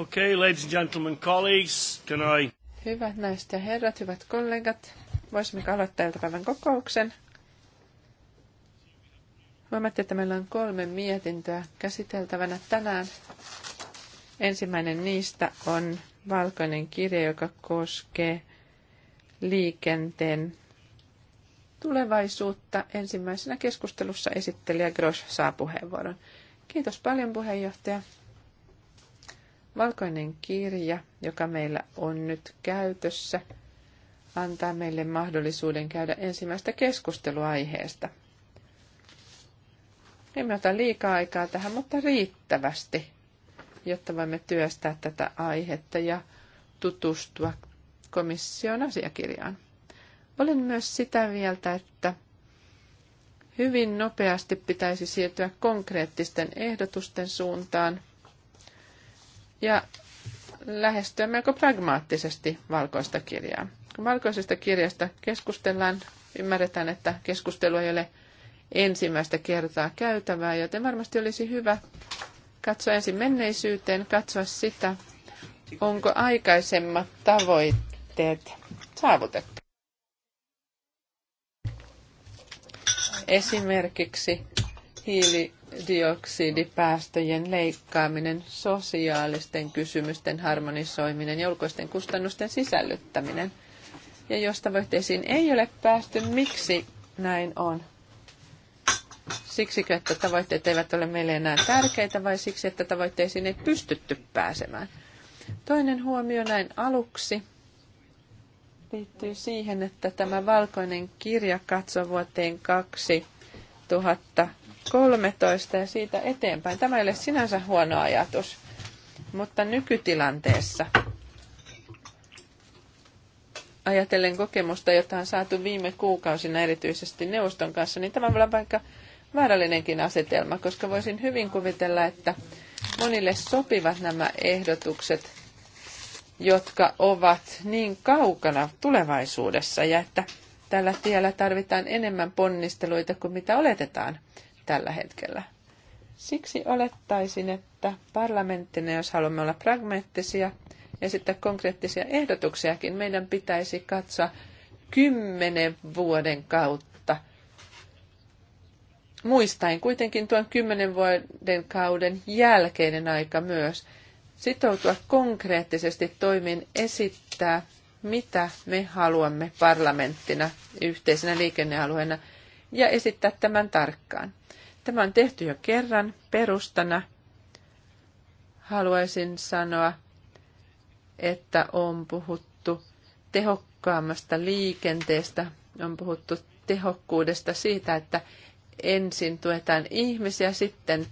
Okay, ladies and gentlemen, colleagues, can I... Hyvät naiset ja herrat, hyvät kollegat, voisimmeko aloittaa iltapäivän kokouksen? Huomaatte, että meillä on kolme mietintöä käsiteltävänä tänään. Ensimmäinen niistä on valkoinen kirja, joka koskee liikenteen tulevaisuutta. Ensimmäisenä keskustelussa esittelijä Grosch saa puheenvuoron. Kiitos paljon puheenjohtaja. Valkoinen kirja, joka meillä on nyt käytössä, antaa meille mahdollisuuden käydä ensimmäistä keskusteluaiheesta. Emme ota liikaa aikaa tähän, mutta riittävästi, jotta voimme työstää tätä aihetta ja tutustua komission asiakirjaan. Olen myös sitä mieltä, että hyvin nopeasti pitäisi siirtyä konkreettisten ehdotusten suuntaan – ja lähestyä melko pragmaattisesti valkoista kirjaa. Kun valkoisesta kirjasta keskustellaan, ymmärretään, että keskustelu ei ole ensimmäistä kertaa käytävää, joten varmasti olisi hyvä katsoa ensin menneisyyteen, katsoa sitä, onko aikaisemmat tavoitteet saavutettu. Esimerkiksi hiili hiilidioksidipäästöjen leikkaaminen, sosiaalisten kysymysten harmonisoiminen ja ulkoisten kustannusten sisällyttäminen. Ja jos tavoitteisiin ei ole päästy, miksi näin on? Siksi, että tavoitteet eivät ole meille enää tärkeitä vai siksi, että tavoitteisiin ei pystytty pääsemään? Toinen huomio näin aluksi liittyy siihen, että tämä valkoinen kirja katsoo vuoteen 2000 13 ja siitä eteenpäin. Tämä ei ole sinänsä huono ajatus, mutta nykytilanteessa ajatellen kokemusta, jota on saatu viime kuukausina erityisesti neuvoston kanssa, niin tämä on vaikka vaarallinenkin asetelma, koska voisin hyvin kuvitella, että monille sopivat nämä ehdotukset, jotka ovat niin kaukana tulevaisuudessa ja että tällä tiellä tarvitaan enemmän ponnisteluita kuin mitä oletetaan tällä hetkellä. Siksi olettaisin, että parlamenttina, jos haluamme olla pragmaattisia ja sitten konkreettisia ehdotuksiakin, meidän pitäisi katsoa kymmenen vuoden kautta. Muistaen kuitenkin tuon kymmenen vuoden kauden jälkeinen aika myös. Sitoutua konkreettisesti toimiin esittää, mitä me haluamme parlamenttina yhteisenä liikennealueena ja esittää tämän tarkkaan. Tämä on tehty jo kerran perustana. Haluaisin sanoa, että on puhuttu tehokkaammasta liikenteestä, on puhuttu tehokkuudesta siitä, että ensin tuetaan ihmisiä, sitten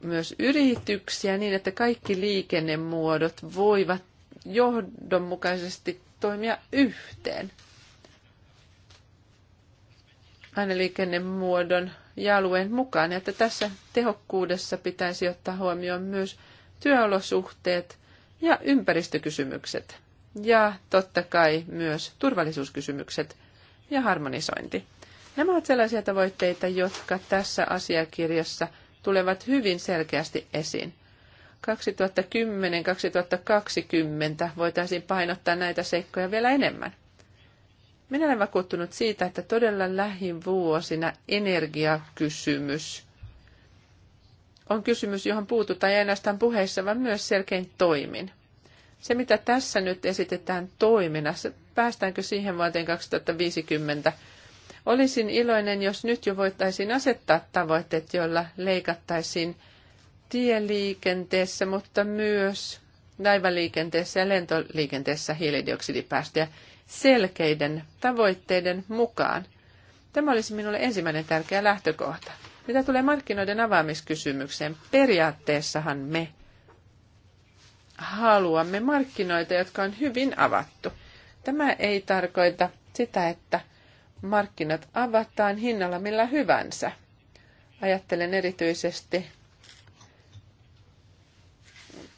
myös yrityksiä niin, että kaikki liikennemuodot voivat johdonmukaisesti toimia yhteen. Aina liikennemuodon ja alueen mukaan. Että tässä tehokkuudessa pitäisi ottaa huomioon myös työolosuhteet ja ympäristökysymykset ja totta kai myös turvallisuuskysymykset ja harmonisointi. Nämä ovat sellaisia tavoitteita, jotka tässä asiakirjassa tulevat hyvin selkeästi esiin. 2010-2020 voitaisiin painottaa näitä seikkoja vielä enemmän. Minä olen vakuuttunut siitä, että todella lähivuosina energiakysymys on kysymys, johon puututaan ei ainoastaan puheissa, vaan myös selkein toimin. Se, mitä tässä nyt esitetään toimina, päästäänkö siihen vuoteen 2050? Olisin iloinen, jos nyt jo voitaisiin asettaa tavoitteet, joilla leikattaisiin tieliikenteessä, mutta myös laivaliikenteessä ja lentoliikenteessä hiilidioksidipäästöjä selkeiden tavoitteiden mukaan. Tämä olisi minulle ensimmäinen tärkeä lähtökohta. Mitä tulee markkinoiden avaamiskysymykseen, periaatteessahan me haluamme markkinoita, jotka on hyvin avattu. Tämä ei tarkoita sitä, että markkinat avataan hinnalla millä hyvänsä. Ajattelen erityisesti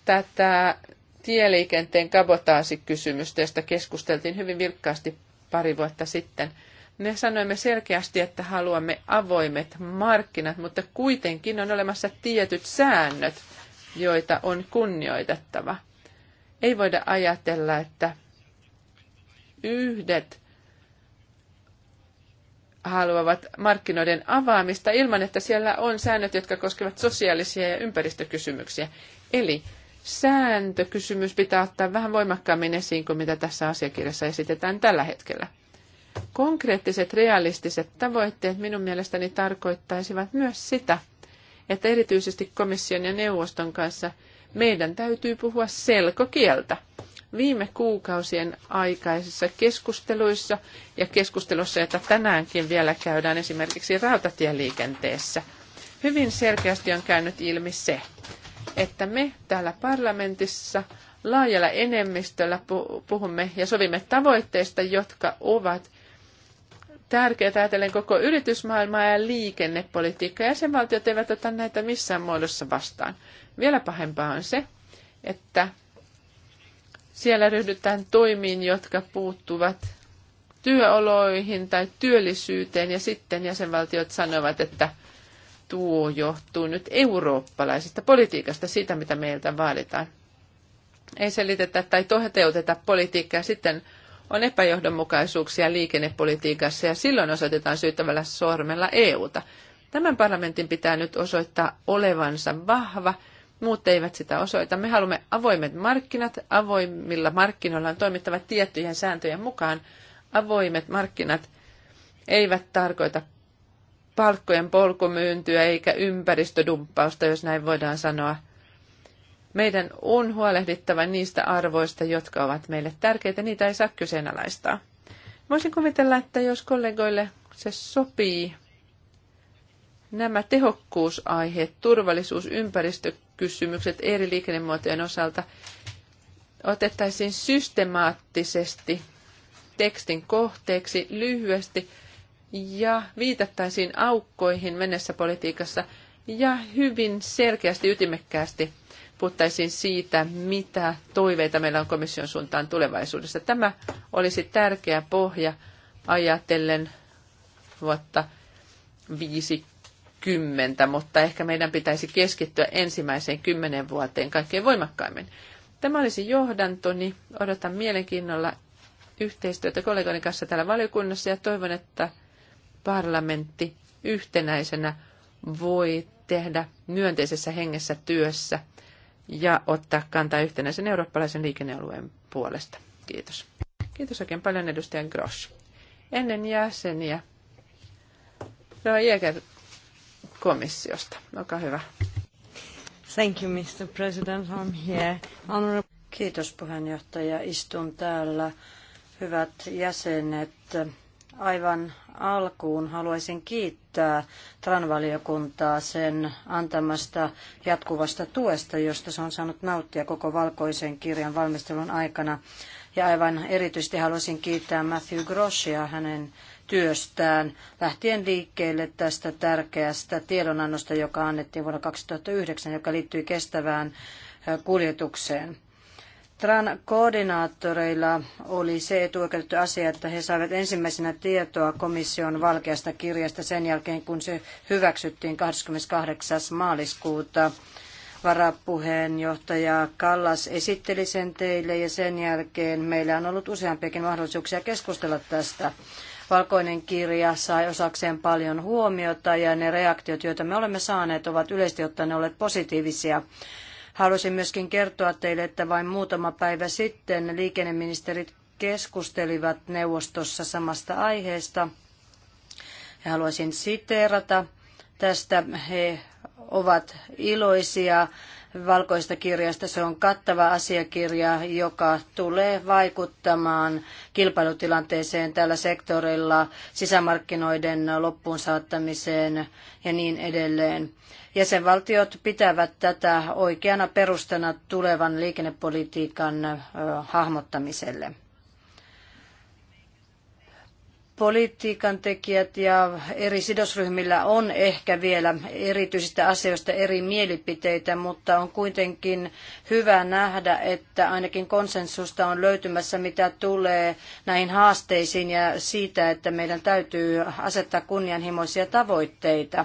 tätä tieliikenteen kabotaasikysymystä, josta keskusteltiin hyvin vilkkaasti pari vuotta sitten. Me sanoimme selkeästi, että haluamme avoimet markkinat, mutta kuitenkin on olemassa tietyt säännöt, joita on kunnioitettava. Ei voida ajatella, että yhdet haluavat markkinoiden avaamista ilman, että siellä on säännöt, jotka koskevat sosiaalisia ja ympäristökysymyksiä. Eli sääntökysymys pitää ottaa vähän voimakkaammin esiin kuin mitä tässä asiakirjassa esitetään tällä hetkellä. Konkreettiset realistiset tavoitteet minun mielestäni tarkoittaisivat myös sitä, että erityisesti komission ja neuvoston kanssa meidän täytyy puhua selkokieltä. Viime kuukausien aikaisissa keskusteluissa ja keskustelussa, että tänäänkin vielä käydään esimerkiksi rautatieliikenteessä, hyvin selkeästi on käynyt ilmi se, että me täällä parlamentissa laajalla enemmistöllä puhumme ja sovimme tavoitteista, jotka ovat tärkeitä ajatellen koko yritysmaailmaa ja liikennepolitiikkaa. Jäsenvaltiot eivät ota näitä missään muodossa vastaan. Vielä pahempaa on se, että siellä ryhdytään toimiin, jotka puuttuvat työoloihin tai työllisyyteen ja sitten jäsenvaltiot sanovat, että tuo johtuu nyt eurooppalaisesta politiikasta, siitä mitä meiltä vaaditaan. Ei selitetä tai toteuteta politiikkaa, sitten on epäjohdonmukaisuuksia liikennepolitiikassa ja silloin osoitetaan syyttävällä sormella EUta. Tämän parlamentin pitää nyt osoittaa olevansa vahva, muut eivät sitä osoita. Me haluamme avoimet markkinat, avoimilla markkinoilla on toimittava tiettyjen sääntöjen mukaan. Avoimet markkinat eivät tarkoita palkkojen polkumyyntyä eikä ympäristödumppausta, jos näin voidaan sanoa. Meidän on huolehdittava niistä arvoista, jotka ovat meille tärkeitä, niitä ei saa kyseenalaistaa. Voisin kuvitella, että jos kollegoille se sopii, nämä tehokkuusaiheet, turvallisuus, ympäristökysymykset eri liikennemuotojen osalta otettaisiin systemaattisesti tekstin kohteeksi lyhyesti ja viitattaisiin aukkoihin mennessä politiikassa ja hyvin selkeästi ytimekkäästi puhuttaisiin siitä, mitä toiveita meillä on komission suuntaan tulevaisuudessa. Tämä olisi tärkeä pohja ajatellen vuotta 50, mutta ehkä meidän pitäisi keskittyä ensimmäiseen kymmenen vuoteen kaikkein voimakkaimmin. Tämä olisi johdantoni. Odotan mielenkiinnolla yhteistyötä kollegoiden kanssa täällä valiokunnassa ja toivon, että – parlamentti yhtenäisenä voi tehdä myönteisessä hengessä työssä ja ottaa kantaa yhtenäisen eurooppalaisen liikennealueen puolesta. Kiitos. Kiitos oikein paljon edustajan Gross. Ennen jäseniä, Roa no, Jäger komissiosta. Olkaa hyvä. Thank you, Mr. President. I'm here. Honorable... Kiitos puheenjohtaja. Istun täällä. Hyvät jäsenet, Aivan alkuun haluaisin kiittää Tranvaliokuntaa sen antamasta jatkuvasta tuesta, josta se on saanut nauttia koko valkoisen kirjan valmistelun aikana. Ja aivan erityisesti haluaisin kiittää Matthew Groshia hänen työstään lähtien liikkeelle tästä tärkeästä tiedonannosta, joka annettiin vuonna 2009, joka liittyi kestävään kuljetukseen. TRAN koordinaattoreilla oli se etuoikeutettu asia, että he saivat ensimmäisenä tietoa komission valkeasta kirjasta sen jälkeen, kun se hyväksyttiin 28. maaliskuuta. Varapuheenjohtaja Kallas esitteli sen teille ja sen jälkeen meillä on ollut useampiakin mahdollisuuksia keskustella tästä. Valkoinen kirja sai osakseen paljon huomiota ja ne reaktiot, joita me olemme saaneet, ovat yleisesti ottaen olleet positiivisia. Haluaisin myöskin kertoa teille, että vain muutama päivä sitten liikenneministerit keskustelivat neuvostossa samasta aiheesta. Ja haluaisin siteerata tästä. He ovat iloisia valkoista kirjasta. Se on kattava asiakirja, joka tulee vaikuttamaan kilpailutilanteeseen tällä sektorilla, sisämarkkinoiden loppuun saattamiseen ja niin edelleen. Jäsenvaltiot pitävät tätä oikeana perustana tulevan liikennepolitiikan hahmottamiselle politiikan tekijät ja eri sidosryhmillä on ehkä vielä erityisistä asioista eri mielipiteitä, mutta on kuitenkin hyvä nähdä, että ainakin konsensusta on löytymässä, mitä tulee näihin haasteisiin ja siitä, että meidän täytyy asettaa kunnianhimoisia tavoitteita.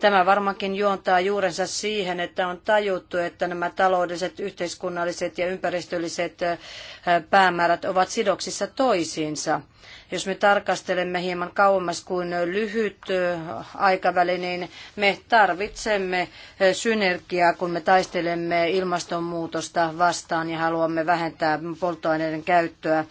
Tämä varmaankin juontaa juurensa siihen, että on tajuttu, että nämä taloudelliset, yhteiskunnalliset ja ympäristölliset päämäärät ovat sidoksissa toisiinsa. Jos me tarkastelemme hieman kauemmas kuin lyhyt aikaväli, niin me tarvitsemme synergiaa, kun me taistelemme ilmastonmuutosta vastaan ja haluamme vähentää polttoaineiden käyttöä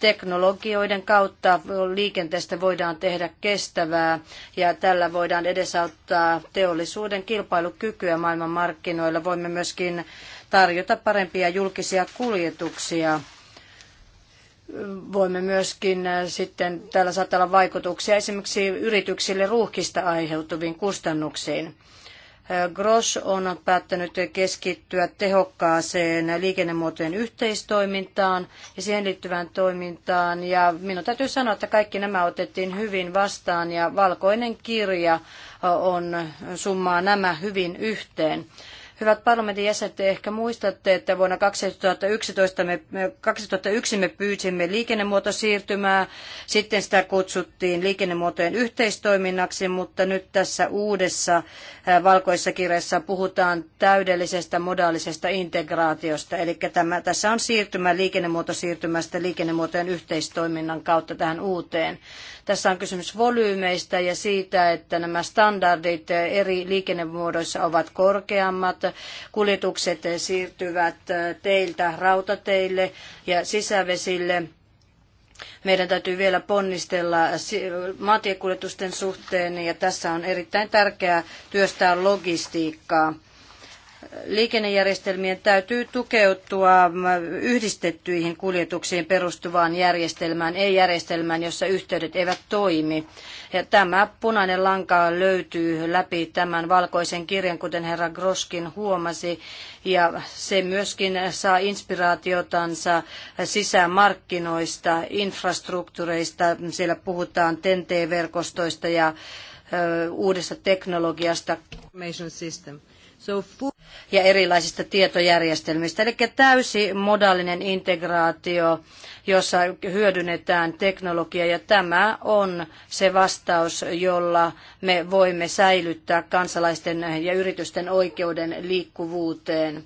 teknologioiden kautta liikenteestä voidaan tehdä kestävää ja tällä voidaan edesauttaa teollisuuden kilpailukykyä maailmanmarkkinoilla. Voimme myöskin tarjota parempia julkisia kuljetuksia voimme myöskin äh, sitten täällä saattaa olla vaikutuksia esimerkiksi yrityksille ruuhkista aiheutuviin kustannuksiin. Äh, Gross on päättänyt keskittyä tehokkaaseen liikennemuotojen yhteistoimintaan ja siihen liittyvään toimintaan. Ja minun täytyy sanoa, että kaikki nämä otettiin hyvin vastaan ja valkoinen kirja äh, on summaa nämä hyvin yhteen. Hyvät parlamentin jäsenet, te ehkä muistatte, että vuonna 2011 me, 2001 me pyysimme liikennemuotosiirtymää, sitten sitä kutsuttiin liikennemuotojen yhteistoiminnaksi, mutta nyt tässä uudessa valkoisessa kirjassa puhutaan täydellisestä modaalisesta integraatiosta, eli tämä, tässä on siirtymä liikennemuotosiirtymästä liikennemuotojen yhteistoiminnan kautta tähän uuteen. Tässä on kysymys volyymeistä ja siitä, että nämä standardit eri liikennemuodoissa ovat korkeammat, kuljetukset siirtyvät teiltä rautateille ja sisävesille. Meidän täytyy vielä ponnistella maantiekuljetusten suhteen ja tässä on erittäin tärkeää työstää logistiikkaa liikennejärjestelmien täytyy tukeutua yhdistettyihin kuljetuksiin perustuvaan järjestelmään, ei järjestelmään, jossa yhteydet eivät toimi. Ja tämä punainen lanka löytyy läpi tämän valkoisen kirjan, kuten herra Groskin huomasi, ja se myöskin saa inspiraatiotansa sisämarkkinoista, infrastruktuureista, siellä puhutaan TNT-verkostoista ja uudesta teknologiasta. So ja erilaisista tietojärjestelmistä. Eli täysi modaalinen integraatio, jossa hyödynnetään teknologiaa ja tämä on se vastaus, jolla me voimme säilyttää kansalaisten ja yritysten oikeuden liikkuvuuteen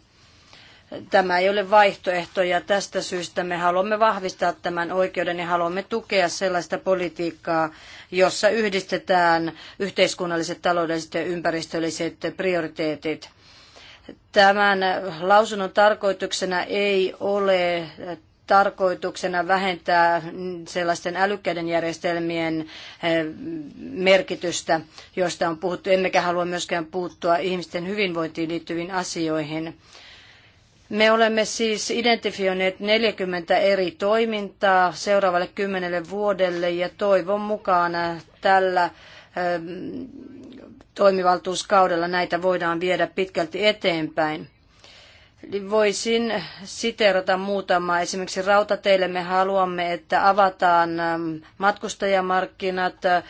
tämä ei ole vaihtoehto ja tästä syystä me haluamme vahvistaa tämän oikeuden ja haluamme tukea sellaista politiikkaa, jossa yhdistetään yhteiskunnalliset, taloudelliset ja ympäristölliset prioriteetit. Tämän lausunnon tarkoituksena ei ole tarkoituksena vähentää sellaisten älykkäiden järjestelmien eh, merkitystä, joista on puhuttu, emmekä halua myöskään puuttua ihmisten hyvinvointiin liittyviin asioihin. Me olemme siis identifioineet 40 eri toimintaa seuraavalle kymmenelle vuodelle ja toivon mukaan tällä eh, toimivaltuuskaudella näitä voidaan viedä pitkälti eteenpäin. Voisin siterata muutamaa. Esimerkiksi rautateille me haluamme, että avataan ähm, matkustajamarkkinat, äh,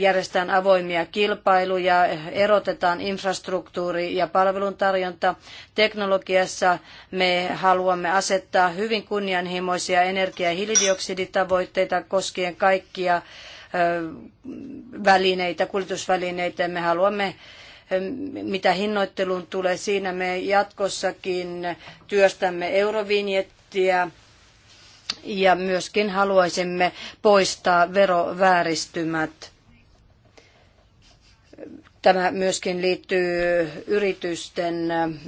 järjestetään avoimia kilpailuja, erotetaan infrastruktuuri ja palveluntarjonta. Teknologiassa me haluamme asettaa hyvin kunnianhimoisia energia- ja hiilidioksiditavoitteita koskien kaikkia välineitä, kuljetusvälineitä. Me haluamme mitä hinnoitteluun tulee, siinä me jatkossakin työstämme eurovinjettiä ja myöskin haluaisimme poistaa verovääristymät Tämä myöskin liittyy yritysten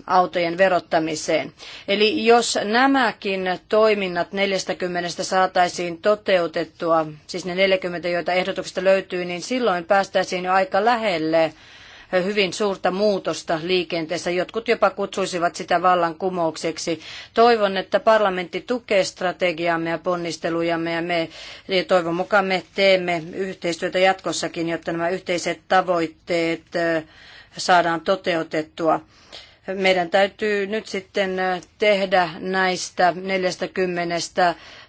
autojen verottamiseen. Eli jos nämäkin toiminnat 40 saataisiin toteutettua, siis ne 40, joita ehdotuksesta löytyy, niin silloin päästäisiin jo aika lähelle hyvin suurta muutosta liikenteessä. Jotkut jopa kutsuisivat sitä vallankumoukseksi. Toivon, että parlamentti tukee strategiaamme ja ponnistelujamme ja me toivon mukaan me teemme yhteistyötä jatkossakin, jotta nämä yhteiset tavoitteet saadaan toteutettua meidän täytyy nyt sitten tehdä näistä 40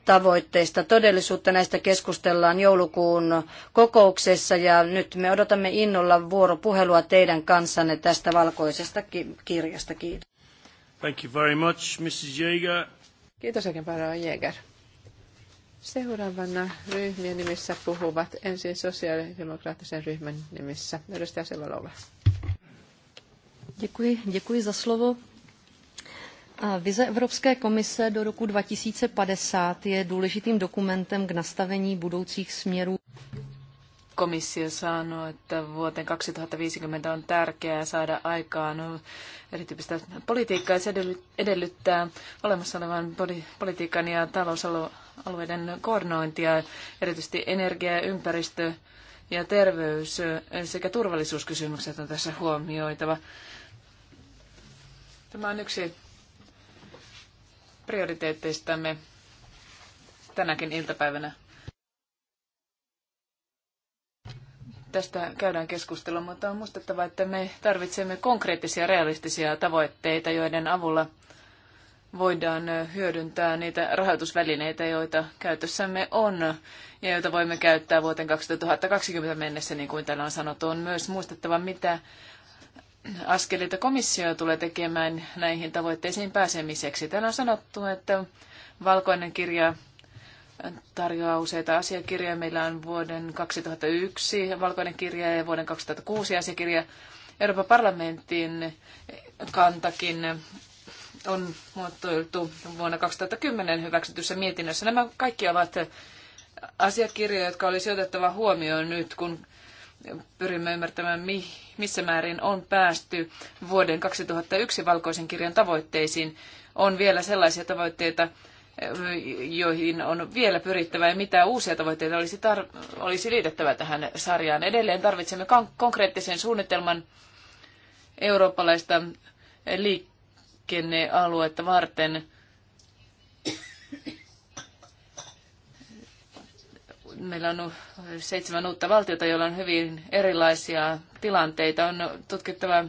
tavoitteista. Todellisuutta näistä keskustellaan joulukuun kokouksessa ja nyt me odotamme innolla vuoropuhelua teidän kanssanne tästä valkoisesta kirjasta. Kiitos. Thank you very much, Mrs. Jäger. Kiitos oikein paljon, Jäger. Seuraavana ryhmien nimissä puhuvat ensin sosiaalidemokraattisen ryhmän nimissä edustaja Sevalova. Děkuji, děkuji za slovo. Vize Evropské komise do roku 2050 je důležitým dokumentem k nastavení budoucích směrů. Komissio sanoo, että vuoteen 2050 on tärkeää saada aikaan erityyppistä politiikkaa. Se edellyttää olemassa olevan politiikan ja talousalueiden koordinointia, erityisesti energia, ympäristö ja terveys sekä turvallisuuskysymykset on tässä huomioitava. Tämä on yksi prioriteetteistamme tänäkin iltapäivänä. Tästä käydään keskustelua, mutta on muistettava, että me tarvitsemme konkreettisia realistisia tavoitteita, joiden avulla voidaan hyödyntää niitä rahoitusvälineitä, joita käytössämme on ja joita voimme käyttää vuoteen 2020 mennessä, niin kuin täällä on sanottu. On myös muistettava, mitä askeleita komissio tulee tekemään näihin tavoitteisiin pääsemiseksi? Täällä on sanottu, että valkoinen kirja tarjoaa useita asiakirjoja. Meillä on vuoden 2001 valkoinen kirja ja vuoden 2006 asiakirja. Euroopan parlamentin kantakin on muotoiltu vuonna 2010 hyväksytyssä mietinnössä. Nämä kaikki ovat asiakirjoja, jotka olisi otettava huomioon nyt, kun pyrimme ymmärtämään, missä määrin on päästy vuoden 2001 valkoisen kirjan tavoitteisiin. On vielä sellaisia tavoitteita, joihin on vielä pyrittävä ja mitä uusia tavoitteita olisi, tar- olisi liitettävä tähän sarjaan. Edelleen tarvitsemme konkreettisen suunnitelman eurooppalaista liikennealuetta varten meillä on seitsemän uutta valtiota, joilla on hyvin erilaisia tilanteita. On tutkittava,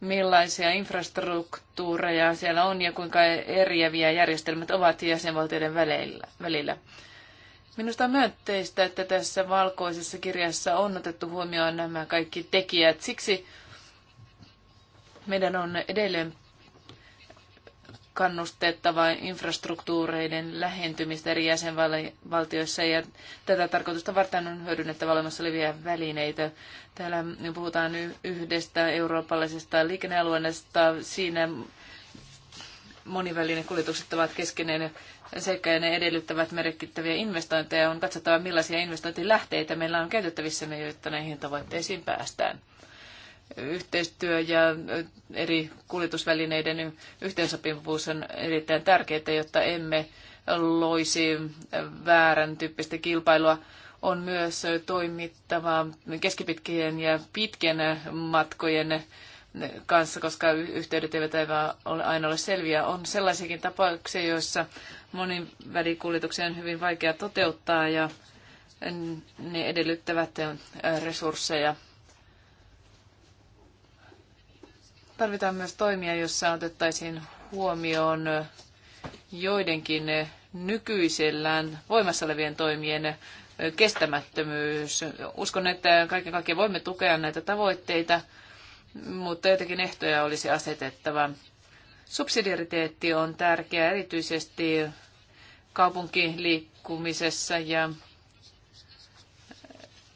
millaisia infrastruktuureja siellä on ja kuinka eriäviä järjestelmät ovat jäsenvaltioiden välillä. Minusta on myönteistä, että tässä valkoisessa kirjassa on otettu huomioon nämä kaikki tekijät. Siksi meidän on edelleen kannustettava infrastruktuureiden lähentymistä eri jäsenvaltioissa ja tätä tarkoitusta varten on hyödynnettävä olemassa olevia välineitä. Täällä puhutaan yhdestä eurooppalaisesta liikennealueesta. Siinä monivälinen kuljetukset ovat keskeinen sekä ne edellyttävät merkittäviä investointeja. On katsottava millaisia investointilähteitä meillä on käytettävissä, jotta näihin tavoitteisiin päästään yhteistyö ja eri kuljetusvälineiden yhteensopivuus on erittäin tärkeää, jotta emme loisi väärän tyyppistä kilpailua. On myös toimittava keskipitkien ja pitkien matkojen kanssa, koska yhteydet eivät ole aina ole selviä. On sellaisiakin tapauksia, joissa monin välikuljetuksia on hyvin vaikea toteuttaa ja ne edellyttävät resursseja Tarvitaan myös toimia, jossa otettaisiin huomioon joidenkin nykyisellään voimassa olevien toimien kestämättömyys. Uskon, että kaiken kaikkiaan voimme tukea näitä tavoitteita, mutta jotenkin ehtoja olisi asetettava. Subsidiariteetti on tärkeä erityisesti kaupunkiliikkumisessa ja,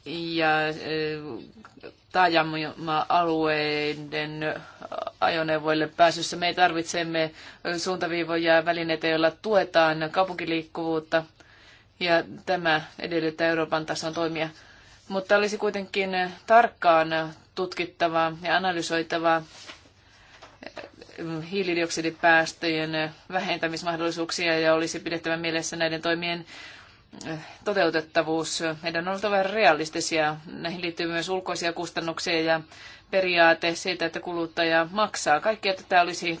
ja taajama-alueiden ajoneuvoille pääsyssä. Me tarvitsemme suuntaviivoja ja välineitä, joilla tuetaan kaupunkiliikkuvuutta ja tämä edellyttää Euroopan tason toimia. Mutta olisi kuitenkin tarkkaan tutkittavaa ja analysoitavaa hiilidioksidipäästöjen vähentämismahdollisuuksia ja olisi pidettävä mielessä näiden toimien toteutettavuus. Meidän on oltava realistisia. Näihin liittyy myös ulkoisia kustannuksia ja periaate siitä, että kuluttaja maksaa. Kaikkea tätä olisi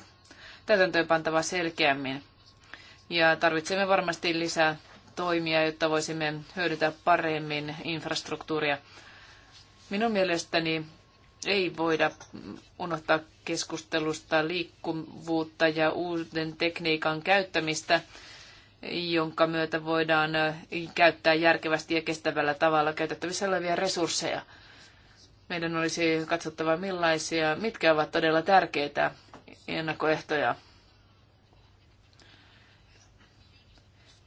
täytäntöönpantava selkeämmin. Ja tarvitsemme varmasti lisää toimia, jotta voisimme hyödyntää paremmin infrastruktuuria. Minun mielestäni ei voida unohtaa keskustelusta liikkuvuutta ja uuden tekniikan käyttämistä jonka myötä voidaan käyttää järkevästi ja kestävällä tavalla käytettävissä olevia resursseja. Meidän olisi katsottava millaisia, mitkä ovat todella tärkeitä ennakkoehtoja.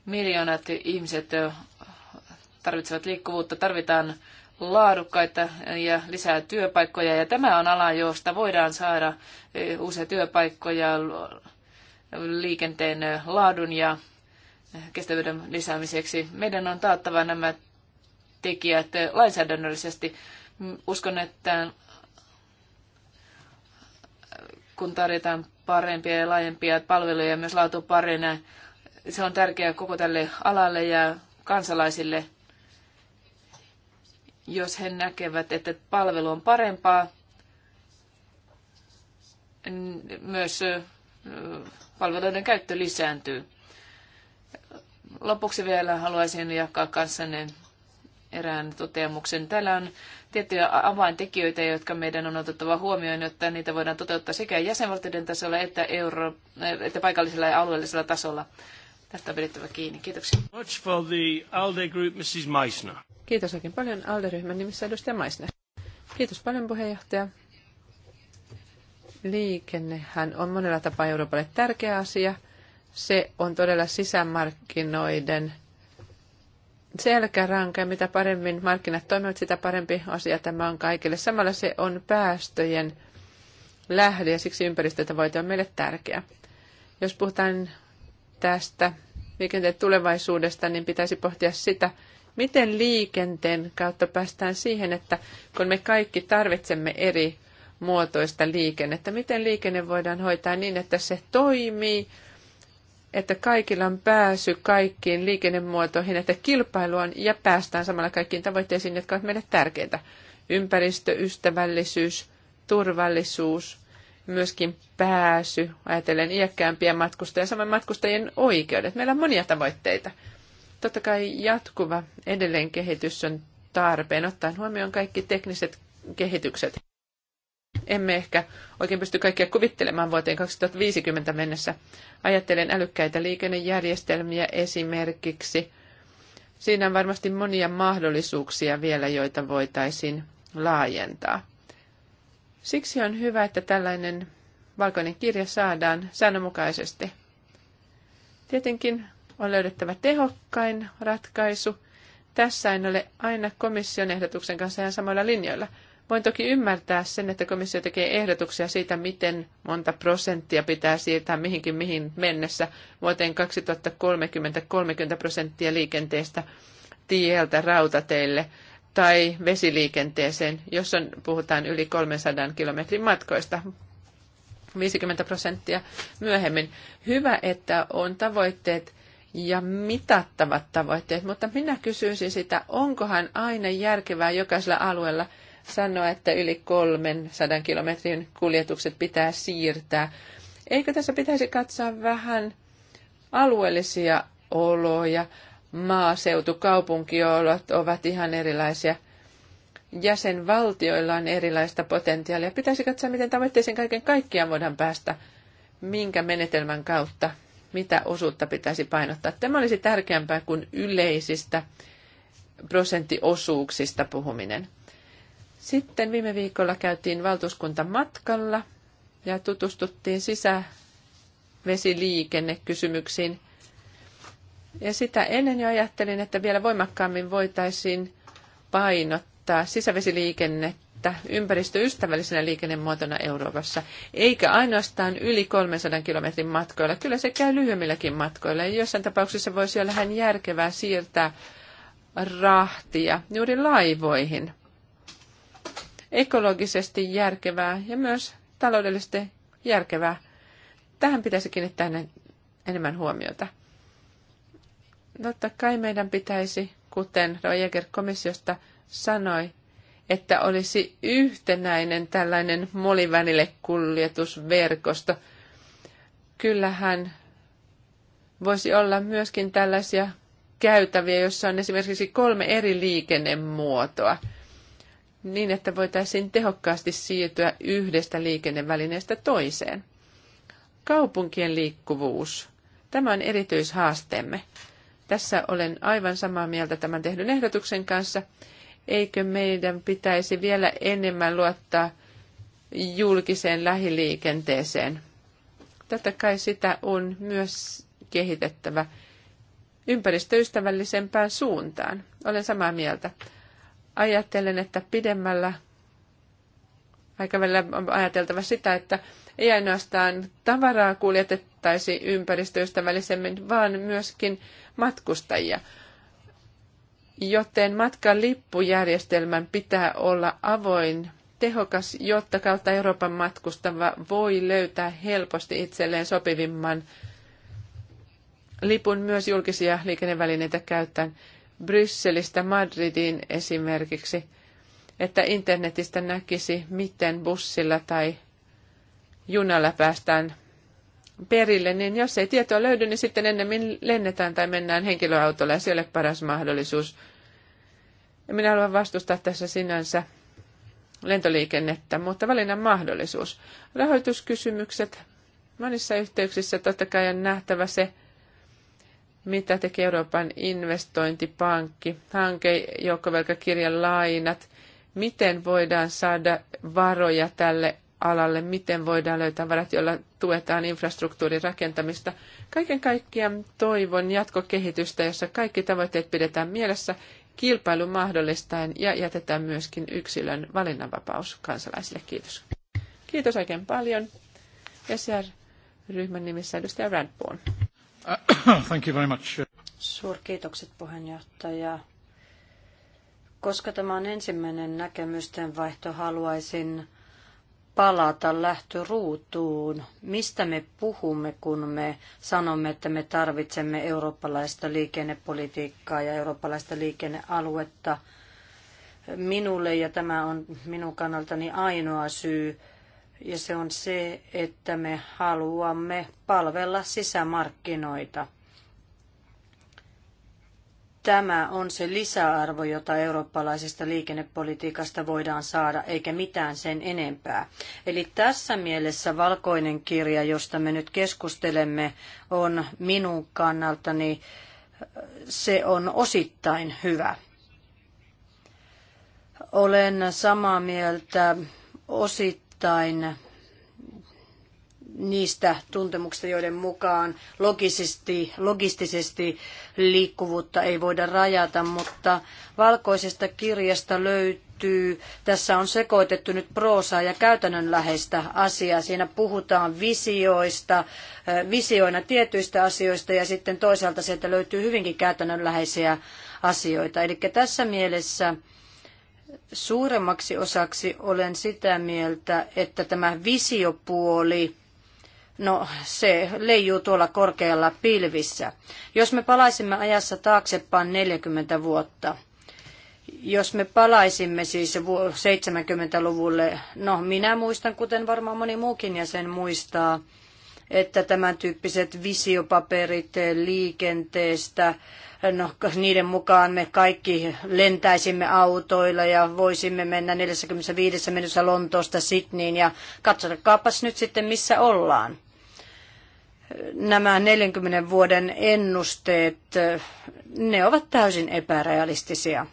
Miljoonat ihmiset tarvitsevat liikkuvuutta, tarvitaan laadukkaita ja lisää työpaikkoja. Ja tämä on ala, josta voidaan saada uusia työpaikkoja liikenteen laadun ja kestävyyden lisäämiseksi. Meidän on taattava nämä tekijät lainsäädännöllisesti. Uskon, että kun tarjotaan parempia ja laajempia palveluja ja myös laatu parina, se on tärkeää koko tälle alalle ja kansalaisille, jos he näkevät, että palvelu on parempaa, myös palveluiden käyttö lisääntyy. Lopuksi vielä haluaisin jakaa kanssanne erään toteamuksen. Täällä on tiettyjä avaintekijöitä, jotka meidän on otettava huomioon, jotta niitä voidaan toteuttaa sekä jäsenvaltioiden tasolla että, euro, äh, että paikallisella ja alueellisella tasolla. Tästä on pidettävä kiinni. Kiitoksia. Much for the ALDE group, Mrs. Meissner. Kiitos oikein paljon ALDE-ryhmän nimissä edustaja Meissner. Kiitos paljon puheenjohtaja. Liikennehän on monella tapaa Euroopalle tärkeä asia – se on todella sisämarkkinoiden selkäranka mitä paremmin markkinat toimivat, sitä parempi asia tämä on kaikille. Samalla se on päästöjen lähde ja siksi ympäristötavoite on meille tärkeä. Jos puhutaan tästä liikenteen tulevaisuudesta, niin pitäisi pohtia sitä, miten liikenteen kautta päästään siihen, että kun me kaikki tarvitsemme eri muotoista liikennettä, miten liikenne voidaan hoitaa niin, että se toimii, että kaikilla on pääsy kaikkiin liikennemuotoihin, että kilpailu on ja päästään samalla kaikkiin tavoitteisiin, jotka ovat meille tärkeitä. Ympäristö, ystävällisyys, turvallisuus, myöskin pääsy, ajatellen iäkkäämpiä matkustajia, samoin matkustajien oikeudet. Meillä on monia tavoitteita. Totta kai jatkuva edelleen kehitys on tarpeen, ottaen huomioon kaikki tekniset kehitykset emme ehkä oikein pysty kaikkia kuvittelemaan vuoteen 2050 mennessä. Ajattelen älykkäitä liikennejärjestelmiä esimerkiksi. Siinä on varmasti monia mahdollisuuksia vielä, joita voitaisiin laajentaa. Siksi on hyvä, että tällainen valkoinen kirja saadaan säännönmukaisesti. Tietenkin on löydettävä tehokkain ratkaisu. Tässä en ole aina komission ehdotuksen kanssa ihan samoilla linjoilla – Voin toki ymmärtää sen, että komissio tekee ehdotuksia siitä, miten monta prosenttia pitää siirtää mihinkin mihin mennessä vuoteen 2030 30 prosenttia liikenteestä tieltä rautateille tai vesiliikenteeseen, jos on, puhutaan yli 300 kilometrin matkoista. 50 prosenttia myöhemmin. Hyvä, että on tavoitteet ja mitattavat tavoitteet, mutta minä kysyisin sitä, onkohan aina järkevää jokaisella alueella – sanoa, että yli 300 kilometrin kuljetukset pitää siirtää. Eikö tässä pitäisi katsoa vähän alueellisia oloja? Maaseutu, kaupunkiolot ovat ihan erilaisia. Jäsenvaltioilla on erilaista potentiaalia. Pitäisi katsoa, miten tavoitteisiin kaiken kaikkiaan voidaan päästä, minkä menetelmän kautta, mitä osuutta pitäisi painottaa. Tämä olisi tärkeämpää kuin yleisistä prosenttiosuuksista puhuminen. Sitten viime viikolla käytiin matkalla ja tutustuttiin sisävesiliikennekysymyksiin. Ja sitä ennen jo ajattelin, että vielä voimakkaammin voitaisiin painottaa sisävesiliikennettä ympäristöystävällisenä liikennemuotona Euroopassa, eikä ainoastaan yli 300 kilometrin matkoilla. Kyllä se käy lyhyemmilläkin matkoilla, ja jossain tapauksessa voisi olla järkevää siirtää rahtia juuri laivoihin – ekologisesti järkevää ja myös taloudellisesti järkevää. Tähän pitäisi kiinnittää enemmän huomiota. No, totta kai meidän pitäisi, kuten Roger komissiosta sanoi, että olisi yhtenäinen tällainen molivänille kuljetusverkosto. Kyllähän voisi olla myöskin tällaisia käytäviä, jossa on esimerkiksi kolme eri liikennemuotoa – niin, että voitaisiin tehokkaasti siirtyä yhdestä liikennevälineestä toiseen. Kaupunkien liikkuvuus. Tämä on erityishaasteemme. Tässä olen aivan samaa mieltä tämän tehdyn ehdotuksen kanssa. Eikö meidän pitäisi vielä enemmän luottaa julkiseen lähiliikenteeseen? Totta kai sitä on myös kehitettävä ympäristöystävällisempään suuntaan. Olen samaa mieltä ajattelen, että pidemmällä aikavälillä on ajateltava sitä, että ei ainoastaan tavaraa kuljetettaisi ympäristöystävällisemmin, vaan myöskin matkustajia. Joten matkan lippujärjestelmän pitää olla avoin, tehokas, jotta kautta Euroopan matkustava voi löytää helposti itselleen sopivimman lipun myös julkisia liikennevälineitä käyttäen. Brysselistä Madridiin esimerkiksi, että internetistä näkisi, miten bussilla tai junalla päästään perille, niin jos ei tietoa löydy, niin sitten ennemmin lennetään tai mennään henkilöautolla ja se ei ole paras mahdollisuus. Ja minä haluan vastustaa tässä sinänsä lentoliikennettä, mutta valinnan mahdollisuus. Rahoituskysymykset. Monissa yhteyksissä totta kai on nähtävä se, mitä teki Euroopan investointipankki, hanke, joukkovelkakirjan lainat, miten voidaan saada varoja tälle alalle, miten voidaan löytää varat, joilla tuetaan infrastruktuurin rakentamista. Kaiken kaikkiaan toivon jatkokehitystä, jossa kaikki tavoitteet pidetään mielessä, kilpailu mahdollistaen ja jätetään myöskin yksilön valinnanvapaus kansalaisille. Kiitos. Kiitos oikein paljon. SR-ryhmän nimissä edustaja Radborn. Uh, thank you very much. Suurkiitokset puheenjohtaja. Koska tämä on ensimmäinen näkemysten vaihto, haluaisin palata lähtöruutuun. Mistä me puhumme, kun me sanomme, että me tarvitsemme eurooppalaista liikennepolitiikkaa ja eurooppalaista liikennealuetta? Minulle, ja tämä on minun kannaltani ainoa syy, ja se on se, että me haluamme palvella sisämarkkinoita. Tämä on se lisäarvo, jota eurooppalaisesta liikennepolitiikasta voidaan saada, eikä mitään sen enempää. Eli tässä mielessä valkoinen kirja, josta me nyt keskustelemme, on minun kannaltani se on osittain hyvä. Olen samaa mieltä osittain jotain niistä tuntemuksista, joiden mukaan logisesti, logistisesti liikkuvuutta ei voida rajata, mutta valkoisesta kirjasta löytyy, tässä on sekoitettu nyt proosaa ja käytännönläheistä asiaa. Siinä puhutaan visioista, eh, visioina tietyistä asioista ja sitten toisaalta sieltä löytyy hyvinkin käytännönläheisiä asioita. Eli tässä mielessä suuremmaksi osaksi olen sitä mieltä, että tämä visiopuoli, no se leijuu tuolla korkealla pilvissä. Jos me palaisimme ajassa taaksepäin 40 vuotta, jos me palaisimme siis 70-luvulle, no minä muistan, kuten varmaan moni muukin jäsen muistaa, että tämän tyyppiset visiopaperit liikenteestä, No, niiden mukaan me kaikki lentäisimme autoilla ja voisimme mennä 45 minuutissa Lontoosta Sydneyin ja katsokaapas nyt sitten missä ollaan. Nämä 40 vuoden ennusteet, ne ovat täysin epärealistisia.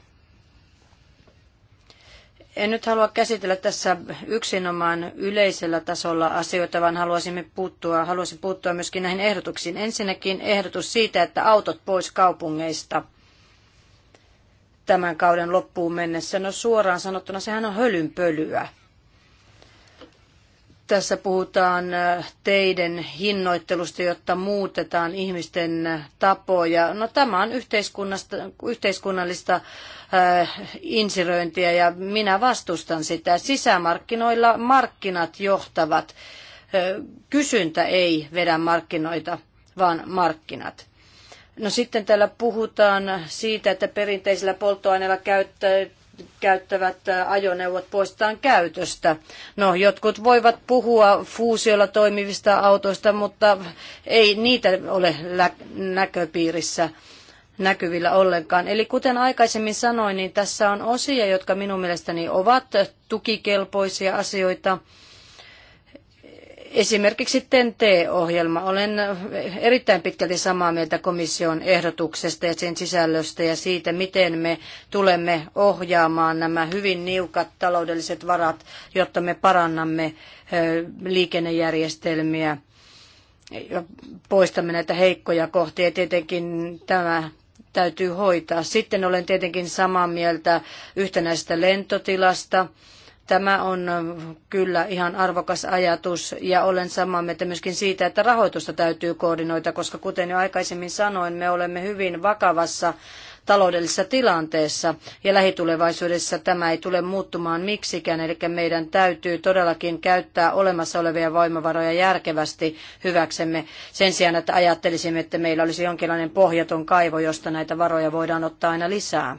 En nyt halua käsitellä tässä yksinomaan yleisellä tasolla asioita, vaan haluaisimme puuttua, haluaisin puuttua myöskin näihin ehdotuksiin. Ensinnäkin ehdotus siitä, että autot pois kaupungeista tämän kauden loppuun mennessä. No suoraan sanottuna sehän on hölynpölyä. Tässä puhutaan äh, teiden hinnoittelusta, jotta muutetaan ihmisten äh, tapoja. No, tämä on yhteiskunnasta, yhteiskunnallista äh, insiröintiä ja minä vastustan sitä. Sisämarkkinoilla markkinat johtavat. Äh, kysyntä ei vedä markkinoita, vaan markkinat. No sitten täällä puhutaan siitä, että perinteisillä polttoaineilla käyttä, käyttävät ajoneuvot poistetaan käytöstä. No, jotkut voivat puhua fuusiolla toimivista autoista, mutta ei niitä ole näköpiirissä näkyvillä ollenkaan. Eli kuten aikaisemmin sanoin, niin tässä on osia, jotka minun mielestäni ovat tukikelpoisia asioita. Esimerkiksi TEN-T-ohjelma. Olen erittäin pitkälti samaa mieltä komission ehdotuksesta ja sen sisällöstä ja siitä, miten me tulemme ohjaamaan nämä hyvin niukat taloudelliset varat, jotta me parannamme liikennejärjestelmiä ja poistamme näitä heikkoja kohtia. tietenkin tämä täytyy hoitaa. Sitten olen tietenkin samaa mieltä yhtenäisestä lentotilasta Tämä on kyllä ihan arvokas ajatus ja olen samaa mieltä myöskin siitä, että rahoitusta täytyy koordinoida, koska kuten jo aikaisemmin sanoin, me olemme hyvin vakavassa taloudellisessa tilanteessa ja lähitulevaisuudessa tämä ei tule muuttumaan miksikään, eli meidän täytyy todellakin käyttää olemassa olevia voimavaroja järkevästi hyväksemme sen sijaan, että ajattelisimme, että meillä olisi jonkinlainen pohjaton kaivo, josta näitä varoja voidaan ottaa aina lisää.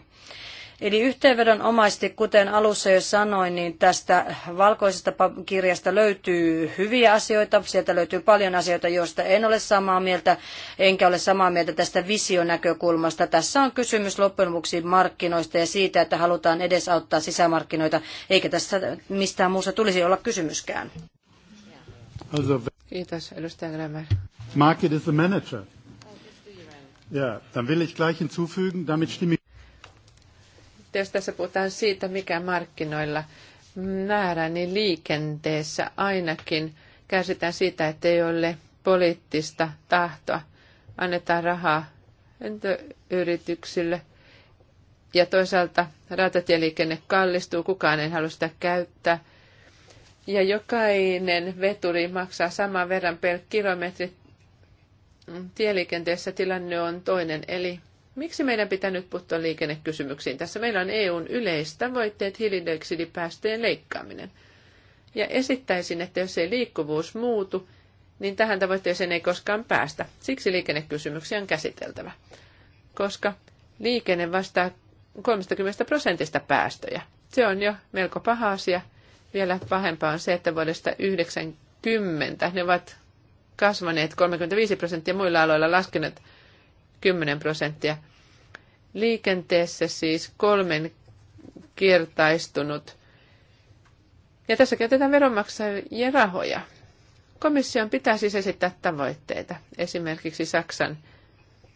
Eli yhteenvedonomaisesti, kuten alussa jo sanoin, niin tästä valkoisesta kirjasta löytyy hyviä asioita. Sieltä löytyy paljon asioita, joista en ole samaa mieltä, enkä ole samaa mieltä tästä visionäkökulmasta. Tässä on kysymys loppujen lopuksi markkinoista ja siitä, että halutaan edesauttaa sisämarkkinoita, eikä tässä mistään muussa tulisi olla kysymyskään. Kiitos, edustaja Grämer. Market is the manager. Ja, dann will ich gleich hinzufügen, damit stimme ich jos tässä puhutaan siitä, mikä markkinoilla määrä, niin liikenteessä ainakin kärsitään siitä, että ei ole poliittista tahtoa. Annetaan rahaa yrityksille ja toisaalta rautatieliikenne kallistuu, kukaan ei halua sitä käyttää. Ja jokainen veturi maksaa saman verran per kilometri. Tieliikenteessä tilanne on toinen, eli Miksi meidän pitää nyt puuttua liikennekysymyksiin? Tässä meillä on EUn yleistavoitteet hiilidioksidipäästöjen leikkaaminen. Ja esittäisin, että jos ei liikkuvuus muutu, niin tähän tavoitteeseen ei koskaan päästä. Siksi liikennekysymyksiä on käsiteltävä, koska liikenne vastaa 30 prosentista päästöjä. Se on jo melko paha asia. Vielä pahempaa on se, että vuodesta 90 ne ovat kasvaneet 35 prosenttia muilla aloilla laskeneet 10 prosenttia. Liikenteessä siis kolmen kertaistunut. Ja tässä käytetään veronmaksajien rahoja. Komission pitää siis esittää tavoitteita. Esimerkiksi Saksan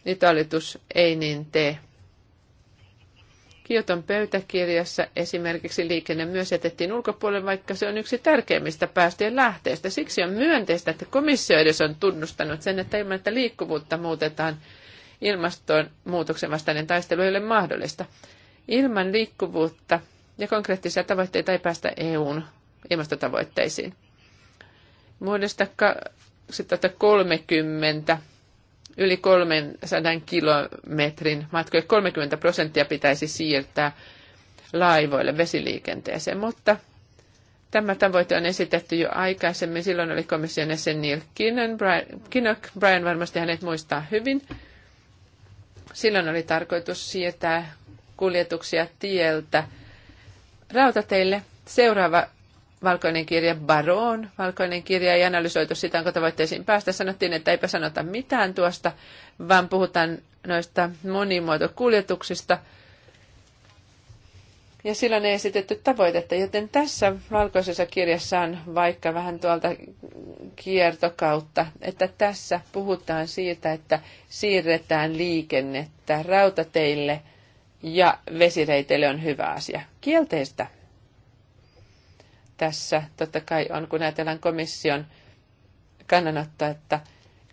italitus ei niin tee. Kioton pöytäkirjassa esimerkiksi liikenne myös jätettiin ulkopuolelle, vaikka se on yksi tärkeimmistä päästöjen lähteistä. Siksi on myönteistä, että komissio edes on tunnustanut sen, että ilman, että liikkuvuutta muutetaan – ilmastonmuutoksen vastainen taistelu ei ole mahdollista. Ilman liikkuvuutta ja konkreettisia tavoitteita ei päästä EUn ilmastotavoitteisiin. Vuodesta 2030 yli 300 kilometrin matkoja 30 prosenttia pitäisi siirtää laivoille vesiliikenteeseen, mutta tämä tavoite on esitetty jo aikaisemmin. Silloin oli komission jäsen Neil Kinnock, Brian varmasti hänet muistaa hyvin. Silloin oli tarkoitus sietää kuljetuksia tieltä rautateille. Seuraava valkoinen kirja Baron, valkoinen kirja, ei analysoitu sitä, onko tavoitteisiin päästä. Sanottiin, että eipä sanota mitään tuosta, vaan puhutaan noista monimuotokuljetuksista kuljetuksista ja silloin ei esitetty tavoitetta. Joten tässä valkoisessa kirjassa on vaikka vähän tuolta kiertokautta, että tässä puhutaan siitä, että siirretään liikennettä rautateille ja vesireiteille on hyvä asia. Kielteistä tässä totta kai on, kun ajatellaan komission kannanottoa, että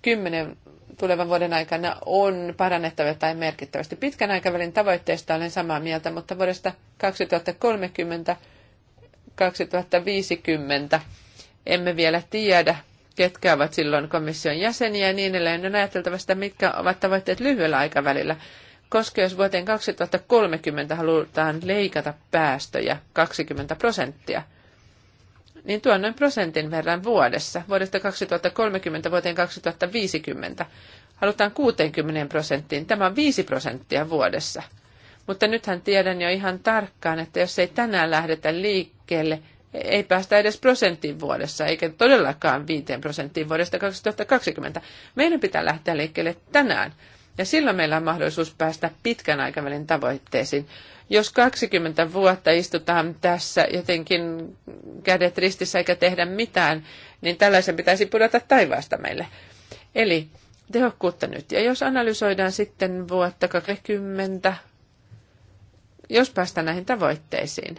kymmenen tulevan vuoden aikana on parannettava tai merkittävästi. Pitkän aikavälin tavoitteista olen samaa mieltä, mutta vuodesta 2030 2050 emme vielä tiedä, ketkä ovat silloin komission jäseniä ja niin edelleen. On ajateltava sitä, mitkä ovat tavoitteet lyhyellä aikavälillä. Koska jos vuoteen 2030 halutaan leikata päästöjä 20 prosenttia – niin tuon noin prosentin verran vuodessa, vuodesta 2030 vuoteen 2050. Halutaan 60 prosenttiin, tämä on 5 prosenttia vuodessa. Mutta nythän tiedän jo ihan tarkkaan, että jos ei tänään lähdetä liikkeelle, ei päästä edes prosenttiin vuodessa, eikä todellakaan 5 prosenttiin vuodesta 2020. Meidän pitää lähteä liikkeelle tänään, ja silloin meillä on mahdollisuus päästä pitkän aikavälin tavoitteisiin. Jos 20 vuotta istutaan tässä jotenkin kädet ristissä eikä tehdä mitään, niin tällaisen pitäisi pudota taivaasta meille. Eli tehokkuutta nyt. Ja jos analysoidaan sitten vuotta 20, jos päästään näihin tavoitteisiin,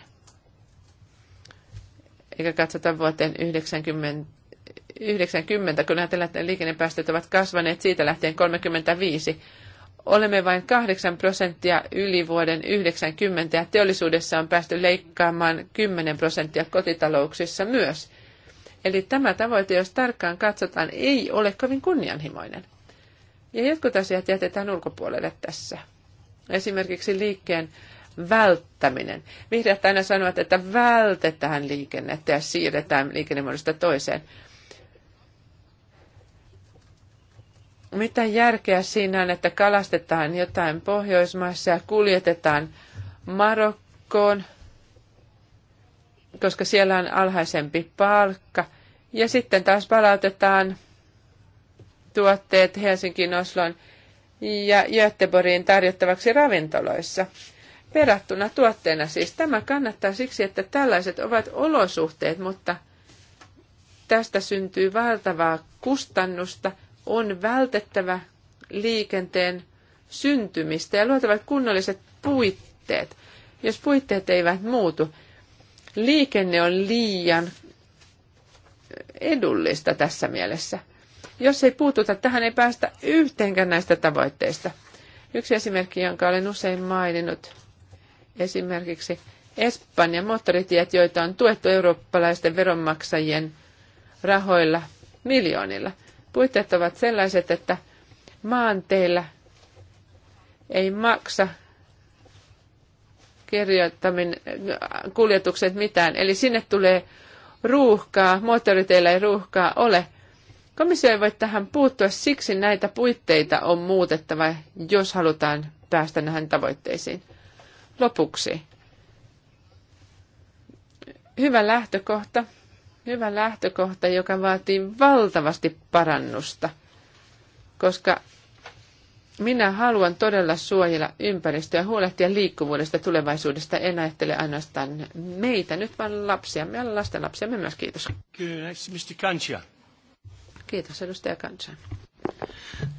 eikä katsota vuoteen 90, 90 kun ajatellaan, että liikennepäästöt ovat kasvaneet siitä lähtien 35, olemme vain 8 prosenttia yli vuoden 90 ja teollisuudessa on päästy leikkaamaan 10 prosenttia kotitalouksissa myös. Eli tämä tavoite, jos tarkkaan katsotaan, ei ole kovin kunnianhimoinen. Ja jotkut asiat jätetään ulkopuolelle tässä. Esimerkiksi liikkeen välttäminen. Vihreät aina sanovat, että vältetään liikennettä ja siirretään liikennemuodosta toiseen. Mitä järkeä siinä on, että kalastetaan jotain Pohjoismaissa ja kuljetetaan Marokkoon, koska siellä on alhaisempi palkka, ja sitten taas palautetaan tuotteet Helsinkiin, Osloon ja Göteborgiin tarjottavaksi ravintoloissa. Verrattuna tuotteena siis tämä kannattaa siksi, että tällaiset ovat olosuhteet, mutta tästä syntyy valtavaa kustannusta on vältettävä liikenteen syntymistä ja luotava kunnolliset puitteet. Jos puitteet eivät muutu, liikenne on liian edullista tässä mielessä. Jos ei puututa tähän, ei päästä yhteenkään näistä tavoitteista. Yksi esimerkki, jonka olen usein maininnut, esimerkiksi Espanjan moottoritiet, joita on tuettu eurooppalaisten veronmaksajien rahoilla miljoonilla – Puitteet ovat sellaiset, että maanteillä ei maksa kirjoittaminen, kuljetukset mitään. Eli sinne tulee ruuhkaa, moottoriteillä ei ruuhkaa ole. Komissio ei voi tähän puuttua, siksi näitä puitteita on muutettava, jos halutaan päästä näihin tavoitteisiin. Lopuksi. Hyvä lähtökohta hyvä lähtökohta, joka vaatii valtavasti parannusta, koska minä haluan todella suojella ympäristöä, huolehtia liikkuvuudesta tulevaisuudesta. En ajattele ainoastaan meitä, nyt vaan lapsia, meidän lasten Me myös. Kiitos. Kiitos, edustaja Kancha.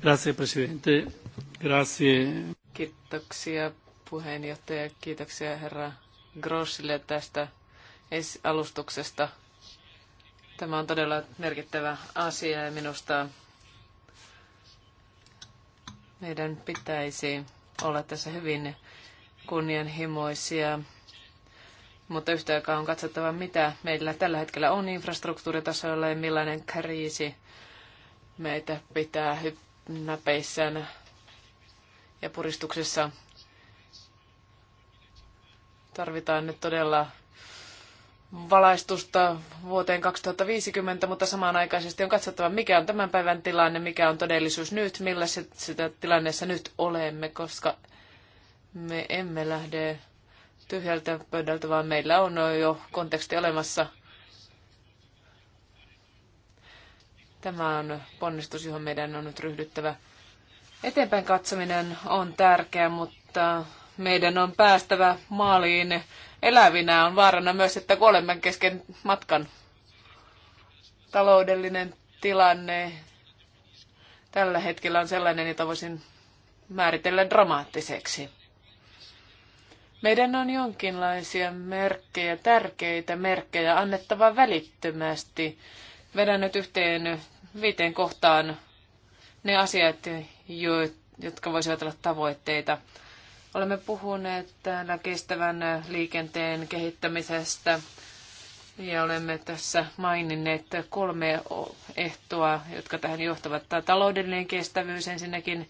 Grazie, presidente. Grazie. Kiitoksia puheenjohtaja. Kiitoksia herra Grossille tästä alustuksesta. Tämä on todella merkittävä asia ja minusta meidän pitäisi olla tässä hyvin kunnianhimoisia, mutta yhtä aikaa on katsottava, mitä meillä tällä hetkellä on infrastruktuuritasolla ja millainen kriisi meitä pitää näpeissään ja puristuksessa. Tarvitaan nyt todella valaistusta vuoteen 2050, mutta samanaikaisesti on katsottava, mikä on tämän päivän tilanne, mikä on todellisuus nyt, millä sitä tilanneessa nyt olemme, koska me emme lähde tyhjältä pöydältä, vaan meillä on jo konteksti olemassa. Tämä on ponnistus, johon meidän on nyt ryhdyttävä. Eteenpäin katsominen on tärkeää, mutta meidän on päästävä maaliin elävinä. On vaarana myös, että kuolemme kesken matkan. Taloudellinen tilanne tällä hetkellä on sellainen, jota voisin määritellä dramaattiseksi. Meidän on jonkinlaisia merkkejä, tärkeitä merkkejä annettava välittömästi. Vedän nyt yhteen viiteen kohtaan ne asiat, jotka voisivat olla tavoitteita. Olemme puhuneet täällä kestävän liikenteen kehittämisestä ja olemme tässä maininneet kolme ehtoa, jotka tähän johtavat. Tämä taloudellinen kestävyys ensinnäkin,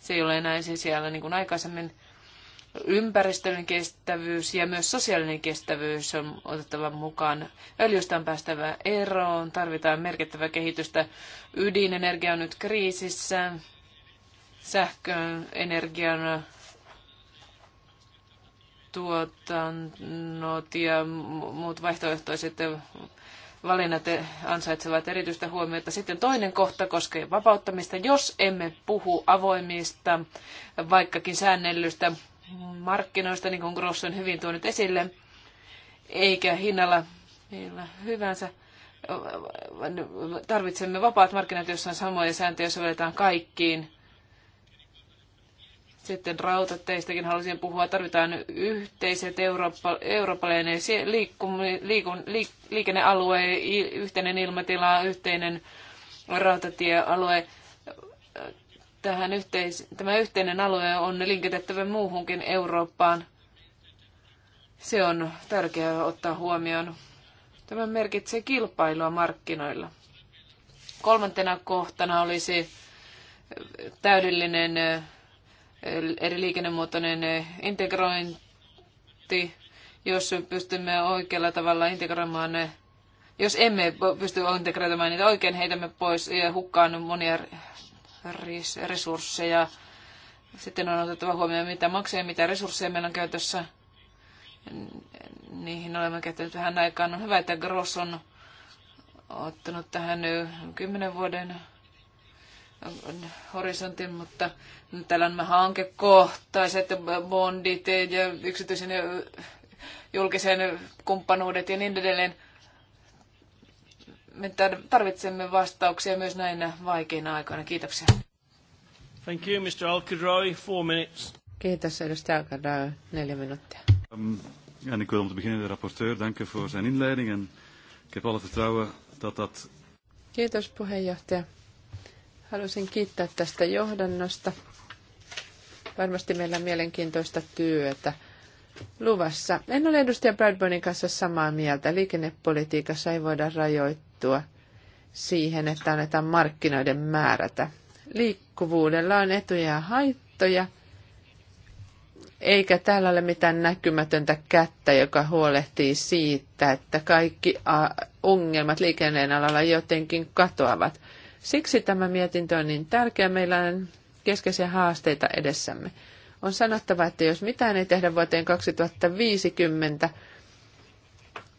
se ei ole enää ensisijalla niin kuin aikaisemmin. Ympäristöllinen kestävyys ja myös sosiaalinen kestävyys on otettava mukaan. Öljystä on päästävä eroon, tarvitaan merkittävää kehitystä. Ydinenergia on nyt kriisissä, sähkön energian tuotannot ja muut vaihtoehtoiset valinnat ansaitsevat erityistä huomiota. Sitten toinen kohta koskee vapauttamista. Jos emme puhu avoimista, vaikkakin säännellystä markkinoista, niin kuin Gross on hyvin tuonut esille, eikä hinnalla millä hyvänsä, tarvitsemme vapaat markkinat, joissa on samoja sääntöjä, sovelletaan kaikkiin sitten rautateistäkin halusin puhua. Tarvitaan yhteiset eurooppa, eurooppalainen liikku, liikun, liik, liikennealue, yhteinen ilmatila, yhteinen rautatiealue. Tähän yhteis, tämä yhteinen alue on linkitettävä muuhunkin Eurooppaan. Se on tärkeää ottaa huomioon. Tämä merkitsee kilpailua markkinoilla. Kolmantena kohtana olisi täydellinen eri liikennemuotoinen integrointi, jos pystymme oikealla tavalla integroimaan ne, jos emme pysty integroimaan niitä oikein, heitämme pois ja hukkaan monia resursseja. Sitten on otettava huomioon, mitä maksaa ja mitä resursseja meillä on käytössä. Niihin olemme käyttäneet vähän aikaa. On hyvä, että Gross on ottanut tähän 10 vuoden horisontin, mutta täällä on hankekohtaiset bondit ja yksityisen ja julkisen kumppanuudet ja niin edelleen. Me tarvitsemme vastauksia myös näinä vaikeina aikoina. Kiitoksia. Thank you, Mr. Alcadroy. Four minutes. Kiitos, edustaja Alcadroy. Neljä minuuttia. Um, ehm, en niin ik wil om te beginnen de rapporteur danken voor zijn inleiding en ik heb alle vertrouwen dat dat... Kiitos puheenjohtaja. Haluaisin kiittää tästä johdannosta. Varmasti meillä on mielenkiintoista työtä luvassa. En ole edustaja Bradburnin kanssa samaa mieltä. Liikennepolitiikassa ei voida rajoittua siihen, että annetaan markkinoiden määrätä. Liikkuvuudella on etuja ja haittoja, eikä täällä ole mitään näkymätöntä kättä, joka huolehtii siitä, että kaikki ongelmat liikenneen alalla jotenkin katoavat. Siksi tämä mietintö on niin tärkeä. Meillä on keskeisiä haasteita edessämme. On sanottava, että jos mitään ei tehdä vuoteen 2050,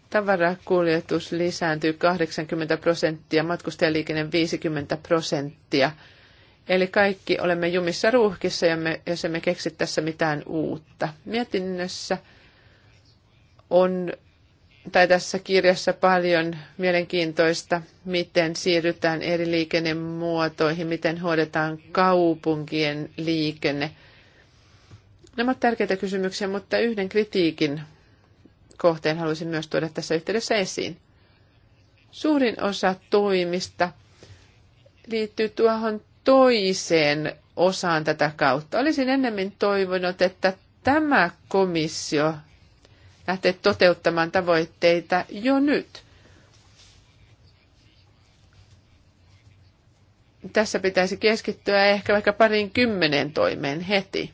tavarakuljetus lisääntyy 80 prosenttia, matkustajaliikenne 50 prosenttia. Eli kaikki olemme jumissa ruuhkissa ja me, jos emme keksi tässä mitään uutta. Mietinnössä on tai tässä kirjassa paljon mielenkiintoista, miten siirrytään eri liikennemuotoihin, miten hoidetaan kaupunkien liikenne. Nämä ovat tärkeitä kysymyksiä, mutta yhden kritiikin kohteen haluaisin myös tuoda tässä yhteydessä esiin. Suurin osa toimista liittyy tuohon toiseen osaan tätä kautta. Olisin ennemmin toivonut, että tämä komissio lähteä toteuttamaan tavoitteita jo nyt. Tässä pitäisi keskittyä ehkä vaikka pariin kymmenen toimeen heti.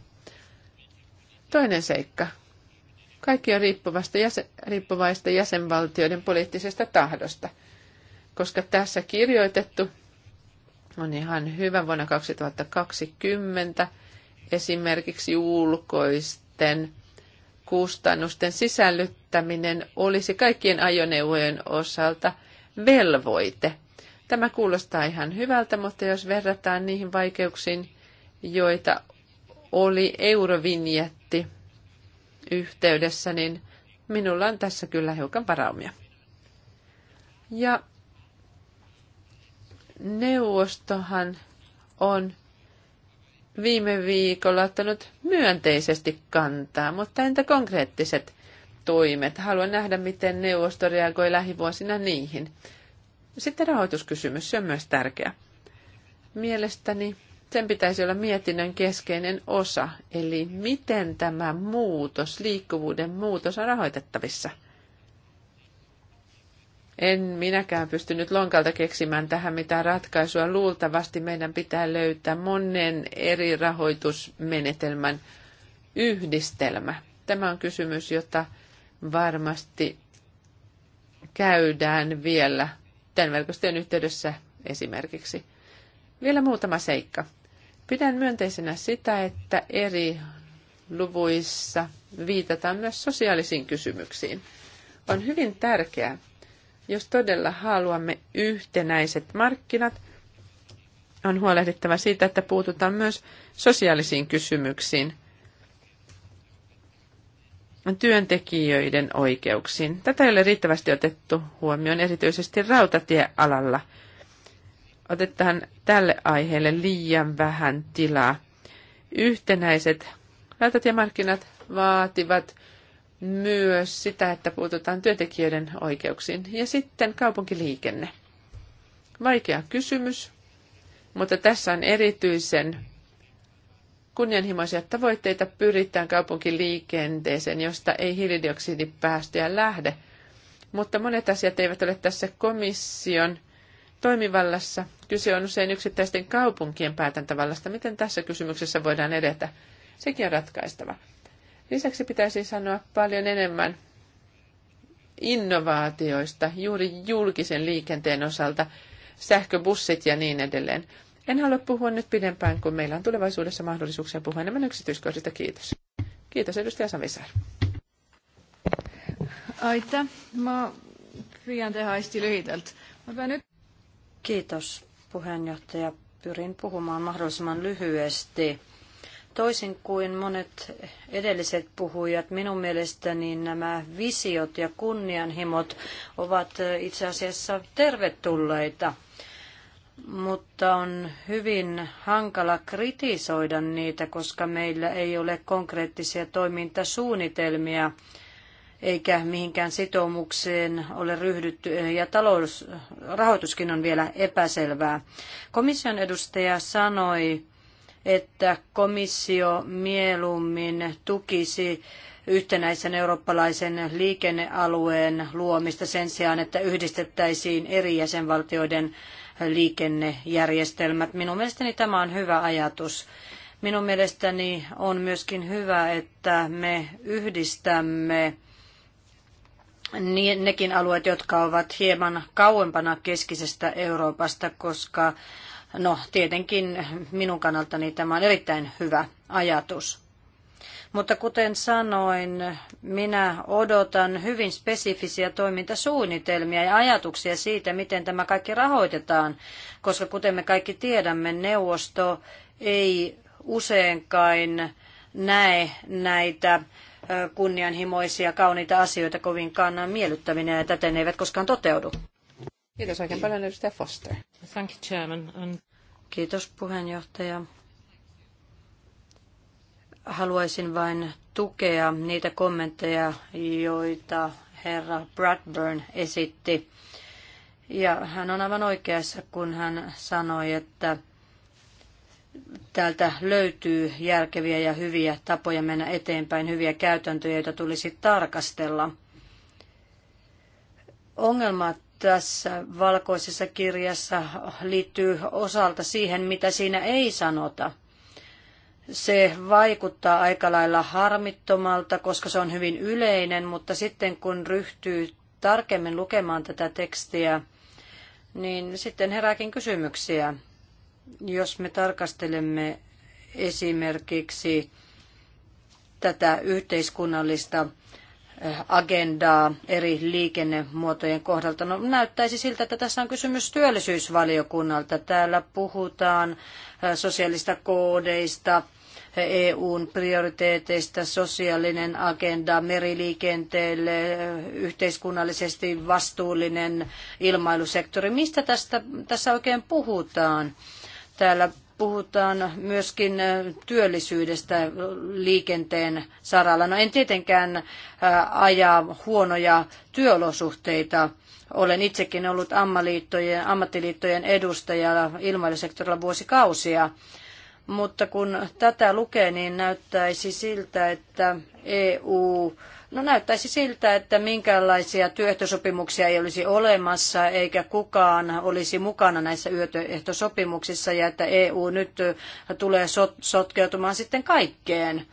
Toinen seikka. Kaikki on riippuvasta jäsen, riippuvaista jäsenvaltioiden poliittisesta tahdosta, koska tässä kirjoitettu on ihan hyvä vuonna 2020 esimerkiksi ulkoisten kustannusten sisällyttäminen olisi kaikkien ajoneuvojen osalta velvoite. Tämä kuulostaa ihan hyvältä, mutta jos verrataan niihin vaikeuksiin, joita oli eurovinjetti yhteydessä, niin minulla on tässä kyllä hiukan varaumia. Ja neuvostohan on viime viikolla ottanut myönteisesti kantaa, mutta entä konkreettiset toimet? Haluan nähdä, miten neuvosto reagoi lähivuosina niihin. Sitten rahoituskysymys, se on myös tärkeä. Mielestäni sen pitäisi olla mietinnön keskeinen osa, eli miten tämä muutos, liikkuvuuden muutos on rahoitettavissa – en minäkään pystynyt lonkalta keksimään tähän mitään ratkaisua. Luultavasti meidän pitää löytää monen eri rahoitusmenetelmän yhdistelmä. Tämä on kysymys, jota varmasti käydään vielä tämän verkostojen yhteydessä esimerkiksi. Vielä muutama seikka. Pidän myönteisenä sitä, että eri luvuissa viitataan myös sosiaalisiin kysymyksiin. On hyvin tärkeää, jos todella haluamme yhtenäiset markkinat, on huolehdittava siitä, että puututaan myös sosiaalisiin kysymyksiin, työntekijöiden oikeuksiin. Tätä ei ole riittävästi otettu huomioon, erityisesti rautatiealalla. Otetaan tälle aiheelle liian vähän tilaa. Yhtenäiset rautatiemarkkinat vaativat myös sitä, että puututaan työntekijöiden oikeuksiin. Ja sitten kaupunkiliikenne. Vaikea kysymys, mutta tässä on erityisen kunnianhimoisia tavoitteita. Pyritään kaupunkiliikenteeseen, josta ei hiilidioksidipäästöjä lähde. Mutta monet asiat eivät ole tässä komission toimivallassa. Kyse on usein yksittäisten kaupunkien päätäntävallasta. Miten tässä kysymyksessä voidaan edetä? Sekin on ratkaistava. Lisäksi pitäisi sanoa paljon enemmän innovaatioista juuri julkisen liikenteen osalta, sähköbussit ja niin edelleen. En halua puhua nyt pidempään, kun meillä on tulevaisuudessa mahdollisuuksia puhua enemmän yksityiskohdista. Kiitos. Kiitos edustaja Savisaar. Aita, mä pyydän tehdä aisti lyhytelt. Mä nyt... Kiitos puheenjohtaja. Pyrin puhumaan mahdollisimman lyhyesti. Toisin kuin monet edelliset puhujat, minun mielestäni nämä visiot ja kunnianhimot ovat itse asiassa tervetulleita, mutta on hyvin hankala kritisoida niitä, koska meillä ei ole konkreettisia toimintasuunnitelmia eikä mihinkään sitoumukseen ole ryhdytty ja talous, rahoituskin on vielä epäselvää. Komission edustaja sanoi, että komissio mieluummin tukisi yhtenäisen eurooppalaisen liikennealueen luomista sen sijaan, että yhdistettäisiin eri jäsenvaltioiden liikennejärjestelmät. Minun mielestäni tämä on hyvä ajatus. Minun mielestäni on myöskin hyvä, että me yhdistämme niin nekin alueet, jotka ovat hieman kauempana keskisestä Euroopasta, koska No, tietenkin minun kannaltani tämä on erittäin hyvä ajatus. Mutta kuten sanoin, minä odotan hyvin spesifisiä toimintasuunnitelmia ja ajatuksia siitä, miten tämä kaikki rahoitetaan, koska kuten me kaikki tiedämme, neuvosto ei useinkaan näe näitä kunnianhimoisia, kauniita asioita kovinkaan miellyttäminä ja täten eivät koskaan toteudu. Kiitos oikein paljon edustaja Foster. Thank you, Chairman. And... Kiitos puheenjohtaja. Haluaisin vain tukea niitä kommentteja, joita herra Bradburn esitti. Ja hän on aivan oikeassa, kun hän sanoi, että täältä löytyy järkeviä ja hyviä tapoja mennä eteenpäin, hyviä käytäntöjä, joita tulisi tarkastella. Ongelmat tässä valkoisessa kirjassa liittyy osalta siihen, mitä siinä ei sanota. Se vaikuttaa aika lailla harmittomalta, koska se on hyvin yleinen, mutta sitten kun ryhtyy tarkemmin lukemaan tätä tekstiä, niin sitten herääkin kysymyksiä. Jos me tarkastelemme esimerkiksi tätä yhteiskunnallista agendaa eri liikennemuotojen kohdalta. No, näyttäisi siltä, että tässä on kysymys työllisyysvaliokunnalta. Täällä puhutaan sosiaalista koodeista, EUn prioriteeteista, sosiaalinen agenda meriliikenteelle, yhteiskunnallisesti vastuullinen ilmailusektori. Mistä tästä, tässä oikein puhutaan? Täällä puhutaan myöskin työllisyydestä liikenteen saralla. No en tietenkään aja huonoja työolosuhteita. Olen itsekin ollut ammaliittojen, ammattiliittojen edustaja ilmailusektorilla vuosikausia. Mutta kun tätä lukee, niin näyttäisi siltä, että EU No näyttäisi siltä, että minkäänlaisia työehtosopimuksia ei olisi olemassa, eikä kukaan olisi mukana näissä työehtosopimuksissa, ja että EU nyt tulee sotkeutumaan sitten kaikkeen.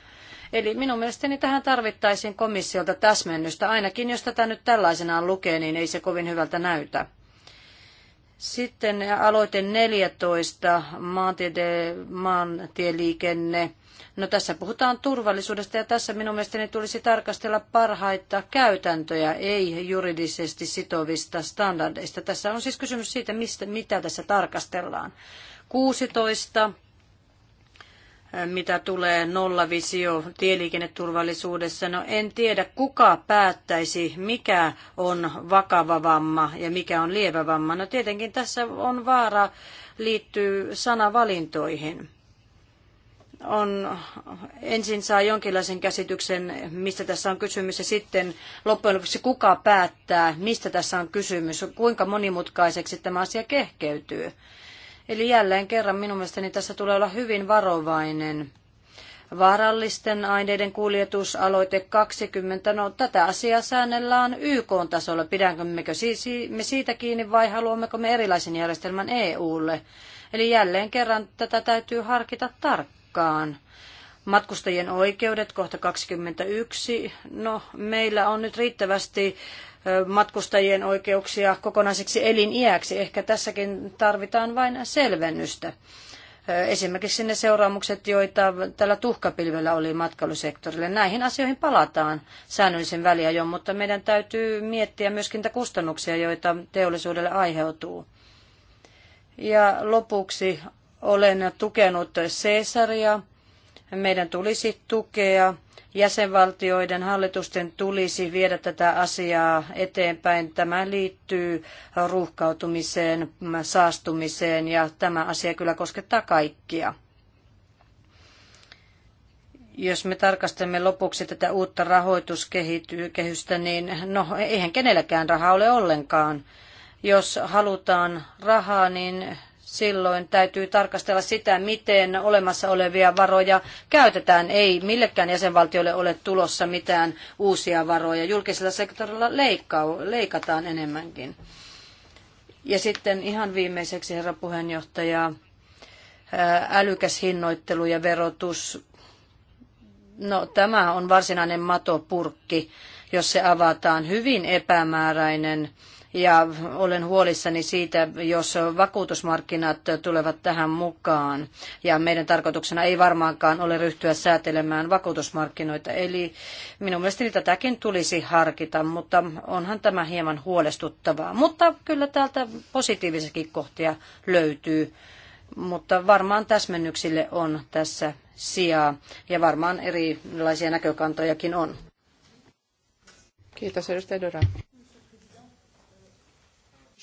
Eli minun mielestäni tähän tarvittaisiin komissiolta täsmennystä. Ainakin jos tätä nyt tällaisenaan lukee, niin ei se kovin hyvältä näytä. Sitten aloite 14, maantiede, maantieliikenne No tässä puhutaan turvallisuudesta ja tässä minun mielestäni tulisi tarkastella parhaita käytäntöjä, ei juridisesti sitovista standardeista. Tässä on siis kysymys siitä, mistä, mitä tässä tarkastellaan. 16 mitä tulee nollavisio tieliikenneturvallisuudessa. No en tiedä, kuka päättäisi, mikä on vakava vamma ja mikä on lievä vamma. No tietenkin tässä on vaara liittyy sanavalintoihin on, ensin saa jonkinlaisen käsityksen, mistä tässä on kysymys, ja sitten loppujen lopuksi kuka päättää, mistä tässä on kysymys, kuinka monimutkaiseksi tämä asia kehkeytyy. Eli jälleen kerran minun mielestäni tässä tulee olla hyvin varovainen. Vaarallisten aineiden kuljetusaloite 20. No, tätä asiaa säännellään YK-tasolla. Pidänkö me siitä kiinni vai haluammeko me erilaisen järjestelmän EUlle? Eli jälleen kerran tätä täytyy harkita tarkkaan mukaan. Matkustajien oikeudet, kohta 21. No, meillä on nyt riittävästi matkustajien oikeuksia kokonaiseksi eliniäksi. Ehkä tässäkin tarvitaan vain selvennystä. Esimerkiksi ne seuraamukset, joita tällä tuhkapilvellä oli matkailusektorille. Näihin asioihin palataan säännöllisen väliajon, mutta meidän täytyy miettiä myöskin niitä kustannuksia, joita teollisuudelle aiheutuu. Ja lopuksi olen tukenut Cesaria. Meidän tulisi tukea. Jäsenvaltioiden hallitusten tulisi viedä tätä asiaa eteenpäin. Tämä liittyy ruuhkautumiseen, saastumiseen ja tämä asia kyllä koskettaa kaikkia jos me tarkastamme lopuksi tätä uutta rahoituskehystä, niin no, eihän kenelläkään rahaa ole ollenkaan. Jos halutaan rahaa, niin silloin täytyy tarkastella sitä, miten olemassa olevia varoja käytetään. Ei millekään jäsenvaltiolle ole tulossa mitään uusia varoja. Julkisella sektorilla leikataan enemmänkin. Ja sitten ihan viimeiseksi, herra puheenjohtaja, älykäs hinnoittelu ja verotus. No, tämä on varsinainen matopurkki, jos se avataan hyvin epämääräinen ja olen huolissani siitä, jos vakuutusmarkkinat tulevat tähän mukaan. Ja meidän tarkoituksena ei varmaankaan ole ryhtyä säätelemään vakuutusmarkkinoita. Eli minun mielestäni tätäkin tulisi harkita, mutta onhan tämä hieman huolestuttavaa. Mutta kyllä täältä positiivisiakin kohtia löytyy mutta varmaan täsmennyksille on tässä sijaa ja varmaan erilaisia näkökantojakin on. Kiitos edustaja Dora.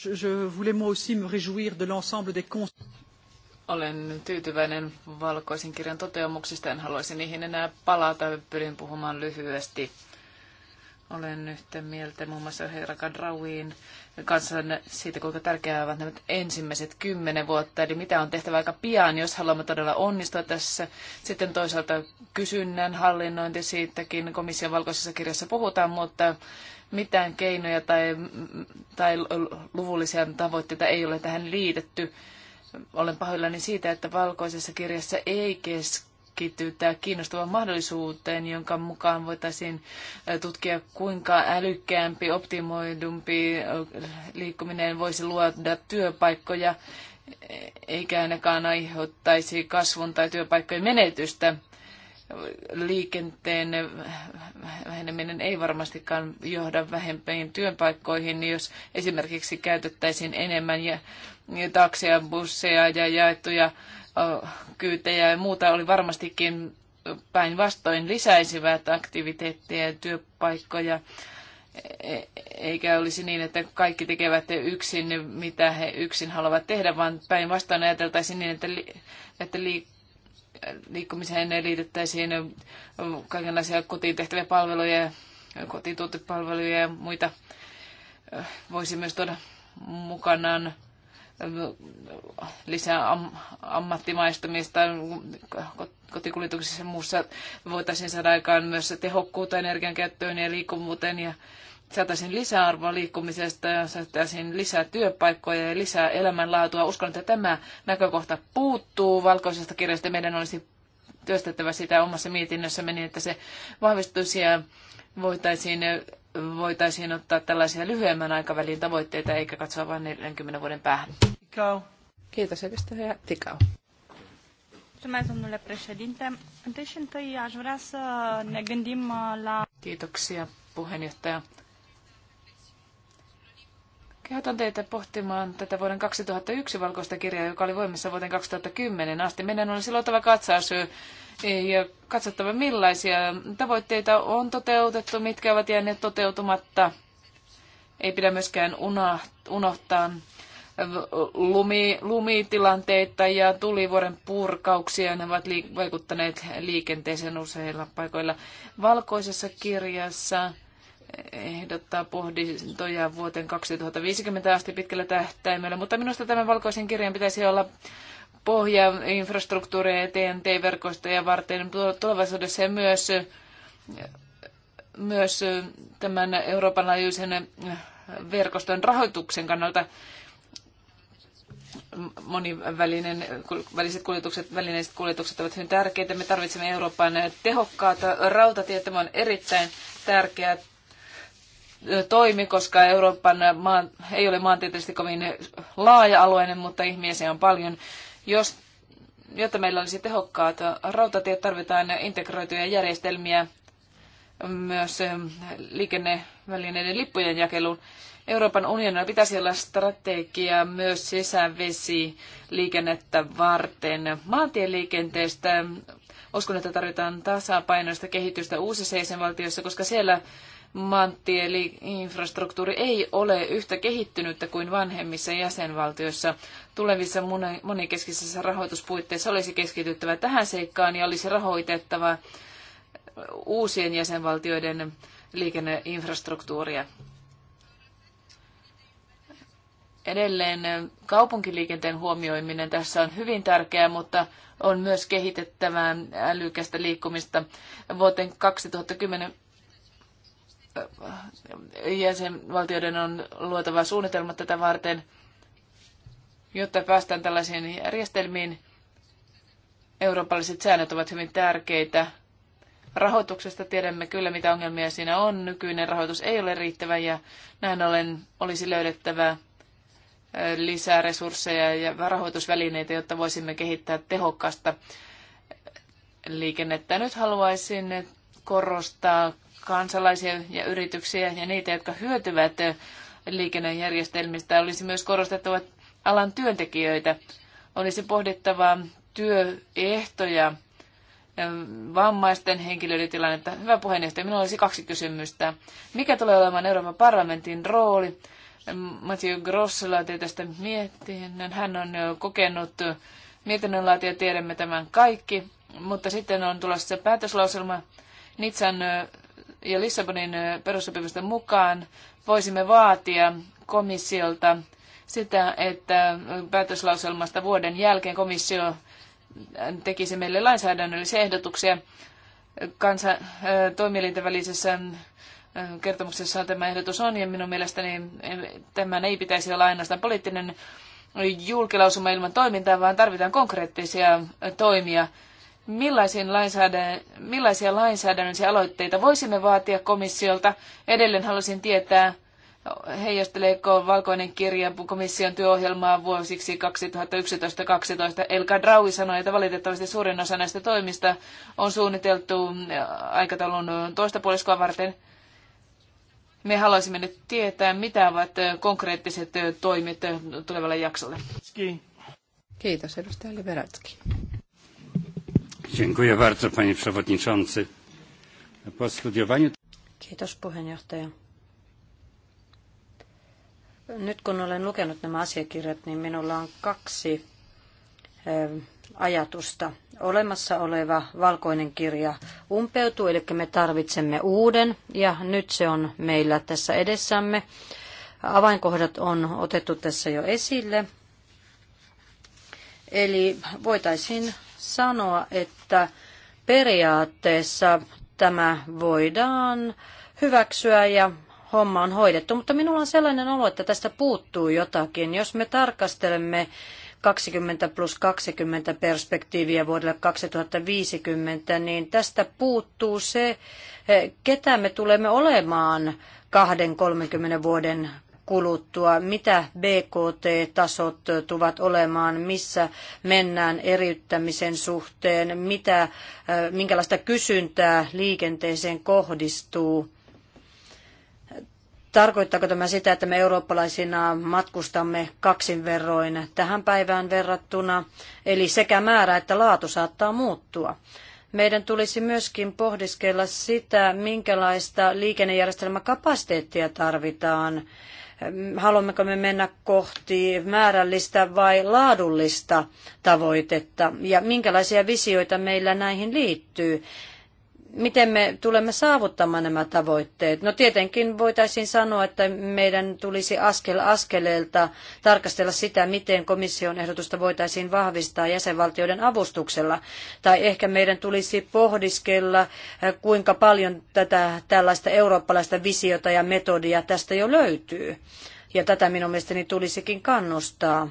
Je, je voulais moi aussi me réjouir de l'ensemble des cons... Olen tyytyväinen valkoisen kirjan toteamuksista. En haluaisi niihin enää palata. Pyrin puhumaan lyhyesti. Olen yhtä mieltä muun muassa Herra Kadrauin kanssa siitä, kuinka tärkeää ovat nämä ensimmäiset kymmenen vuotta, eli mitä on tehtävä aika pian, jos haluamme todella onnistua tässä. Sitten toisaalta kysynnän hallinnointi siitäkin komission valkoisessa kirjassa puhutaan, mutta mitään keinoja tai, tai luvullisia tavoitteita ei ole tähän liitetty. Olen pahoillani siitä, että valkoisessa kirjassa ei kesk- keskitytään kiinnostavaan mahdollisuuteen, jonka mukaan voitaisiin tutkia, kuinka älykkäämpi, optimoidumpi liikkuminen voisi luoda työpaikkoja, e, eikä ainakaan aiheuttaisi kasvun tai työpaikkojen menetystä. Liikenteen väheneminen ei varmastikaan johda vähempiin työpaikkoihin, jos esimerkiksi käytettäisiin enemmän ja takseja, busseja ja jaettuja kyytejä ja muuta oli varmastikin päinvastoin lisäisivät aktiviteetteja ja työpaikkoja, e-, eikä olisi niin, että kaikki tekevät yksin, mitä he yksin haluavat tehdä, vaan päinvastoin ajateltaisiin niin, että, li, että li, liikkumiseen liitettäisiin kaikenlaisia kotiin tehtäviä palveluja, kotiin palveluja ja muita. Voisi myös tuoda mukanaan lisää am, ammattimaistumista kotikuljetuksissa ja muussa voitaisiin saada aikaan myös tehokkuutta energiankäyttöön ja liikkuvuuteen ja saataisiin lisäarvoa liikkumisesta ja saataisiin lisää työpaikkoja ja lisää elämänlaatua. Uskon, että tämä näkökohta puuttuu valkoisesta kirjasta. Meidän olisi työstettävä sitä omassa mietinnössämme niin, että se vahvistuisi ja voitaisiin voitaisiin ottaa tällaisia lyhyemmän aikavälin tavoitteita eikä katsoa vain 40 vuoden päähän. Tikau. Kiitos edustaja Tikau. Uh, Kiitoksia puheenjohtaja. Kehotan teitä pohtimaan tätä vuoden 2001 valkoista kirjaa, joka oli voimassa vuoden 2010 asti. Meidän olisi luotava katsaus ja katsottava millaisia tavoitteita on toteutettu, mitkä ovat jääneet toteutumatta. Ei pidä myöskään unohtaa lumi, lumitilanteita ja tulivuoren purkauksia. Ne ovat liik- vaikuttaneet liikenteeseen useilla paikoilla. Valkoisessa kirjassa ehdottaa pohdintoja vuoteen 2050 asti pitkällä tähtäimellä, mutta minusta tämän valkoisen kirjan pitäisi olla pohja infrastruktuuria ja TNT-verkostoja varten tulevaisuudessa ja myös, myös tämän Euroopan laajuisen verkoston rahoituksen kannalta monivälinen, väliset kuljetukset, välineiset kuljetukset ovat hyvin tärkeitä. Me tarvitsemme Euroopan tehokkaata rautatietä. Tämä on erittäin tärkeää toimi, koska Euroopan maan, ei ole maantieteellisesti kovin laaja-alueinen, mutta ihmisiä on paljon. Jos, jotta meillä olisi tehokkaat rautatiet, tarvitaan integroituja järjestelmiä myös eh, liikennevälineiden lippujen jakeluun. Euroopan unionilla pitäisi olla strategia myös sisävesiliikennettä varten. Maantieliikenteestä eh, uskon, että tarvitaan tasapainoista kehitystä uusissa jäsenvaltioissa, koska siellä maantieliinfrastruktuuri ei ole yhtä kehittynyttä kuin vanhemmissa jäsenvaltioissa. Tulevissa monikeskisissä rahoituspuitteissa olisi keskityttävä tähän seikkaan ja olisi rahoitettava uusien jäsenvaltioiden liikenneinfrastruktuuria. Edelleen kaupunkiliikenteen huomioiminen tässä on hyvin tärkeää, mutta on myös kehitettävää älykästä liikkumista. Vuoteen 2010 jäsenvaltioiden on luotava suunnitelma tätä varten, jotta päästään tällaisiin järjestelmiin. Eurooppalaiset säännöt ovat hyvin tärkeitä. Rahoituksesta tiedämme kyllä, mitä ongelmia siinä on. Nykyinen rahoitus ei ole riittävä ja näin ollen olisi löydettävä lisää resursseja ja rahoitusvälineitä, jotta voisimme kehittää tehokasta liikennettä. Nyt haluaisin korostaa kansalaisia ja yrityksiä ja niitä, jotka hyötyvät liikennejärjestelmistä. Olisi myös korostettava alan työntekijöitä. Olisi pohdittava työehtoja, vammaisten henkilöiden tilannetta. Hyvä puheenjohtaja, minulla olisi kaksi kysymystä. Mikä tulee olemaan Euroopan parlamentin rooli? Matthew Grossella tästä mietinnön. Hän on kokenut mietinnönlaatia, tiedämme tämän kaikki. Mutta sitten on tulossa päätöslauselma Nitsan ja Lissabonin perussopimusten mukaan voisimme vaatia komissiolta sitä, että päätöslauselmasta vuoden jälkeen komissio tekisi meille lainsäädännöllisiä ehdotuksia. Kansa, toimielinten välisessä kertomuksessa tämä ehdotus on, ja minun mielestäni tämän ei pitäisi olla ainoastaan poliittinen julkilausuma ilman toimintaa, vaan tarvitaan konkreettisia toimia millaisia lainsäädännöllisiä aloitteita voisimme vaatia komissiolta. Edelleen halusin tietää, heijasteleeko valkoinen kirja komission työohjelmaa vuosiksi 2011-2012. Elka Draui sanoi, että valitettavasti suurin osa näistä toimista on suunniteltu äh, aikataulun toista puoliskoa varten. Me haluaisimme nyt tietää, mitä ovat äh, konkreettiset äh, toimet tulevalle jaksolle. Kiitos, edustaja Liberatski. Dziękuję bardzo, panie przewodniczący. Po studiowaniu... Kiitos puheenjohtaja. Nyt kun olen lukenut nämä asiakirjat, niin minulla on kaksi ajatusta. Olemassa oleva valkoinen kirja umpeutuu, eli me tarvitsemme uuden, ja nyt se on meillä tässä edessämme. Avainkohdat on otettu tässä jo esille. Eli voitaisiin sanoa, että periaatteessa tämä voidaan hyväksyä ja homma on hoidettu, mutta minulla on sellainen olo, että tästä puuttuu jotakin. Jos me tarkastelemme 20 plus 20 perspektiiviä vuodelle 2050, niin tästä puuttuu se, eh, ketä me tulemme olemaan 20-30 vuoden kuluttua, mitä BKT-tasot tuvat olemaan, missä mennään eriyttämisen suhteen, mitä, äh, minkälaista kysyntää liikenteeseen kohdistuu. Tarkoittaako tämä sitä, että me eurooppalaisina matkustamme kaksin verroin tähän päivään verrattuna, eli sekä määrä että laatu saattaa muuttua? Meidän tulisi myöskin pohdiskella sitä, minkälaista liikennejärjestelmäkapasiteettia tarvitaan haluammeko me mennä kohti määrällistä vai laadullista tavoitetta ja minkälaisia visioita meillä näihin liittyy miten me tulemme saavuttamaan nämä tavoitteet? No tietenkin voitaisiin sanoa, että meidän tulisi askel askeleelta tarkastella sitä, miten komission ehdotusta voitaisiin vahvistaa jäsenvaltioiden avustuksella. Tai ehkä meidän tulisi pohdiskella, eh, kuinka paljon tätä tällaista eurooppalaista visiota ja metodia tästä jo löytyy. Ja tätä minun mielestäni tulisikin kannustaa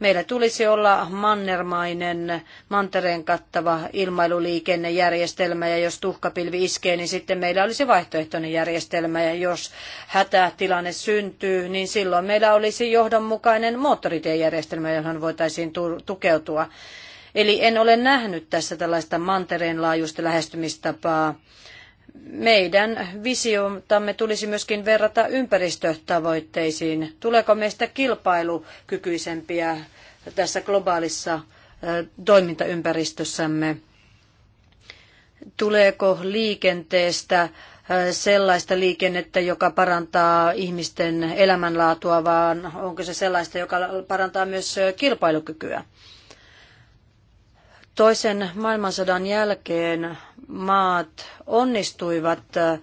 Meillä tulisi olla mannermainen, mantereen kattava ilmailuliikennejärjestelmä ja jos tuhkapilvi iskee, niin sitten meillä olisi vaihtoehtoinen järjestelmä ja jos hätätilanne syntyy, niin silloin meillä olisi johdonmukainen moottoritiejärjestelmä, johon voitaisiin tukeutua. Eli en ole nähnyt tässä tällaista mantereen laajuista lähestymistapaa meidän visiotamme tulisi myöskin verrata ympäristötavoitteisiin. Tuleeko meistä kilpailukykyisempiä tässä globaalissa toimintaympäristössämme? Tuleeko liikenteestä sellaista liikennettä, joka parantaa ihmisten elämänlaatua, vaan onko se sellaista, joka parantaa myös kilpailukykyä? Toisen maailmansodan jälkeen maat onnistuivat äh,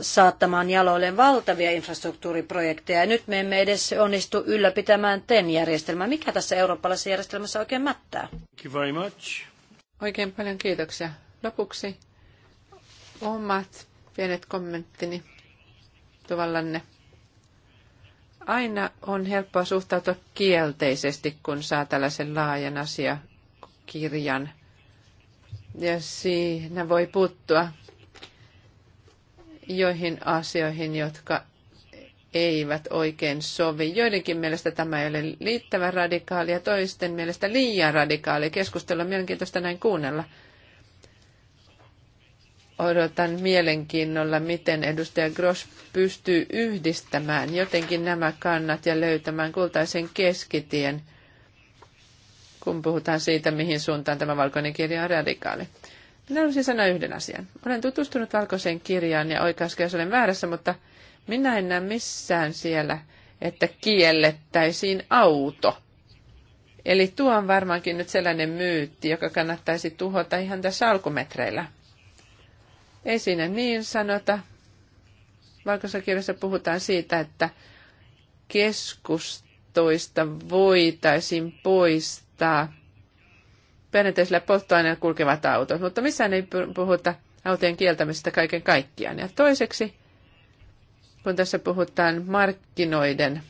saattamaan jaloilleen valtavia infrastruktuuriprojekteja. Nyt me emme edes onnistu ylläpitämään TEN-järjestelmää. Mikä tässä eurooppalaisessa järjestelmässä oikein mättää? Thank you very much. Oikein paljon kiitoksia. Lopuksi omat pienet kommenttini tavallanne. Aina on helppoa suhtautua kielteisesti, kun saa tällaisen laajan asiakirjan ja siinä voi puuttua joihin asioihin, jotka eivät oikein sovi. Joidenkin mielestä tämä ei ole liittävä radikaali ja toisten mielestä liian radikaali. Keskustelu on mielenkiintoista näin kuunnella. Odotan mielenkiinnolla, miten edustaja Gross pystyy yhdistämään jotenkin nämä kannat ja löytämään kultaisen keskitien – kun puhutaan siitä, mihin suuntaan tämä valkoinen kirja on radikaali. Minä haluaisin sanoa yhden asian. Olen tutustunut valkoiseen kirjaan ja oikeasti jos olen väärässä, mutta minä en näe missään siellä, että kiellettäisiin auto. Eli tuo on varmaankin nyt sellainen myytti, joka kannattaisi tuhota ihan tässä alkumetreillä. Ei siinä niin sanota. Valkoisessa kirjassa puhutaan siitä, että keskustoista voitaisiin poistaa tota, perinteisillä polttoaineilla kulkevat autot, mutta missään ei puhuta autojen kieltämisestä kaiken kaikkiaan. Ja toiseksi, kun tässä puhutaan markkinoiden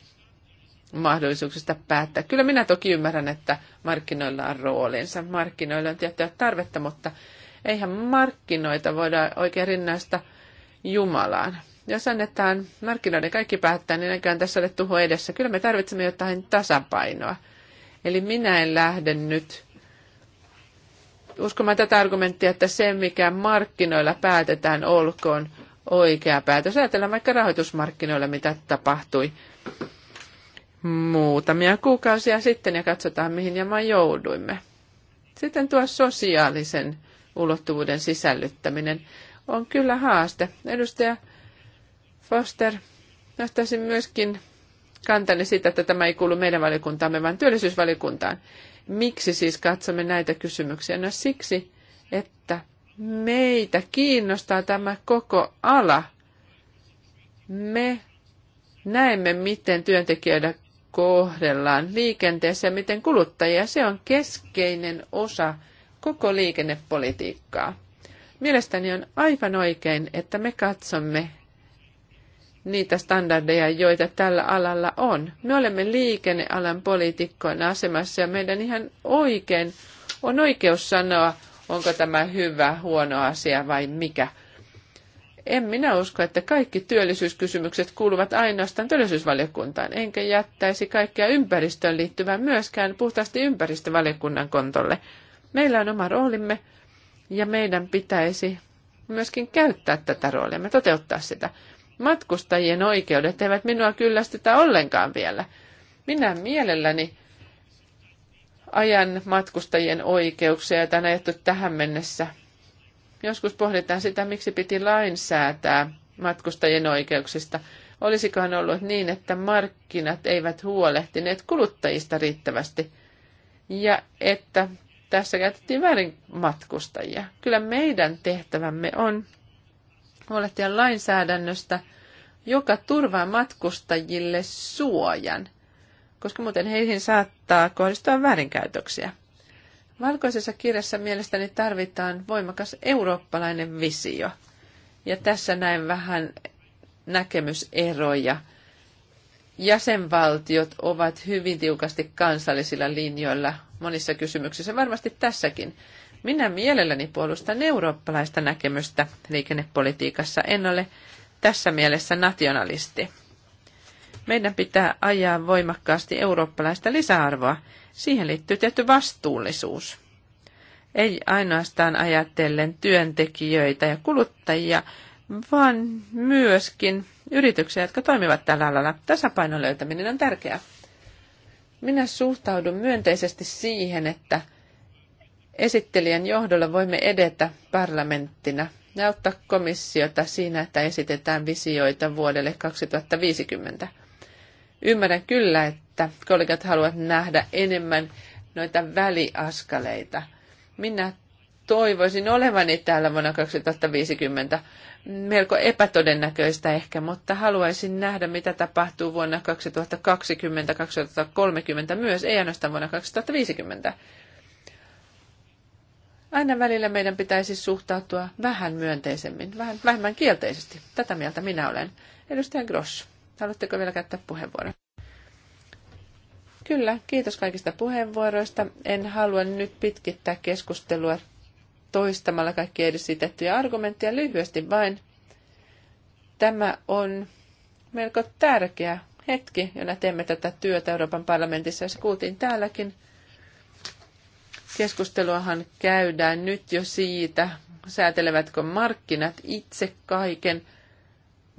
mahdollisuuksista päättää. Kyllä minä toki ymmärrän, että markkinoilla on roolinsa. Markkinoilla on tiettyä tarvetta, mutta eihän markkinoita voida oikein rinnasta Jumalaan. Jos annetaan markkinoiden kaikki päättää, niin eiköhän tässä ole tuho edessä. Kyllä me tarvitsemme jotain tasapainoa. Eli minä en lähde nyt uskomaan tätä argumenttia, että se, mikä markkinoilla päätetään, olkoon oikea päätös. Ajatellaan vaikka rahoitusmarkkinoilla, mitä tapahtui muutamia kuukausia sitten ja katsotaan, mihin jamaan jouduimme. Sitten tuo sosiaalisen ulottuvuuden sisällyttäminen on kyllä haaste. Edustaja Foster nostaisin myöskin kantani siitä, että tämä ei kuulu meidän valiokuntaamme, vaan työllisyysvaliokuntaan. Miksi siis katsomme näitä kysymyksiä? No siksi, että meitä kiinnostaa tämä koko ala. Me näemme, miten työntekijöitä kohdellaan liikenteessä ja miten kuluttajia. Se on keskeinen osa koko liikennepolitiikkaa. Mielestäni on aivan oikein, että me katsomme niitä standardeja, joita tällä alalla on. Me olemme liikennealan poliitikkoina asemassa ja meidän ihan oikein on oikeus sanoa, onko tämä hyvä, huono asia vai mikä. En minä usko, että kaikki työllisyyskysymykset kuuluvat ainoastaan työllisyysvaliokuntaan, enkä jättäisi kaikkea ympäristöön liittyvää myöskään puhtaasti ympäristövaliokunnan kontolle. Meillä on oma roolimme ja meidän pitäisi myöskin käyttää tätä roolia, me toteuttaa sitä matkustajien oikeudet eivät minua kyllästytä ollenkaan vielä. Minä mielelläni ajan matkustajien oikeuksia, joita on ajettu tähän mennessä. Joskus pohditaan sitä, miksi piti lainsäätää matkustajien oikeuksista. Olisikohan ollut niin, että markkinat eivät huolehtineet kuluttajista riittävästi ja että tässä käytettiin väärin matkustajia. Kyllä meidän tehtävämme on huolehtia lainsäädännöstä, joka turvaa matkustajille suojan, koska muuten heihin saattaa kohdistua väärinkäytöksiä. Valkoisessa kirjassa mielestäni tarvitaan voimakas eurooppalainen visio. Ja tässä näin vähän näkemyseroja. Jäsenvaltiot ovat hyvin tiukasti kansallisilla linjoilla monissa kysymyksissä, varmasti tässäkin. Minä mielelläni puolustan eurooppalaista näkemystä liikennepolitiikassa. En ole tässä mielessä nationalisti. Meidän pitää ajaa voimakkaasti eurooppalaista lisäarvoa. Siihen liittyy tietty vastuullisuus. Ei ainoastaan ajatellen työntekijöitä ja kuluttajia, vaan myöskin yrityksiä, jotka toimivat tällä alalla. Tasapainon löytäminen on tärkeää. Minä suhtaudun myönteisesti siihen, että – esittelijän johdolla voimme edetä parlamenttina ja auttaa komissiota siinä, että esitetään visioita vuodelle 2050. Ymmärrän kyllä, että kollegat haluavat nähdä enemmän noita väliaskaleita. Minä toivoisin olevani täällä vuonna 2050. Melko epätodennäköistä ehkä, mutta haluaisin nähdä, mitä tapahtuu vuonna 2020-2030 myös, ei ainoastaan vuonna 2050. Aina välillä meidän pitäisi suhtautua vähän myönteisemmin, vähän vähemmän kielteisesti. Tätä mieltä minä olen. Edustaja Gross, haluatteko vielä käyttää puheenvuoron? Kyllä, kiitos kaikista puheenvuoroista. En halua nyt pitkittää keskustelua toistamalla kaikki edesitettyjä argumentteja lyhyesti vain. Tämä on melko tärkeä hetki, jona teemme tätä työtä Euroopan parlamentissa, ja se kuultiin täälläkin – Keskusteluahan käydään nyt jo siitä, säätelevätkö markkinat itse kaiken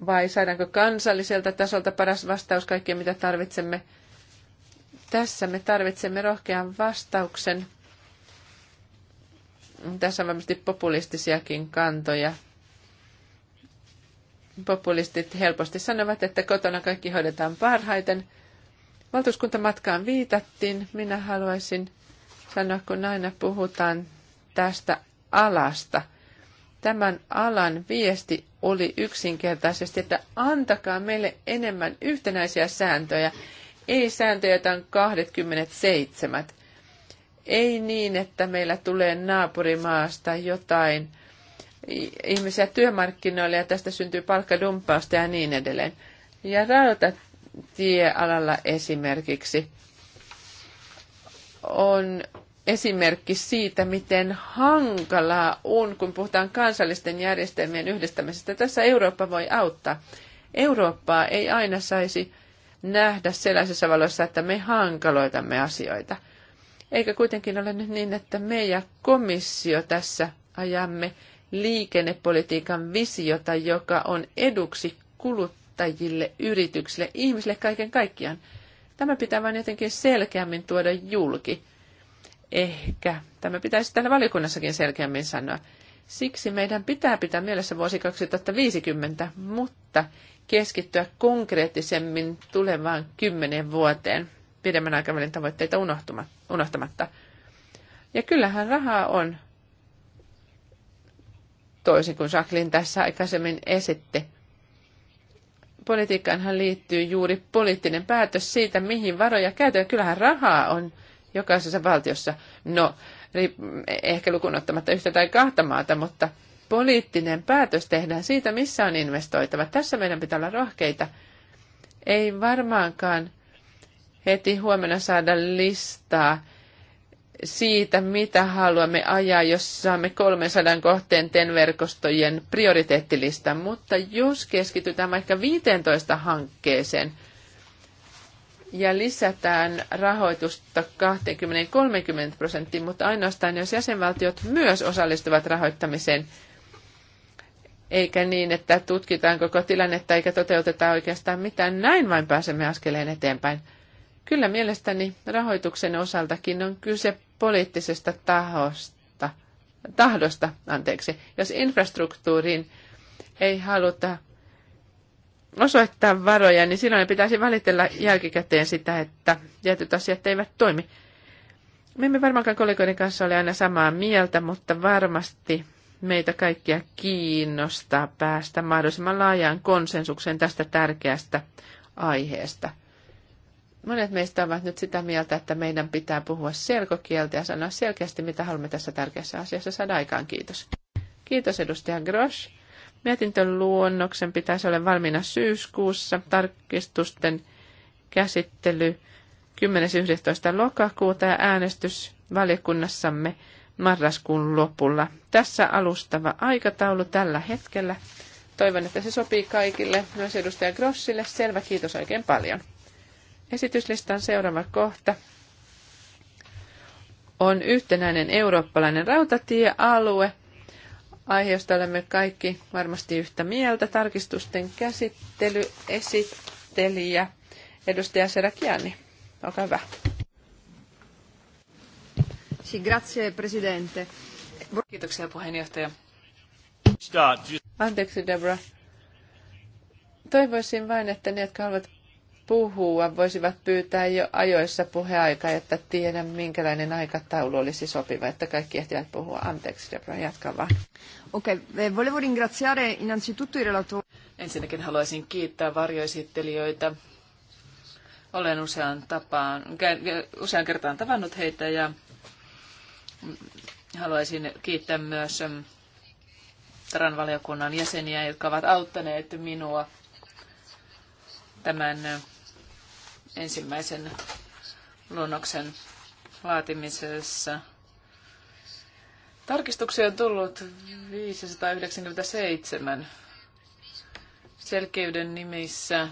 vai saadaanko kansalliselta tasolta paras vastaus kaikkeen, mitä tarvitsemme. Tässä me tarvitsemme rohkean vastauksen. Tässä on varmasti populistisiakin kantoja. Populistit helposti sanovat, että kotona kaikki hoidetaan parhaiten. Valtuuskuntamatkaan viitattiin. Minä haluaisin sanoa, kun aina puhutaan tästä alasta. Tämän alan viesti oli yksinkertaisesti, että antakaa meille enemmän yhtenäisiä sääntöjä, ei sääntöjä, joita on 27. Ei niin, että meillä tulee naapurimaasta jotain ihmisiä työmarkkinoille ja tästä syntyy palkkadumppausta ja niin edelleen. Ja rautatiealalla esimerkiksi on esimerkki siitä, miten hankalaa on, kun puhutaan kansallisten järjestelmien yhdistämisestä. Tässä Eurooppa voi auttaa. Eurooppaa ei aina saisi nähdä sellaisessa valossa, että me hankaloitamme asioita. Eikä kuitenkin ole nyt niin, että me ja komissio tässä ajamme liikennepolitiikan visiota, joka on eduksi kuluttajille, yrityksille, ihmisille kaiken kaikkiaan – Tämä pitää vain jotenkin selkeämmin tuoda julki. Ehkä tämä pitäisi täällä valiokunnassakin selkeämmin sanoa. Siksi meidän pitää pitää mielessä vuosi 2050, mutta keskittyä konkreettisemmin tulevaan kymmenen vuoteen pidemmän aikavälin tavoitteita unohtamatta. Ja kyllähän rahaa on, toisin kuin Jacqueline tässä aikaisemmin esitti politiikkaanhan liittyy juuri poliittinen päätös siitä, mihin varoja käytetään. Kyllähän rahaa on jokaisessa valtiossa. No, ehkä lukuun ottamatta yhtä tai kahta maata, mutta poliittinen päätös tehdään siitä, missä on investoitava. Tässä meidän pitää olla rohkeita. Ei varmaankaan heti huomenna saada listaa siitä, mitä haluamme ajaa, jos saamme 300 kohteen TEN-verkostojen prioriteettilistan, mutta jos keskitytään vaikka 15 hankkeeseen ja lisätään rahoitusta 20-30 prosenttiin, mutta ainoastaan jos jäsenvaltiot myös osallistuvat rahoittamiseen, eikä niin, että tutkitaan koko tilannetta eikä toteuteta oikeastaan mitään, näin vain pääsemme askeleen eteenpäin. Kyllä mielestäni rahoituksen osaltakin on kyse poliittisesta tahosta, tahdosta, anteeksi, jos infrastruktuuriin ei haluta osoittaa varoja, niin silloin pitäisi valitella jälkikäteen sitä, että tietyt asiat eivät toimi. Me emme varmaankaan kollegoiden kanssa ole aina samaa mieltä, mutta varmasti meitä kaikkia kiinnostaa päästä mahdollisimman laajaan konsensukseen tästä tärkeästä aiheesta. Monet meistä ovat nyt sitä mieltä, että meidän pitää puhua selkokieltä ja sanoa selkeästi, mitä haluamme tässä tärkeässä asiassa saada aikaan. Kiitos. Kiitos edustaja Grosch. Mietintön luonnoksen pitäisi olla valmiina syyskuussa. Tarkistusten käsittely 10.11. lokakuuta ja äänestys valiokunnassamme marraskuun lopulla. Tässä alustava aikataulu tällä hetkellä. Toivon, että se sopii kaikille, myös edustaja Grossille. Selvä, kiitos oikein paljon. Esityslistan seuraava kohta on yhtenäinen eurooppalainen rautatiealue. Aiheesta olemme kaikki varmasti yhtä mieltä. Tarkistusten käsittely, esittelijä, edustaja Serakiani. Olkaa hyvä. Grazie, presidente. Kiitoksia puheenjohtaja. Anteeksi, Deborah. Toivoisin vain, että ne, jotka haluavat puhua, voisivat pyytää jo ajoissa puheaikaa, että tiedän minkälainen aikataulu olisi sopiva, että kaikki ehtivät puhua. Anteeksi, Debra, jatka vaan. Okei, okay. Eh, volevo ringraziare innanzitutto i relatori. Ensinnäkin haluaisin kiittää varjoesittelijöitä. Olen usean, tapaan, usean kertaan tavannut heitä ja haluaisin kiittää myös mm, Taran valiokunnan jäseniä, jotka ovat auttaneet minua tämän mm, ensimmäisen luonnoksen laatimisessa. Tarkistuksia on tullut 597 selkeyden nimissä.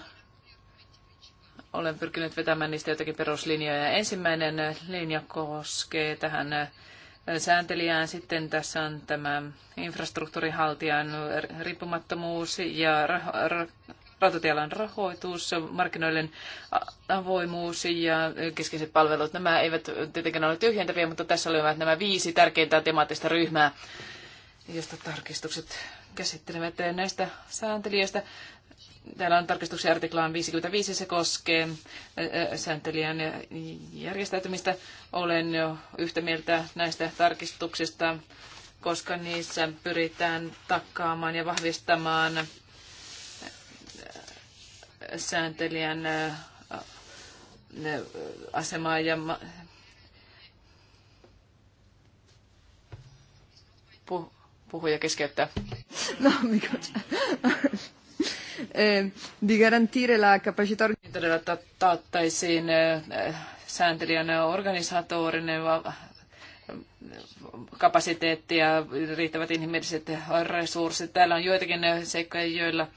Olen pyrkinyt vetämään niistä jotakin peruslinjoja. Ensimmäinen linja koskee tähän sääntelijään. Sitten tässä on tämä infrastruktuurihaltijan riippumattomuus ja rautatiealan rahoitus, markkinoiden avoimuus ja keskeiset palvelut. Nämä eivät tietenkään ole tyhjentäviä, mutta tässä olivat nämä viisi tärkeintä temaattista ryhmää, josta tarkistukset käsittelevät näistä sääntelijöistä. Täällä on tarkistuksen artiklaan 55, se koskee sääntelijän järjestäytymistä. Olen jo yhtä mieltä näistä tarkistuksista, koska niissä pyritään takaamaan ja vahvistamaan sääntelijän asemaa ja puhuja keskeyttää. No, mikä di garantire la capacità niin todella taattaisiin sääntelijän organisatorinen kapasiteetti ja riittävät inhimilliset resurssit. Täällä on joitakin seikkoja, joilla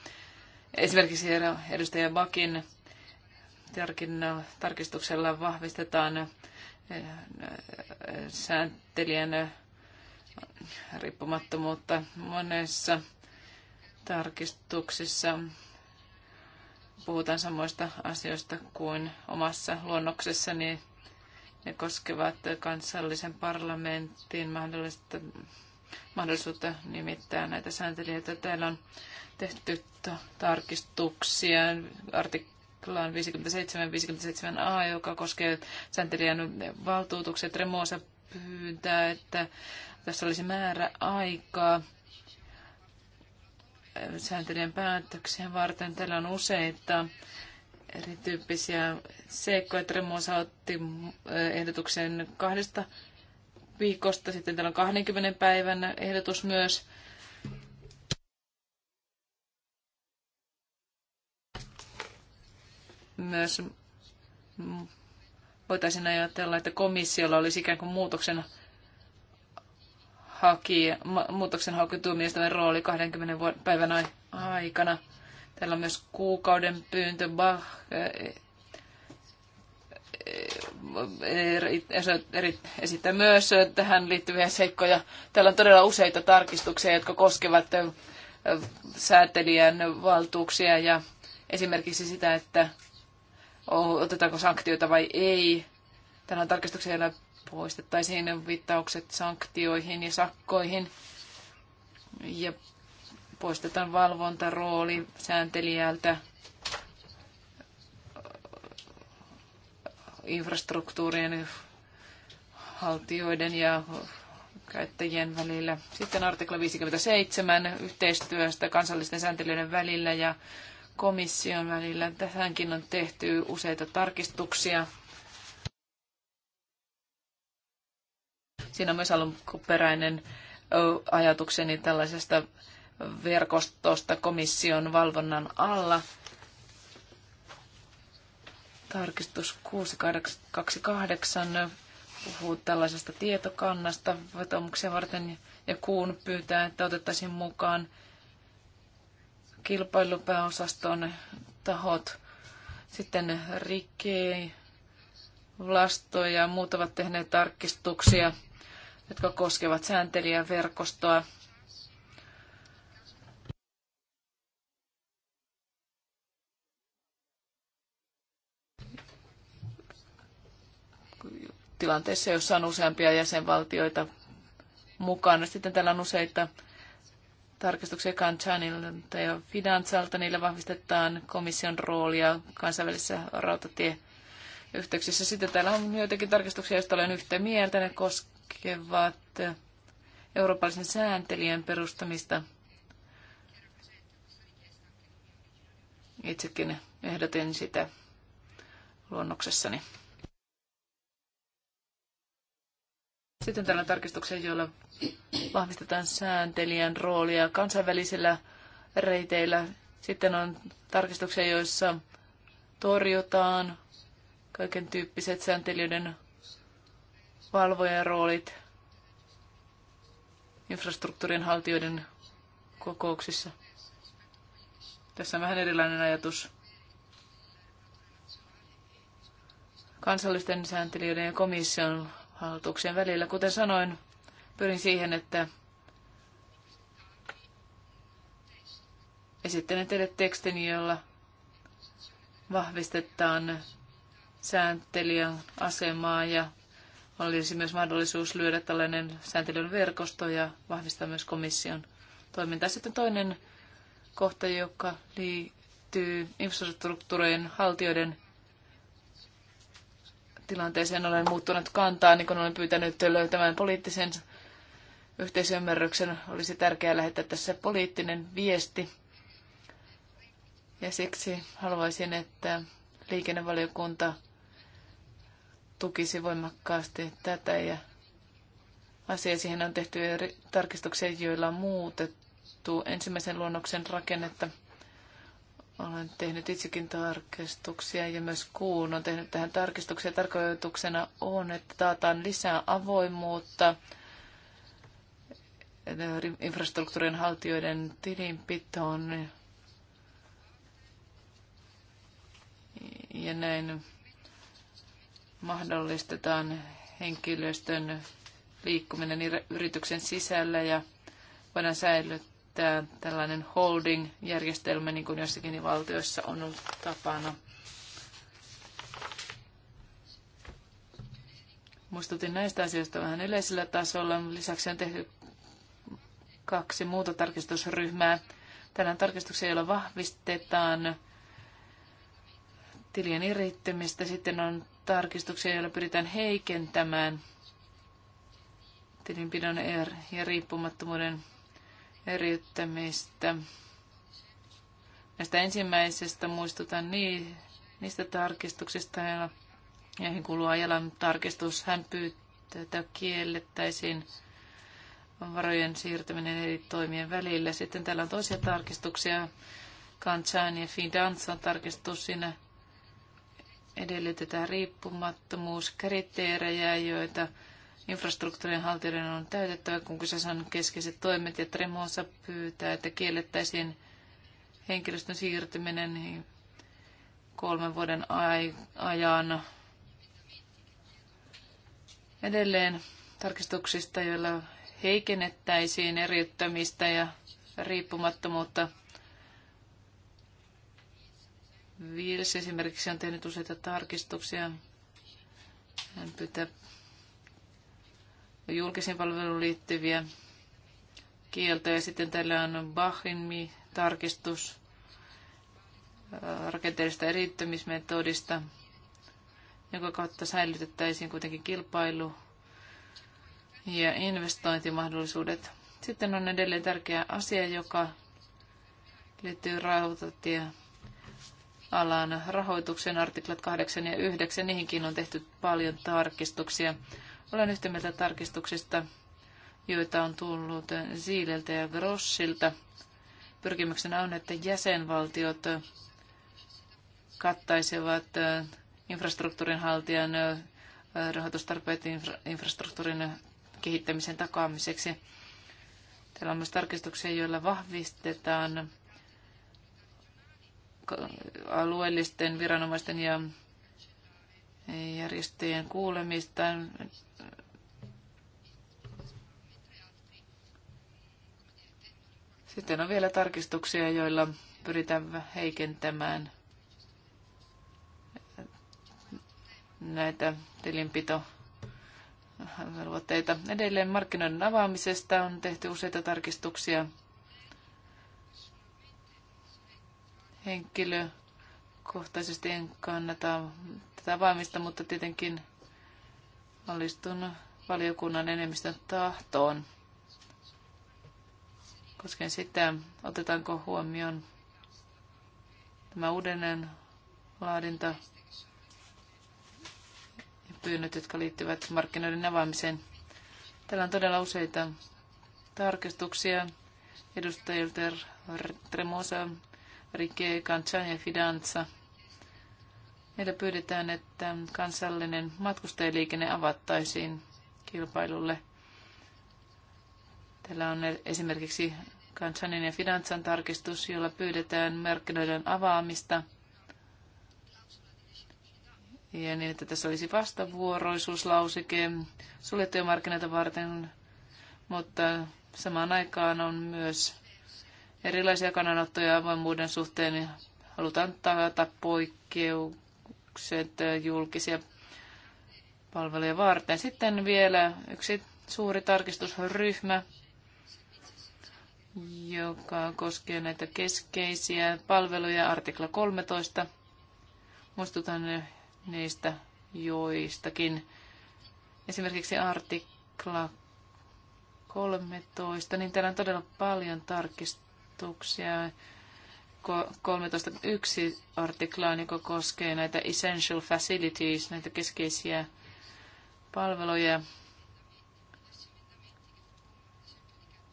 Esimerkiksi edustaja Bakin äh, tarkistuksella vahvistetaan äh, sääntelijän äh, riippumattomuutta monessa tarkistuksissa puhutaan samoista asioista kuin omassa luonnoksessani. Ne koskevat kansallisen parlamentin mahdollista mahdollisuutta nimittää näitä sääntelijöitä. Täällä on tehty tarkistuksia artiklaan 57-57a, joka koskee sääntelijän valtuutukset. Remoosa pyytää, että tässä olisi määrä aikaa sääntelijän päätöksiä varten. Täällä on useita erityyppisiä seikkoja. Tremosa otti ehdotuksen kahdesta viikosta. Sitten täällä on 20 päivän ehdotus myös. Myös voitaisiin ajatella, että komissiolla olisi ikään kuin muutoksen haki, muutoksen hakutuomioistuimen rooli 20 päivän aikana. Täällä on myös kuukauden pyyntö Bach Er, esittää myös tähän liittyviä seikkoja. Täällä on todella useita tarkistuksia, jotka koskevat säätelijän valtuuksia ja esimerkiksi sitä, että oh, otetaanko sanktioita vai ei. Tällä tarkistuksia, joilla poistettaisiin viittaukset sanktioihin ja sakkoihin ja poistetaan valvontarooli sääntelijältä infrastruktuurien haltijoiden ja käyttäjien välillä. Sitten artikla 57 yhteistyöstä kansallisten sääntelyiden välillä ja komission välillä. Tähänkin on tehty useita tarkistuksia. Siinä on myös alunperäinen ajatukseni tällaisesta verkostosta komission valvonnan alla – Tarkistus 6828 puhuu tällaisesta tietokannasta vetomuksia varten ja kuun pyytää, että otettaisiin mukaan kilpailupääosaston tahot. Sitten Rikki, Vlasto ja muut ovat tehneet tarkistuksia, jotka koskevat sääntelijäverkostoa. verkostoa tilanteessa, jossa on useampia jäsenvaltioita mukana. Sitten täällä on useita tarkistuksia Kanchanilta ja Fidanzalta. Niillä vahvistetaan komission roolia kansainvälisessä rautatieyhteyksissä. Sitten täällä on joitakin tarkistuksia, joista olen yhtä mieltä. Ne koskevat eurooppalaisen sääntelijän perustamista. Itsekin ehdotin sitä luonnoksessani. Sitten täällä on jolla vahvistetaan sääntelijän roolia kansainvälisillä reiteillä. Sitten on tarkistuksia, joissa torjutaan kaiken tyyppiset sääntelijöiden valvojan roolit infrastruktuurin haltijoiden kokouksissa. Tässä on vähän erilainen ajatus. Kansallisten sääntelijöiden ja komission hallituksen välillä. Kuten sanoin, pyrin siihen, että esittelen teille tekstin, jolla vahvistetaan sääntelijän asemaa ja olisi myös mahdollisuus lyödä tällainen sääntelyn verkosto ja vahvistaa myös komission toimintaa. Sitten toinen kohta, joka liittyy infrastruktuurien haltijoiden tilanteeseen olen muuttunut kantaa, niin kun olen pyytänyt löytämään poliittisen yhteisymmärryksen. Olisi tärkeää lähettää tässä poliittinen viesti. Ja siksi haluaisin, että liikennevaliokunta tukisi voimakkaasti tätä ja asia. Siihen on tehty eri tarkistuksia, joilla on muutettu ensimmäisen luonnoksen rakennetta. Olen tehnyt itsekin tarkistuksia ja myös kuun on tehnyt tähän tarkistuksia. Tarkoituksena on, että taataan lisää avoimuutta infrastruktuurin haltijoiden tilinpitoon ja näin mahdollistetaan henkilöstön liikkuminen yrityksen sisällä ja voidaan säilyttää että tällainen holding-järjestelmä, niin kuin jossakin valtioissa on ollut tapana. Muistutin näistä asioista vähän yleisellä tasolla. Lisäksi on tehty kaksi muuta tarkistusryhmää. Tänään tarkistuksia, joilla vahvistetaan tilien erittymistä. Sitten on tarkistuksia, joilla pyritään heikentämään tilinpidon er- ja riippumattomuuden eriyttämistä. Näistä ensimmäisestä muistutan niin, niistä tarkistuksista, joihin kuuluu ajalan tarkistus. Hän pyytää, että kiellettäisiin varojen siirtäminen eri toimien välillä. Sitten täällä on toisia tarkistuksia. Kanchan ja Fidanzan tarkistus siinä edellytetään riippumattomuuskriteerejä, joita infrastruktuurin haltijoiden on täytettävä, kun kyseessä on keskeiset toimet ja Tremosa pyytää, että kiellettäisiin henkilöstön siirtyminen kolmen vuoden ajan edelleen tarkistuksista, joilla heikennettäisiin eriyttämistä ja riippumattomuutta. Vils esimerkiksi on tehnyt useita tarkistuksia. Hän pyytää julkisiin palveluun liittyviä kieltoja. Sitten täällä on bachinmi tarkistus äh, rakenteellisesta erittymismetodista, jonka kautta säilytettäisiin kuitenkin kilpailu ja investointimahdollisuudet. Sitten on edelleen tärkeä asia, joka liittyy rautatie alan rahoituksen artiklat 8 ja 9. Niihinkin on tehty paljon tarkistuksia. Olen yhtä mieltä tarkistuksista, joita on tullut Siileltä ja Grossilta. Pyrkimyksenä on, että jäsenvaltiot kattaisivat infrastruktuurin haltijan rahoitustarpeet infra- infrastruktuurin kehittämisen takaamiseksi. Täällä on myös tarkistuksia, joilla vahvistetaan alueellisten viranomaisten ja järjestöjen kuulemista. Sitten on vielä tarkistuksia, joilla pyritään heikentämään näitä tilinpito velvoitteita. Edelleen markkinoiden avaamisesta on tehty useita tarkistuksia. Henkilökohtaisesti en kannata tätä vaimista, mutta tietenkin valistun valiokunnan enemmistön tahtoon. Koskien sitä, otetaanko huomioon tämä uudelleen laadinta ja pyynnöt, jotka liittyvät markkinoiden avaamiseen. Täällä on todella useita tarkistuksia edustajilta Tremosa, Rike, Kanchan ja Fidanza – Meillä pyydetään, että kansallinen matkustajaliikenne avattaisiin kilpailulle. Täällä on esimerkiksi kansallinen ja finanssan tarkistus, jolla pyydetään markkinoiden avaamista. Ja niin, että tässä olisi vastavuoroisuuslauseke suljettuja markkinoita varten, mutta samaan aikaan on myös erilaisia kannanottoja avoimuuden suhteen ja halutaan taata poikkeuksia kustannukset julkisia palveluja varten. Sitten vielä yksi suuri tarkistusryhmä, joka koskee näitä keskeisiä palveluja, artikla 13. Muistutan niistä joistakin. Esimerkiksi artikla 13, niin täällä on todella paljon tarkistuksia, 13.1 artiklaan, joka koskee näitä essential facilities, näitä keskeisiä palveluja.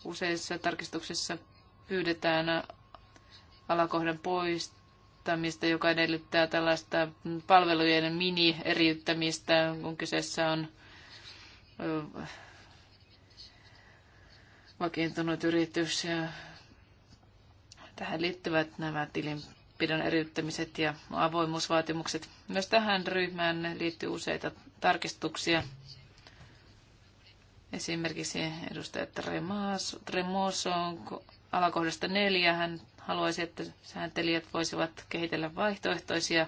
Useissa tarkistuksissa pyydetään alakohdan poistamista, joka edellyttää tällaista palvelujen mini-eriyttämistä, kun kyseessä on vakiintunut yritys ja Tähän liittyvät nämä tilinpidon eriyttämiset ja avoimuusvaatimukset. Myös tähän ryhmään liittyy useita tarkistuksia. Esimerkiksi edustaja Tremoso alakohdasta neljä. Hän haluaisi, että sääntelijät voisivat kehitellä vaihtoehtoisia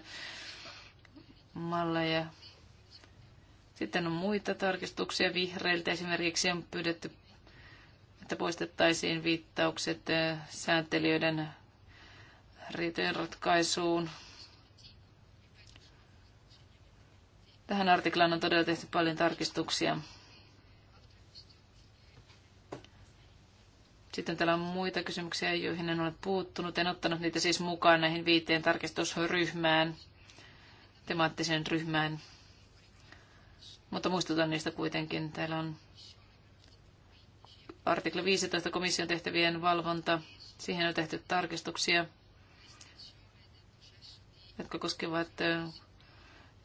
malleja. Sitten on muita tarkistuksia vihreiltä. Esimerkiksi on pyydetty että poistettaisiin viittaukset sääntelijöiden riitojen ratkaisuun. Tähän artiklaan on todella tehty paljon tarkistuksia. Sitten täällä on muita kysymyksiä, joihin en ole puuttunut. En ottanut niitä siis mukaan näihin viiteen tarkistusryhmään, temaattiseen ryhmään. Mutta muistutan niistä kuitenkin. Täällä on Artikla 15 komission tehtävien valvonta. Siihen on tehty tarkistuksia, jotka koskevat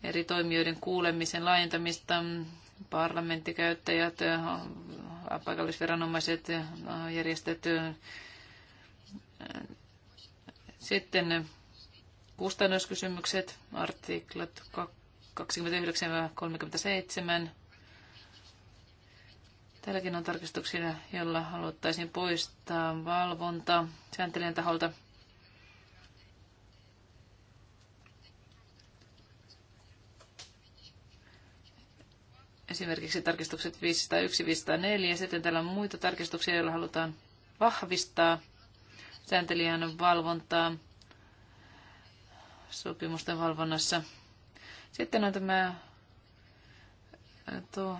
eri toimijoiden kuulemisen laajentamista, parlamenttikäyttäjät, paikallisviranomaiset, järjestöt. Sitten kustannuskysymykset, artiklat 29-37, Täälläkin on tarkistuksia, jolla haluttaisiin poistaa valvonta sääntelijän taholta. Esimerkiksi tarkistukset 501, 504. Sitten täällä on muita tarkistuksia, joilla halutaan vahvistaa sääntelijän valvontaa sopimusten valvonnassa. Sitten on tämä tuo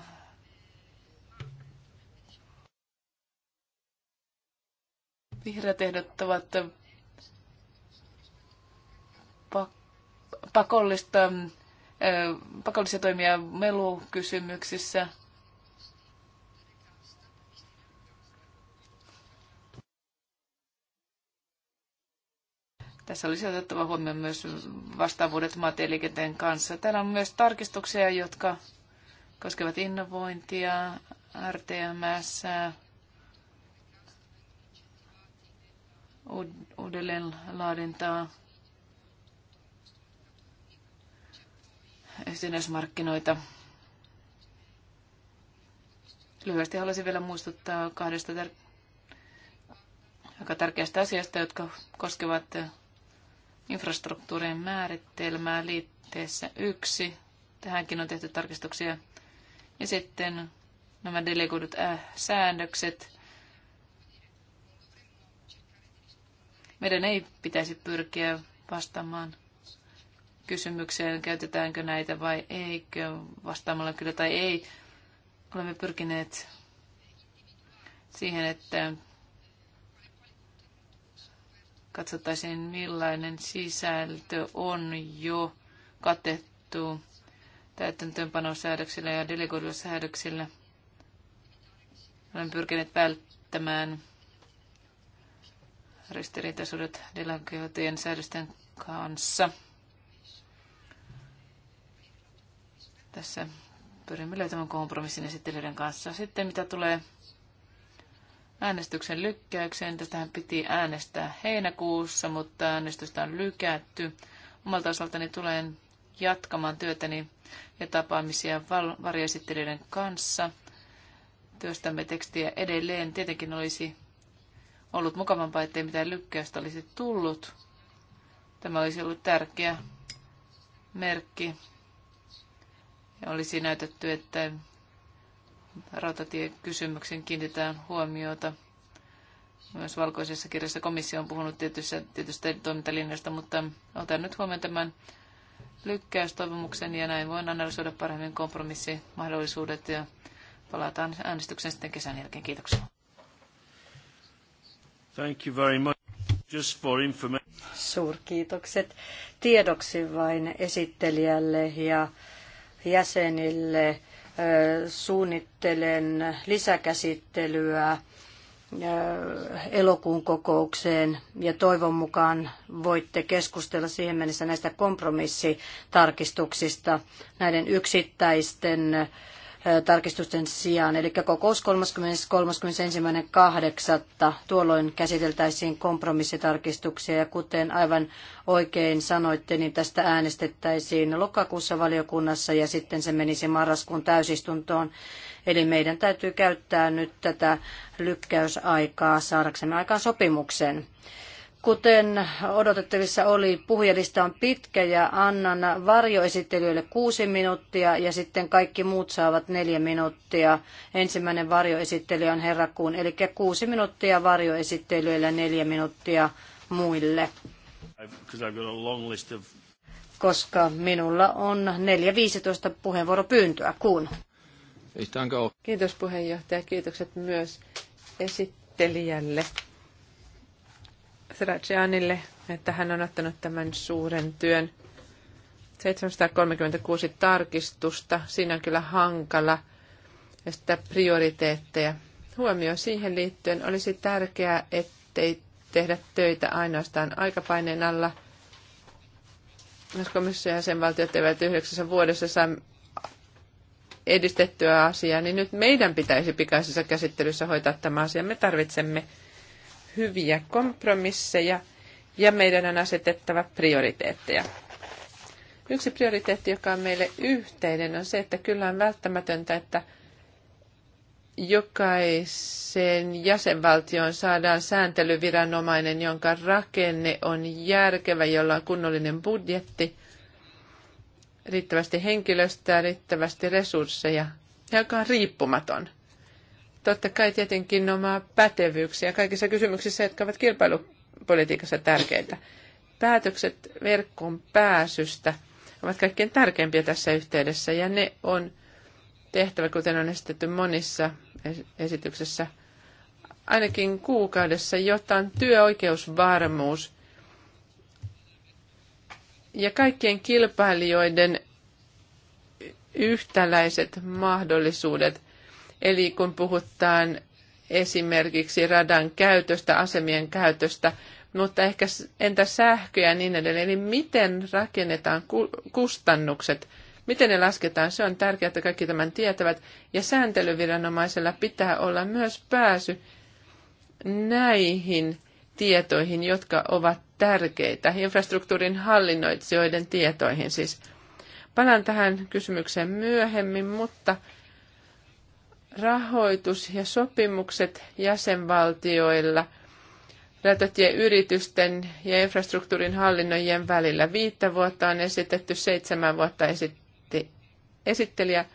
Vihreät ehdottavat pakollista, pakollisia toimia melukysymyksissä. Tässä olisi otettava huomioon myös vastaavuudet maatieliikenteen kanssa. Täällä on myös tarkistuksia, jotka koskevat innovointia, RTMS, uudelleen laadintaa, yhtenäismarkkinoita. Lyhyesti haluaisin vielä muistuttaa kahdesta tär- aika tärkeästä asiasta, jotka koskevat infrastruktuurin määritelmää liitteessä yksi. Tähänkin on tehty tarkistuksia. Ja sitten nämä delegoidut äh, säännökset – Meidän ei pitäisi pyrkiä vastaamaan kysymykseen, käytetäänkö näitä vai eikö, vastaamalla kyllä tai ei. Olemme pyrkineet siihen, että katsottaisiin millainen sisältö on jo katettu täytäntöönpanosäädöksillä ja delegoiduilla säädöksillä. Olemme pyrkineet välttämään ristiriitaisuudet delegoitujen säädösten kanssa. Tässä pyrimme löytämään kompromissin esittelyiden kanssa. Sitten mitä tulee äänestyksen lykkäykseen, tästähän piti äänestää heinäkuussa, mutta äänestystä on lykätty. Omalta osaltani tulen jatkamaan työtäni ja tapaamisia varjoesittelyiden kanssa. Työstämme tekstiä edelleen. Tietenkin olisi ollut mukavampaa, ettei mitään lykkäystä olisi tullut. Tämä olisi ollut tärkeä merkki. Ja olisi näytetty, että rautatiekysymyksen kiinnitetään huomiota. Myös valkoisessa kirjassa komissio on puhunut tietystä, tietystä toimintalinjasta, mutta otan nyt huomioon tämän lykkäystoivomuksen ja näin voin analysoida paremmin kompromissimahdollisuudet ja palataan äänestykseen sitten kesän jälkeen. Kiitoksia. Thank you very much. Just for information. Suurkiitokset tiedoksi vain esittelijälle ja jäsenille. Suunnittelen lisäkäsittelyä elokuun kokoukseen ja toivon mukaan voitte keskustella siihen mennessä näistä kompromissitarkistuksista, näiden yksittäisten tarkistusten sijaan, eli kokous 30.31.8. Tuolloin käsiteltäisiin kompromissitarkistuksia ja kuten aivan oikein sanoitte, niin tästä äänestettäisiin lokakuussa valiokunnassa ja sitten se menisi marraskuun täysistuntoon. Eli meidän täytyy käyttää nyt tätä lykkäysaikaa saadaksemme aikaan sopimuksen. Kuten odotettavissa oli, puhujalista on pitkä ja annan varjoesittelijöille kuusi minuuttia ja sitten kaikki muut saavat neljä minuuttia. Ensimmäinen varjoesittely on herrakuun, eli kuusi minuuttia varjoesittelijöille ja neljä minuuttia muille. Koska minulla on neljä viisitoista puheenvuoropyyntöä Kuun. Kiitos puheenjohtaja, kiitokset myös esittelijälle Thracianille, että hän on ottanut tämän suuren työn. 736 tarkistusta, siinä on kyllä hankala ja sitä prioriteetteja. Huomio siihen liittyen olisi tärkeää, ettei tehdä töitä ainoastaan aikapaineen alla. Jos komissio ja sen valtiot eivät yhdeksässä vuodessa saa edistettyä asiaa, niin nyt meidän pitäisi pikaisessa käsittelyssä hoitaa tämä asia. Me tarvitsemme hyviä kompromisseja ja meidän on asetettava prioriteetteja. Yksi prioriteetti, joka on meille yhteinen, on se, että kyllä on välttämätöntä, että jokaisen jäsenvaltioon saadaan sääntelyviranomainen, jonka rakenne on järkevä, jolla on kunnollinen budjetti, riittävästi henkilöstöä, riittävästi resursseja, joka on riippumaton totta kai tietenkin omaa pätevyyksiä kaikissa kysymyksissä, jotka ovat kilpailupolitiikassa tärkeitä. Päätökset verkkoon pääsystä ovat kaikkein tärkeimpiä tässä yhteydessä ja ne on tehtävä, kuten on esitetty monissa esityksessä, ainakin kuukaudessa, jotta on työoikeusvarmuus ja kaikkien kilpailijoiden yhtäläiset mahdollisuudet Eli kun puhutaan esimerkiksi radan käytöstä, asemien käytöstä, mutta ehkä entä sähkö ja niin edelleen. Eli miten rakennetaan kustannukset, miten ne lasketaan, se on tärkeää, että kaikki tämän tietävät. Ja sääntelyviranomaisella pitää olla myös pääsy näihin tietoihin, jotka ovat tärkeitä, infrastruktuurin hallinnoitsijoiden tietoihin siis. Palaan tähän kysymykseen myöhemmin, mutta rahoitus ja sopimukset jäsenvaltioilla rautatieyritysten ja infrastruktuurin hallinnojen välillä. Viittä vuotta on esitetty, seitsemän vuotta esitti, esittelijä.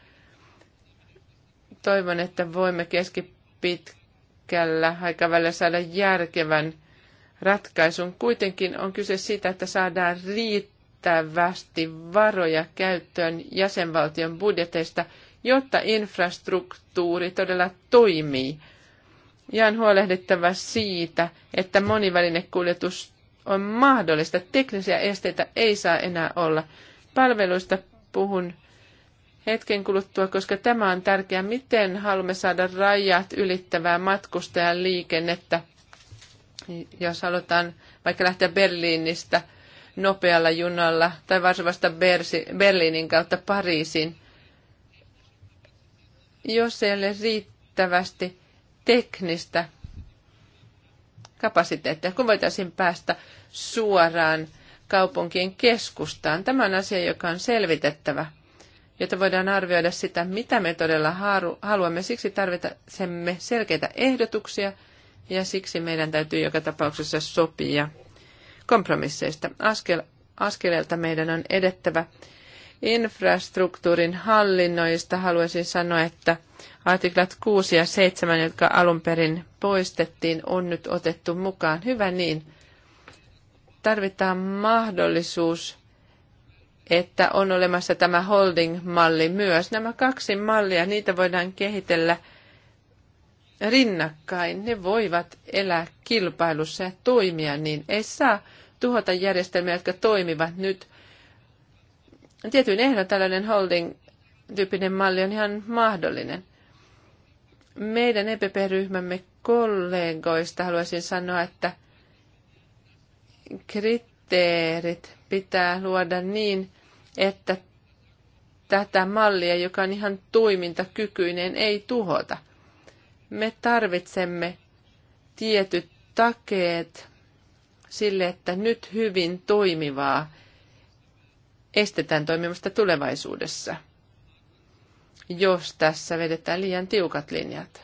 Toivon, että voimme keskipitkällä aikavälillä saada järkevän ratkaisun. Kuitenkin on kyse siitä, että saadaan riittävästi varoja käyttöön jäsenvaltion budjeteista – jotta infrastruktuuri todella toimii. Ja on huolehdittava siitä, että monivälinekuljetus on mahdollista. Teknisiä esteitä ei saa enää olla. Palveluista puhun hetken kuluttua, koska tämä on tärkeää, miten haluamme saada rajat ylittävää matkustajan liikennettä. Jos halutaan vaikka lähteä Berliinistä nopealla junalla tai Varsovasta Berliinin kautta Pariisiin, jos ei ole riittävästi teknistä kapasiteettia, kun voitaisiin päästä suoraan kaupunkien keskustaan. Tämä on asia, joka on selvitettävä, jotta voidaan arvioida sitä, mitä me todella haluamme. Siksi tarvitsemme selkeitä ehdotuksia ja siksi meidän täytyy joka tapauksessa sopia kompromisseista. Askel, askeleelta meidän on edettävä infrastruktuurin hallinnoista haluaisin sanoa, että artiklat 6 ja 7, jotka alun perin poistettiin, on nyt otettu mukaan. Hyvä niin. Tarvitaan mahdollisuus, että on olemassa tämä holding-malli myös. Nämä kaksi mallia, niitä voidaan kehitellä rinnakkain. Ne voivat elää kilpailussa ja toimia, niin ei saa tuhota järjestelmiä, jotka toimivat nyt – tietyin ehdon tällainen holding-tyyppinen malli on ihan mahdollinen. Meidän EPP-ryhmämme kollegoista haluaisin sanoa, että kriteerit pitää luoda niin, että tätä mallia, joka on ihan toimintakykyinen, ei tuhota. Me tarvitsemme tietyt takeet sille, että nyt hyvin toimivaa estetään toimimasta tulevaisuudessa, jos tässä vedetään liian tiukat linjat.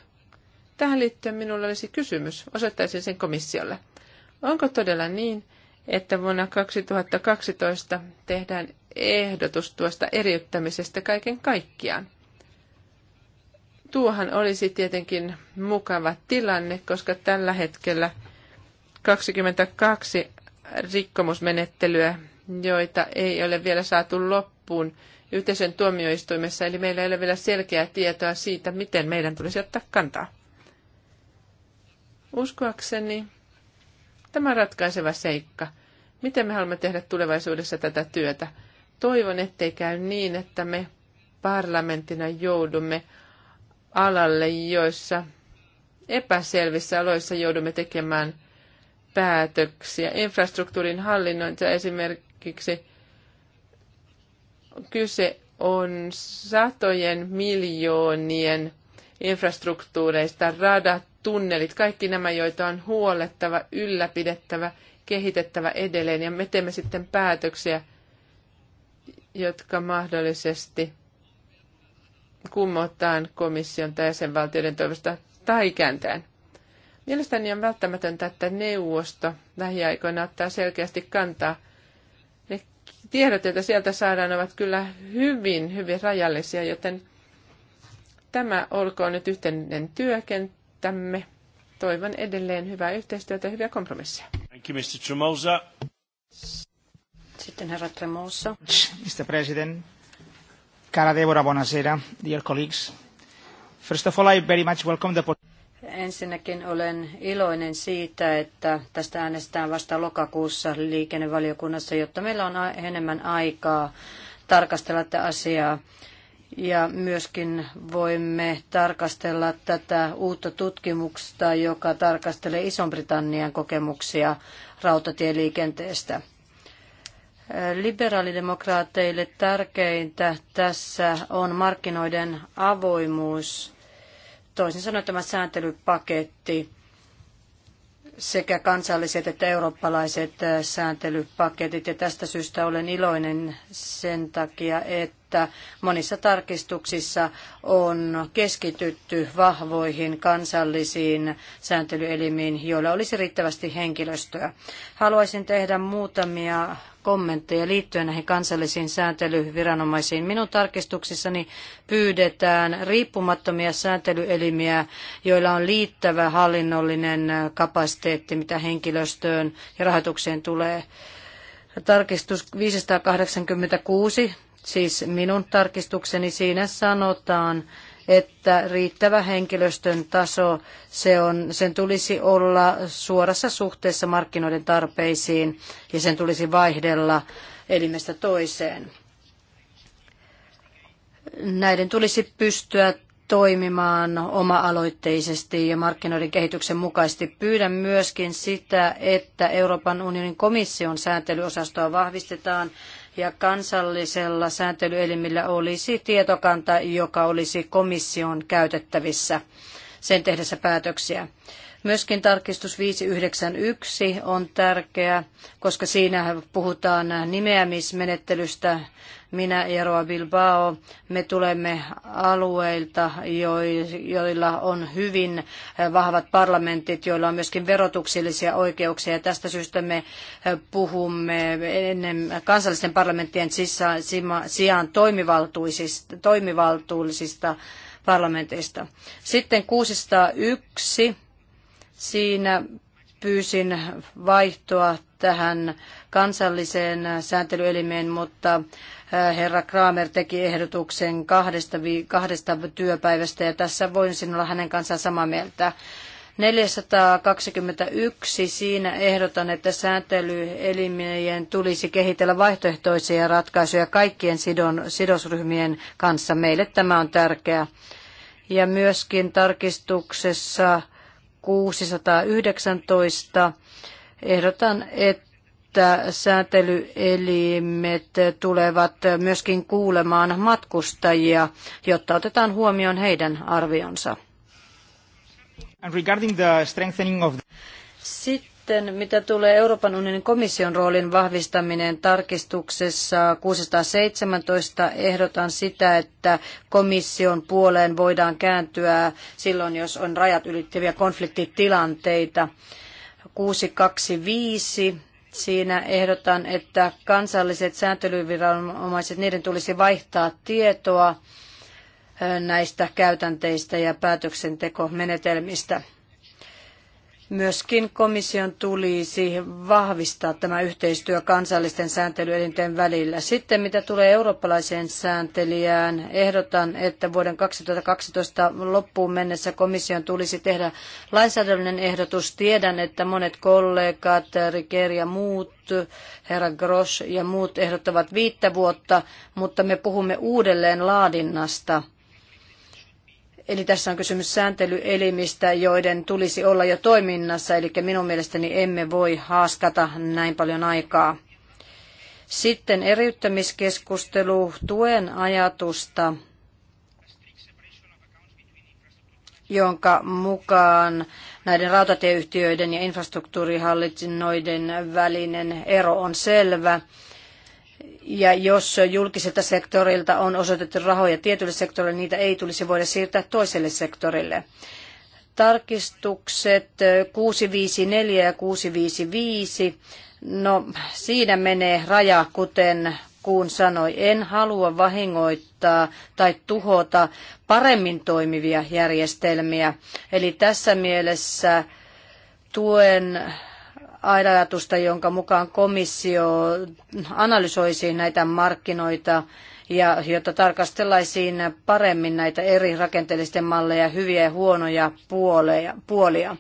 Tähän liittyen minulla olisi kysymys, osoittaisin sen komissiolle. Onko todella niin, että vuonna 2012 tehdään ehdotus tuosta eriyttämisestä kaiken kaikkiaan? Tuohan olisi tietenkin mukava tilanne, koska tällä hetkellä 22 rikkomusmenettelyä joita ei ole vielä saatu loppuun yhteisen tuomioistuimessa, eli meillä ei ole vielä selkeää tietoa siitä, miten meidän tulisi ottaa kantaa. Uskoakseni tämä on ratkaiseva seikka. Miten me haluamme tehdä tulevaisuudessa tätä työtä? Toivon, ettei käy niin, että me parlamenttina joudumme alalle, joissa epäselvissä aloissa joudumme tekemään päätöksiä. Infrastruktuurin hallinnointia esimerkiksi esimerkiksi. Kyse on satojen miljoonien infrastruktuureista, radat, tunnelit, kaikki nämä, joita on huolettava, ylläpidettävä, kehitettävä edelleen. Ja me teemme sitten päätöksiä, jotka mahdollisesti kumotaan komission tai jäsenvaltioiden toivosta tai kääntäen. Mielestäni on välttämätöntä, että neuvosto lähiaikoina ottaa selkeästi kantaa tiedot, joita sieltä saadaan, ovat kyllä hyvin, hyvin rajallisia, joten tämä olkoon nyt yhteinen työkenttämme. Toivon edelleen hyvää yhteistyötä ja hyviä kompromisseja. Thank you, Mr. Tremosa. Sitten herra Tremosa. Mr. President, cara Deborah, buonasera, dear colleagues. First of all, I very much welcome the Ensinnäkin olen iloinen siitä, että tästä äänestetään vasta lokakuussa liikennevaliokunnassa, jotta meillä on enemmän aikaa tarkastella tätä asiaa. Ja myöskin voimme tarkastella tätä uutta tutkimusta, joka tarkastelee Ison-Britannian kokemuksia rautatieliikenteestä. Liberaalidemokraateille tärkeintä tässä on markkinoiden avoimuus Toisin sanoen tämä sääntelypaketti sekä kansalliset että eurooppalaiset sääntelypaketit. Ja tästä syystä olen iloinen sen takia, että että monissa tarkistuksissa on keskitytty vahvoihin kansallisiin sääntelyelimiin, joilla olisi riittävästi henkilöstöä. Haluaisin tehdä muutamia kommentteja liittyen näihin kansallisiin sääntelyviranomaisiin. Minun tarkistuksissani pyydetään riippumattomia sääntelyelimiä, joilla on liittävä hallinnollinen kapasiteetti, mitä henkilöstöön ja rahoitukseen tulee. Tarkistus 586 Siis minun tarkistukseni siinä sanotaan, että riittävä henkilöstön taso, se on, sen tulisi olla suorassa suhteessa markkinoiden tarpeisiin ja sen tulisi vaihdella elimestä toiseen. Näiden tulisi pystyä toimimaan oma-aloitteisesti ja markkinoiden kehityksen mukaisesti. Pyydän myöskin sitä, että Euroopan unionin komission sääntelyosastoa vahvistetaan ja kansallisella sääntelyelimillä olisi tietokanta, joka olisi komission käytettävissä sen tehdessä päätöksiä. Myöskin tarkistus 591 on tärkeä, koska siinä puhutaan nimeämismenettelystä minä ja Roa Bilbao, me tulemme alueilta, joilla on hyvin eh, vahvat parlamentit, joilla on myöskin verotuksellisia oikeuksia. Ja tästä syystä me eh, puhumme ennen kansallisten parlamenttien sijaan toimivaltuisista, toimivaltuullisista parlamenteista. Sitten 601. Siinä pyysin vaihtoa tähän kansalliseen sääntelyelimeen, mutta herra Kramer teki ehdotuksen kahdesta, kahdesta työpäivästä ja tässä voisin olla hänen kanssaan samaa mieltä. 421 siinä ehdotan, että sääntelyelimien tulisi kehitellä vaihtoehtoisia ratkaisuja kaikkien sidon, sidosryhmien kanssa. Meille tämä on tärkeää. Ja myöskin tarkistuksessa 619 ehdotan, että että säätelyelimet tulevat myöskin kuulemaan matkustajia, jotta otetaan huomioon heidän arvionsa. Sitten mitä tulee Euroopan unionin komission roolin vahvistaminen tarkistuksessa 617 ehdotan sitä, että komission puoleen voidaan kääntyä silloin, jos on rajat ylittäviä konfliktitilanteita. 625 Siinä ehdotan, että kansalliset sääntelyviranomaiset, niiden tulisi vaihtaa tietoa näistä käytänteistä ja päätöksentekomenetelmistä. Myöskin komission tulisi vahvistaa tämä yhteistyö kansallisten sääntelyelinten välillä. Sitten mitä tulee eurooppalaiseen sääntelijään, ehdotan, että vuoden 2012 loppuun mennessä komission tulisi tehdä lainsäädännöllinen ehdotus. Tiedän, että monet kollegat, Riker ja muut, herra Grosch ja muut ehdottavat viittä vuotta, mutta me puhumme uudelleen laadinnasta – Eli tässä on kysymys sääntelyelimistä, joiden tulisi olla jo toiminnassa, eli minun mielestäni emme voi haaskata näin paljon aikaa. Sitten eriyttämiskeskustelu, tuen ajatusta, jonka mukaan näiden rautatieyhtiöiden ja infrastruktuurihallinnoiden välinen ero on selvä. Ja jos julkiselta sektorilta on osoitettu rahoja tietylle sektorille, niitä ei tulisi voida siirtää toiselle sektorille. Tarkistukset 654 ja 655. No, siinä menee raja, kuten kuun sanoi, en halua vahingoittaa tai tuhota paremmin toimivia järjestelmiä. Eli tässä mielessä tuen ajatusta, jonka mukaan komissio analysoisi näitä markkinoita ja jotta tarkastellaisiin paremmin näitä eri rakenteellisten malleja, hyviä ja huonoja puoleja, puolia.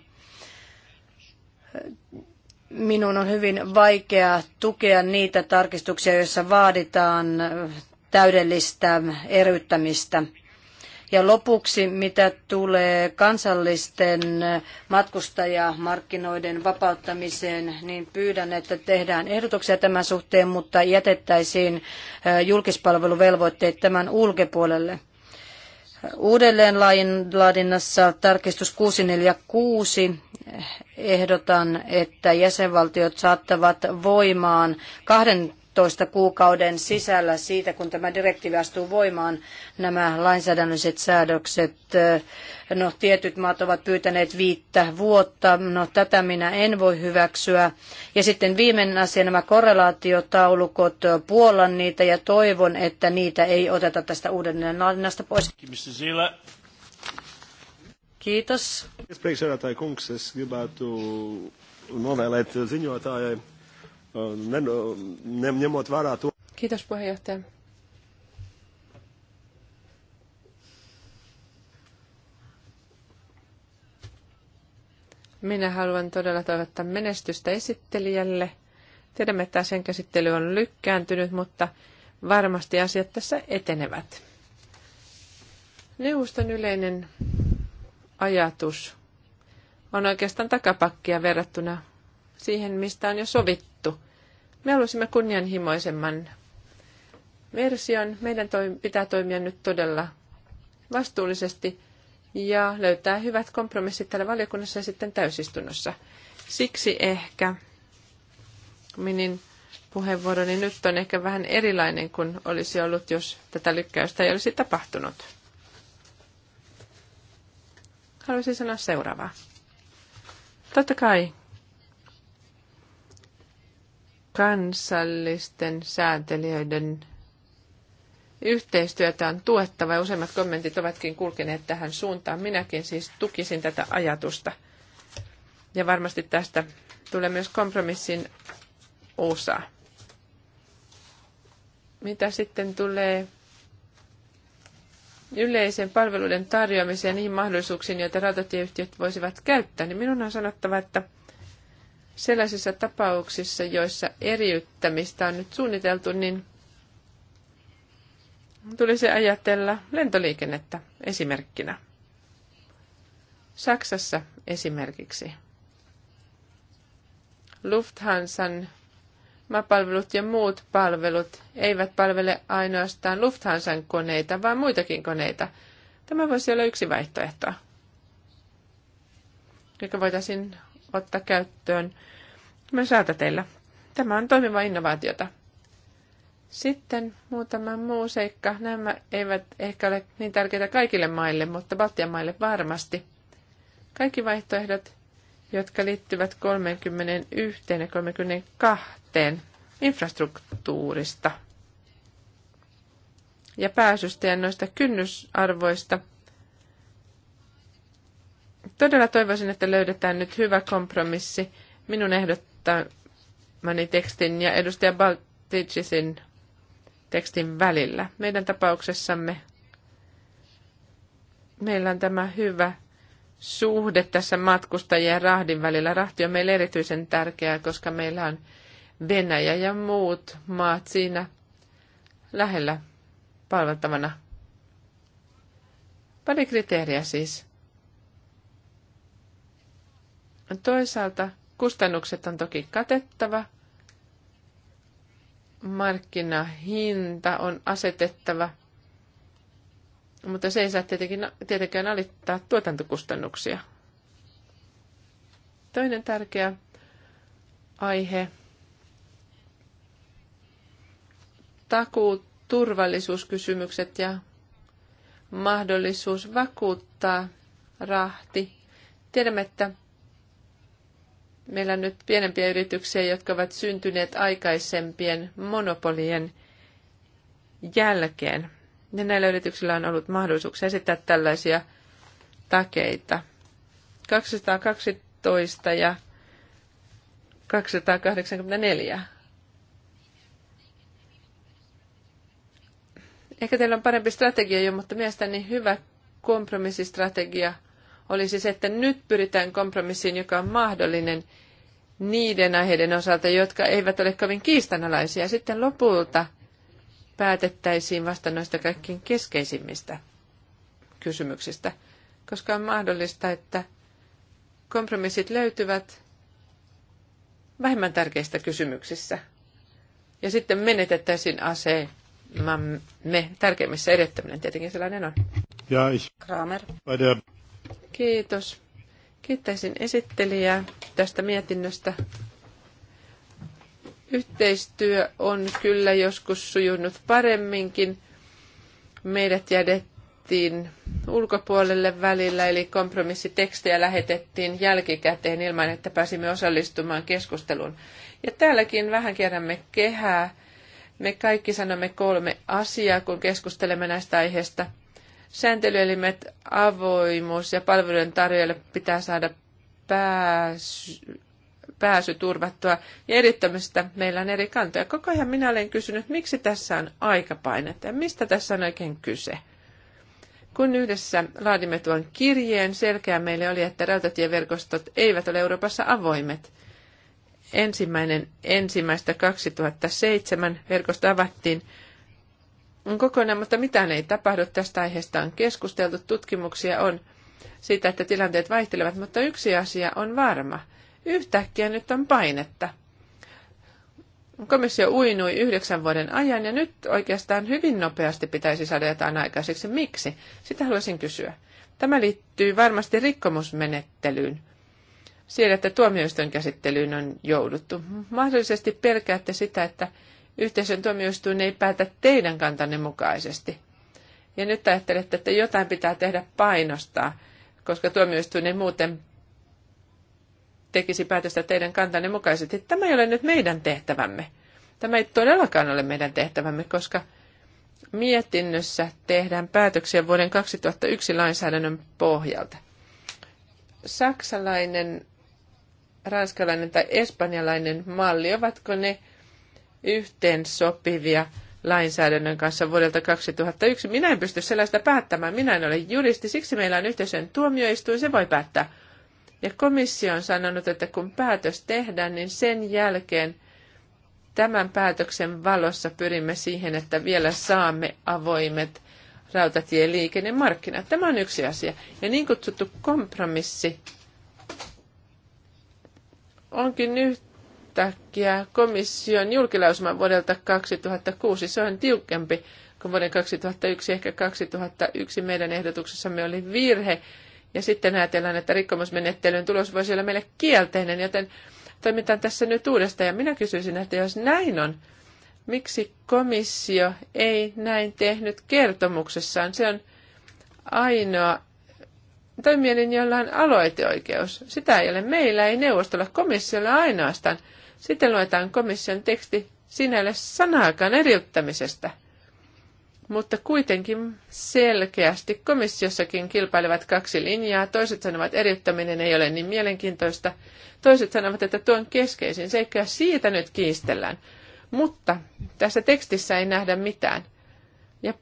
Minun on hyvin vaikea tukea niitä tarkistuksia, joissa vaaditaan täydellistä eriyttämistä – ja lopuksi, mitä tulee kansallisten matkustajamarkkinoiden vapauttamiseen, niin pyydän, että tehdään ehdotuksia tämän suhteen, mutta jätettäisiin julkispalveluvelvoitteet tämän ulkopuolelle. Uudelleenlaadinnassa tarkistus 646 ehdotan, että jäsenvaltiot saattavat voimaan kahden 12 kuukauden sisällä siitä, kun tämä direktiivi astuu voimaan, nämä lainsäädännölliset säädökset. Eh, no, tietyt maat ovat pyytäneet viittä vuotta. No, tätä minä en voi hyväksyä. Ja sitten viimeinen asia, nämä korrelaatiotaulukot. Eh, puolan niitä ja toivon, että niitä ei oteta tästä uudelleen laadinnasta pois. Kiitos. Iepriekšējā ņemot no, Kiitos puheenjohtaja. Minä haluan todella toivottaa menestystä esittelijälle. Tiedämme, että sen käsittely on lykkääntynyt, mutta varmasti asiat tässä etenevät. Neuvoston yleinen ajatus on oikeastaan takapakkia verrattuna siihen, mistä on jo sovittu me haluaisimme kunnianhimoisemman version. Meidän pitää toimia nyt todella vastuullisesti ja löytää hyvät kompromissit täällä valiokunnassa ja sitten täysistunnossa. Siksi ehkä minin puheenvuoroni nyt on ehkä vähän erilainen kuin olisi ollut, jos tätä lykkäystä ei olisi tapahtunut. Haluaisin sanoa seuraavaa. Totta kai kansallisten sääntelijöiden yhteistyötä on tuettava ja useimmat kommentit ovatkin kulkeneet tähän suuntaan. Minäkin siis tukisin tätä ajatusta. Ja varmasti tästä tulee myös kompromissin osa. Mitä sitten tulee yleisen palveluiden tarjoamiseen niihin mahdollisuuksiin, joita rautatieyhtiöt voisivat käyttää, niin minun on sanottava, että – sellaisissa tapauksissa, joissa eriyttämistä on nyt suunniteltu, niin tulisi ajatella lentoliikennettä esimerkkinä. Saksassa esimerkiksi. Lufthansan maapalvelut ja muut palvelut eivät palvele ainoastaan Lufthansan koneita, vaan muitakin koneita. Tämä voisi olla yksi vaihtoehto, joka voitaisiin ottaa käyttöön myös teillä. Tämä on toimiva innovaatiota. Sitten muutama muu seikka. Nämä eivät ehkä ole niin tärkeitä kaikille maille, mutta Baltian maille varmasti. Kaikki vaihtoehdot, jotka liittyvät 31 ja 32 infrastruktuurista ja pääsystä ja noista kynnysarvoista – Todella toivoisin, että löydetään nyt hyvä kompromissi minun ehdottamani tekstin ja edustaja Baltigisin tekstin välillä. Meidän tapauksessamme meillä on tämä hyvä suhde tässä matkustajien ja rahdin välillä. Rahti on meille erityisen tärkeää, koska meillä on Venäjä ja muut maat siinä lähellä palveltavana. Pari kriteeriä siis. Toisaalta kustannukset on toki katettava, markkinahinta on asetettava, mutta se ei saa tietenkin, tietenkään alittaa tuotantokustannuksia. Toinen tärkeä aihe. takuu turvallisuuskysymykset ja mahdollisuus vakuuttaa rahti. Tiedämme, että Meillä on nyt pienempiä yrityksiä, jotka ovat syntyneet aikaisempien monopolien jälkeen. Ja näillä yrityksillä on ollut mahdollisuus esittää tällaisia takeita. 212 ja 284. Ehkä teillä on parempi strategia jo, mutta mielestäni hyvä kompromissistrategia – olisi se, että nyt pyritään kompromissiin, joka on mahdollinen niiden aiheiden osalta, jotka eivät ole kovin kiistanalaisia. Sitten lopulta päätettäisiin vasta noista kaikkein keskeisimmistä kysymyksistä, koska on mahdollista, että kompromissit löytyvät vähemmän tärkeistä kysymyksissä. Ja sitten menetettäisiin asemamme tärkeimmissä edettäminen, tietenkin sellainen on. Ja ich, Kramer. Kiitos. Kiittäisin esittelijää tästä mietinnöstä. Yhteistyö on kyllä joskus sujunut paremminkin. Meidät jätettiin ulkopuolelle välillä, eli kompromissitekstejä lähetettiin jälkikäteen ilman, että pääsimme osallistumaan keskusteluun. Ja täälläkin vähän kierrämme kehää. Me kaikki sanomme kolme asiaa, kun keskustelemme näistä aiheista – Sääntelyelimet, avoimuus ja palvelujen tarjoajille pitää saada pääsy, pääsy turvattua. Ja erittämistä meillä on eri kantoja. Koko ajan minä olen kysynyt, miksi tässä on aikapainetta ja mistä tässä on oikein kyse. Kun yhdessä laadimme tuon kirjeen, selkeä meille oli, että rautatieverkostot eivät ole Euroopassa avoimet. Ensimmäinen ensimmäistä 2007 verkosto avattiin kokonaan, mutta mitään ei tapahdu. Tästä aiheesta on keskusteltu, tutkimuksia on siitä, että tilanteet vaihtelevat, mutta yksi asia on varma. Yhtäkkiä nyt on painetta. Komissio uinui yhdeksän vuoden ajan ja nyt oikeastaan hyvin nopeasti pitäisi saada jotain aikaiseksi. Miksi? Sitä haluaisin kysyä. Tämä liittyy varmasti rikkomusmenettelyyn. Siellä, että tuomioistuin käsittelyyn on jouduttu. Mahdollisesti pelkäätte sitä, että yhteisön tuomioistuin ei päätä teidän kantanne mukaisesti. Ja nyt ajattelette, että jotain pitää tehdä painostaa, koska tuomioistuin ei muuten tekisi päätöstä teidän kantanne mukaisesti. Tämä ei ole nyt meidän tehtävämme. Tämä ei todellakaan ole meidän tehtävämme, koska mietinnössä tehdään päätöksiä vuoden 2001 lainsäädännön pohjalta. Saksalainen, ranskalainen tai espanjalainen malli, ovatko ne yhteensopivia lainsäädännön kanssa vuodelta 2001. Minä en pysty sellaista päättämään. Minä en ole juristi, siksi meillä on yhteisön tuomioistuin, se voi päättää. Ja komissio on sanonut, että kun päätös tehdään, niin sen jälkeen tämän päätöksen valossa pyrimme siihen, että vielä saamme avoimet rautatieliikennemarkkinat. Tämä on yksi asia. Ja niin kutsuttu kompromissi onkin nyt yhtäkkiä komission julkilausuma vuodelta 2006. Se on tiukempi kuin vuoden 2001, ehkä 2001 meidän ehdotuksessamme oli virhe. Ja sitten ajatellaan, että rikkomusmenettelyn tulos voisi olla meille kielteinen, joten toimitaan tässä nyt uudestaan. Ja minä kysyisin, että jos näin on, miksi komissio ei näin tehnyt kertomuksessaan? Se on ainoa toimielin, jolla on aloiteoikeus. Sitä ei ole meillä, ei neuvostolla, komissiolla ainoastaan. Sitten luetaan komission teksti. sinälle sanaakaan eriyttämisestä. Mutta kuitenkin selkeästi komissiossakin kilpailevat kaksi linjaa. Toiset sanovat, että eriyttäminen ei ole niin mielenkiintoista. Toiset sanovat, että tuon keskeisin seikka siitä nyt kiistellään. Mutta tässä tekstissä ei nähdä mitään. Ja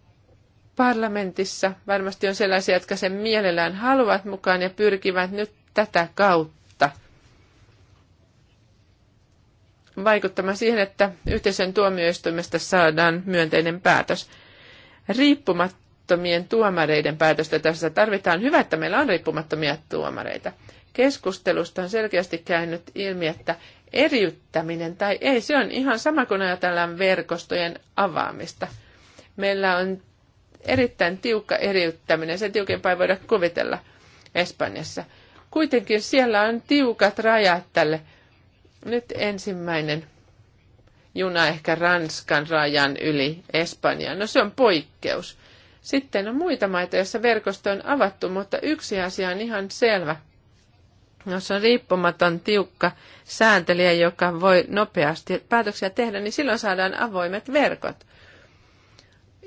parlamentissa varmasti on sellaisia, jotka sen mielellään haluavat mukaan ja pyrkivät nyt tätä kautta vaikuttamaan siihen, että yhteisön tuomioistuimesta saadaan myönteinen päätös. Riippumattomien tuomareiden päätöstä tässä tarvitaan. Hyvä, että meillä on riippumattomia tuomareita. Keskustelusta on selkeästi käynyt ilmi, että eriyttäminen tai ei, se on ihan sama kuin ajatellaan verkostojen avaamista. Meillä on erittäin tiukka eriyttäminen, se tiukempaa ei voida kuvitella Espanjassa. Kuitenkin siellä on tiukat rajat tälle nyt ensimmäinen juna ehkä Ranskan rajan yli Espanjaan. No se on poikkeus. Sitten on muita maita, joissa verkosto on avattu, mutta yksi asia on ihan selvä. Jos no, on riippumaton, tiukka sääntelijä, joka voi nopeasti päätöksiä tehdä, niin silloin saadaan avoimet verkot.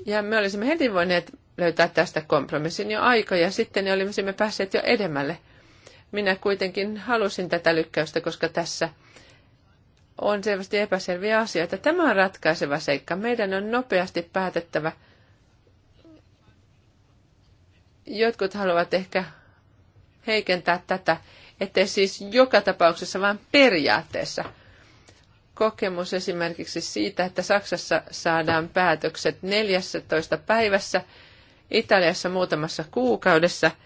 Ja me olisimme heti voineet löytää tästä kompromissin jo aikoja sitten, ne niin olisimme päässeet jo edemmälle. Minä kuitenkin halusin tätä lykkäystä, koska tässä – on selvästi epäselviä asioita. Tämä on ratkaiseva seikka. Meidän on nopeasti päätettävä. Jotkut haluavat ehkä heikentää tätä, ettei siis joka tapauksessa, vaan periaatteessa. Kokemus esimerkiksi siitä, että Saksassa saadaan päätökset 14 päivässä, Italiassa muutamassa kuukaudessa –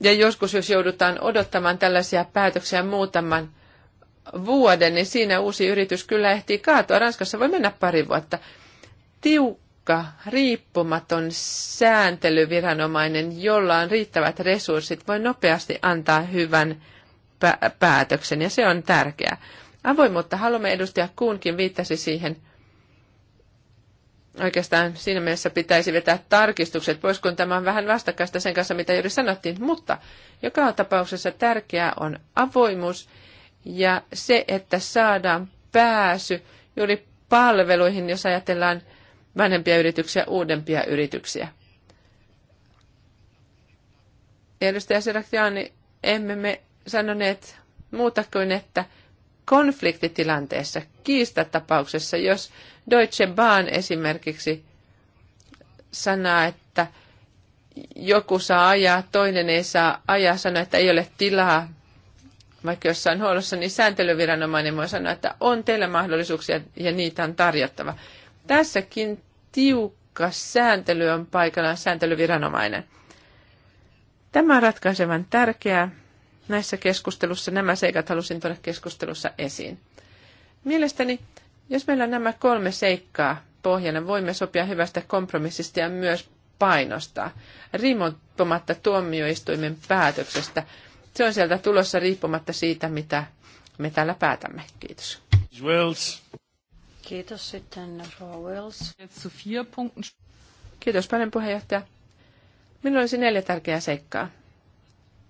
Ja joskus, jos joudutaan odottamaan tällaisia päätöksiä muutaman vuoden, niin siinä uusi yritys kyllä ehtii kaatua. Ranskassa voi mennä pari vuotta. Tiukka, riippumaton sääntelyviranomainen, jolla on riittävät resurssit, voi nopeasti antaa hyvän päätöksen, ja se on tärkeää. Avoimuutta haluamme edustaa kuunkin viittasi siihen – oikeastaan siinä mielessä pitäisi vetää tarkistukset pois, kun tämä on vähän vastakkaista sen kanssa, mitä juuri sanottiin. Mutta joka tapauksessa tärkeää on avoimuus ja se, että saadaan pääsy juuri palveluihin, jos ajatellaan vanhempia yrityksiä, uudempia yrityksiä. Edustaja Seraktiani, emme me sanoneet muuta kuin, että konfliktitilanteessa, kiistatapauksessa, jos Deutsche Bahn esimerkiksi sanaa, että joku saa ajaa, toinen ei saa ajaa, sanoa, että ei ole tilaa, vaikka jossain huollossa, niin sääntelyviranomainen voi sanoa, että on teillä mahdollisuuksia ja niitä on tarjottava. Tässäkin tiukka sääntely on paikallaan sääntelyviranomainen. Tämä on ratkaisevan tärkeää. Näissä keskustelussa nämä seikat halusin tuoda keskustelussa esiin. Mielestäni jos meillä on nämä kolme seikkaa pohjana, voimme sopia hyvästä kompromissista ja myös painostaa. Riippumatta tuomioistuimen päätöksestä, se on sieltä tulossa riippumatta siitä, mitä me täällä päätämme. Kiitos. Wells. Kiitos sitten Wells. Kiitos paljon puheenjohtaja. Minulla olisi neljä tärkeää seikkaa.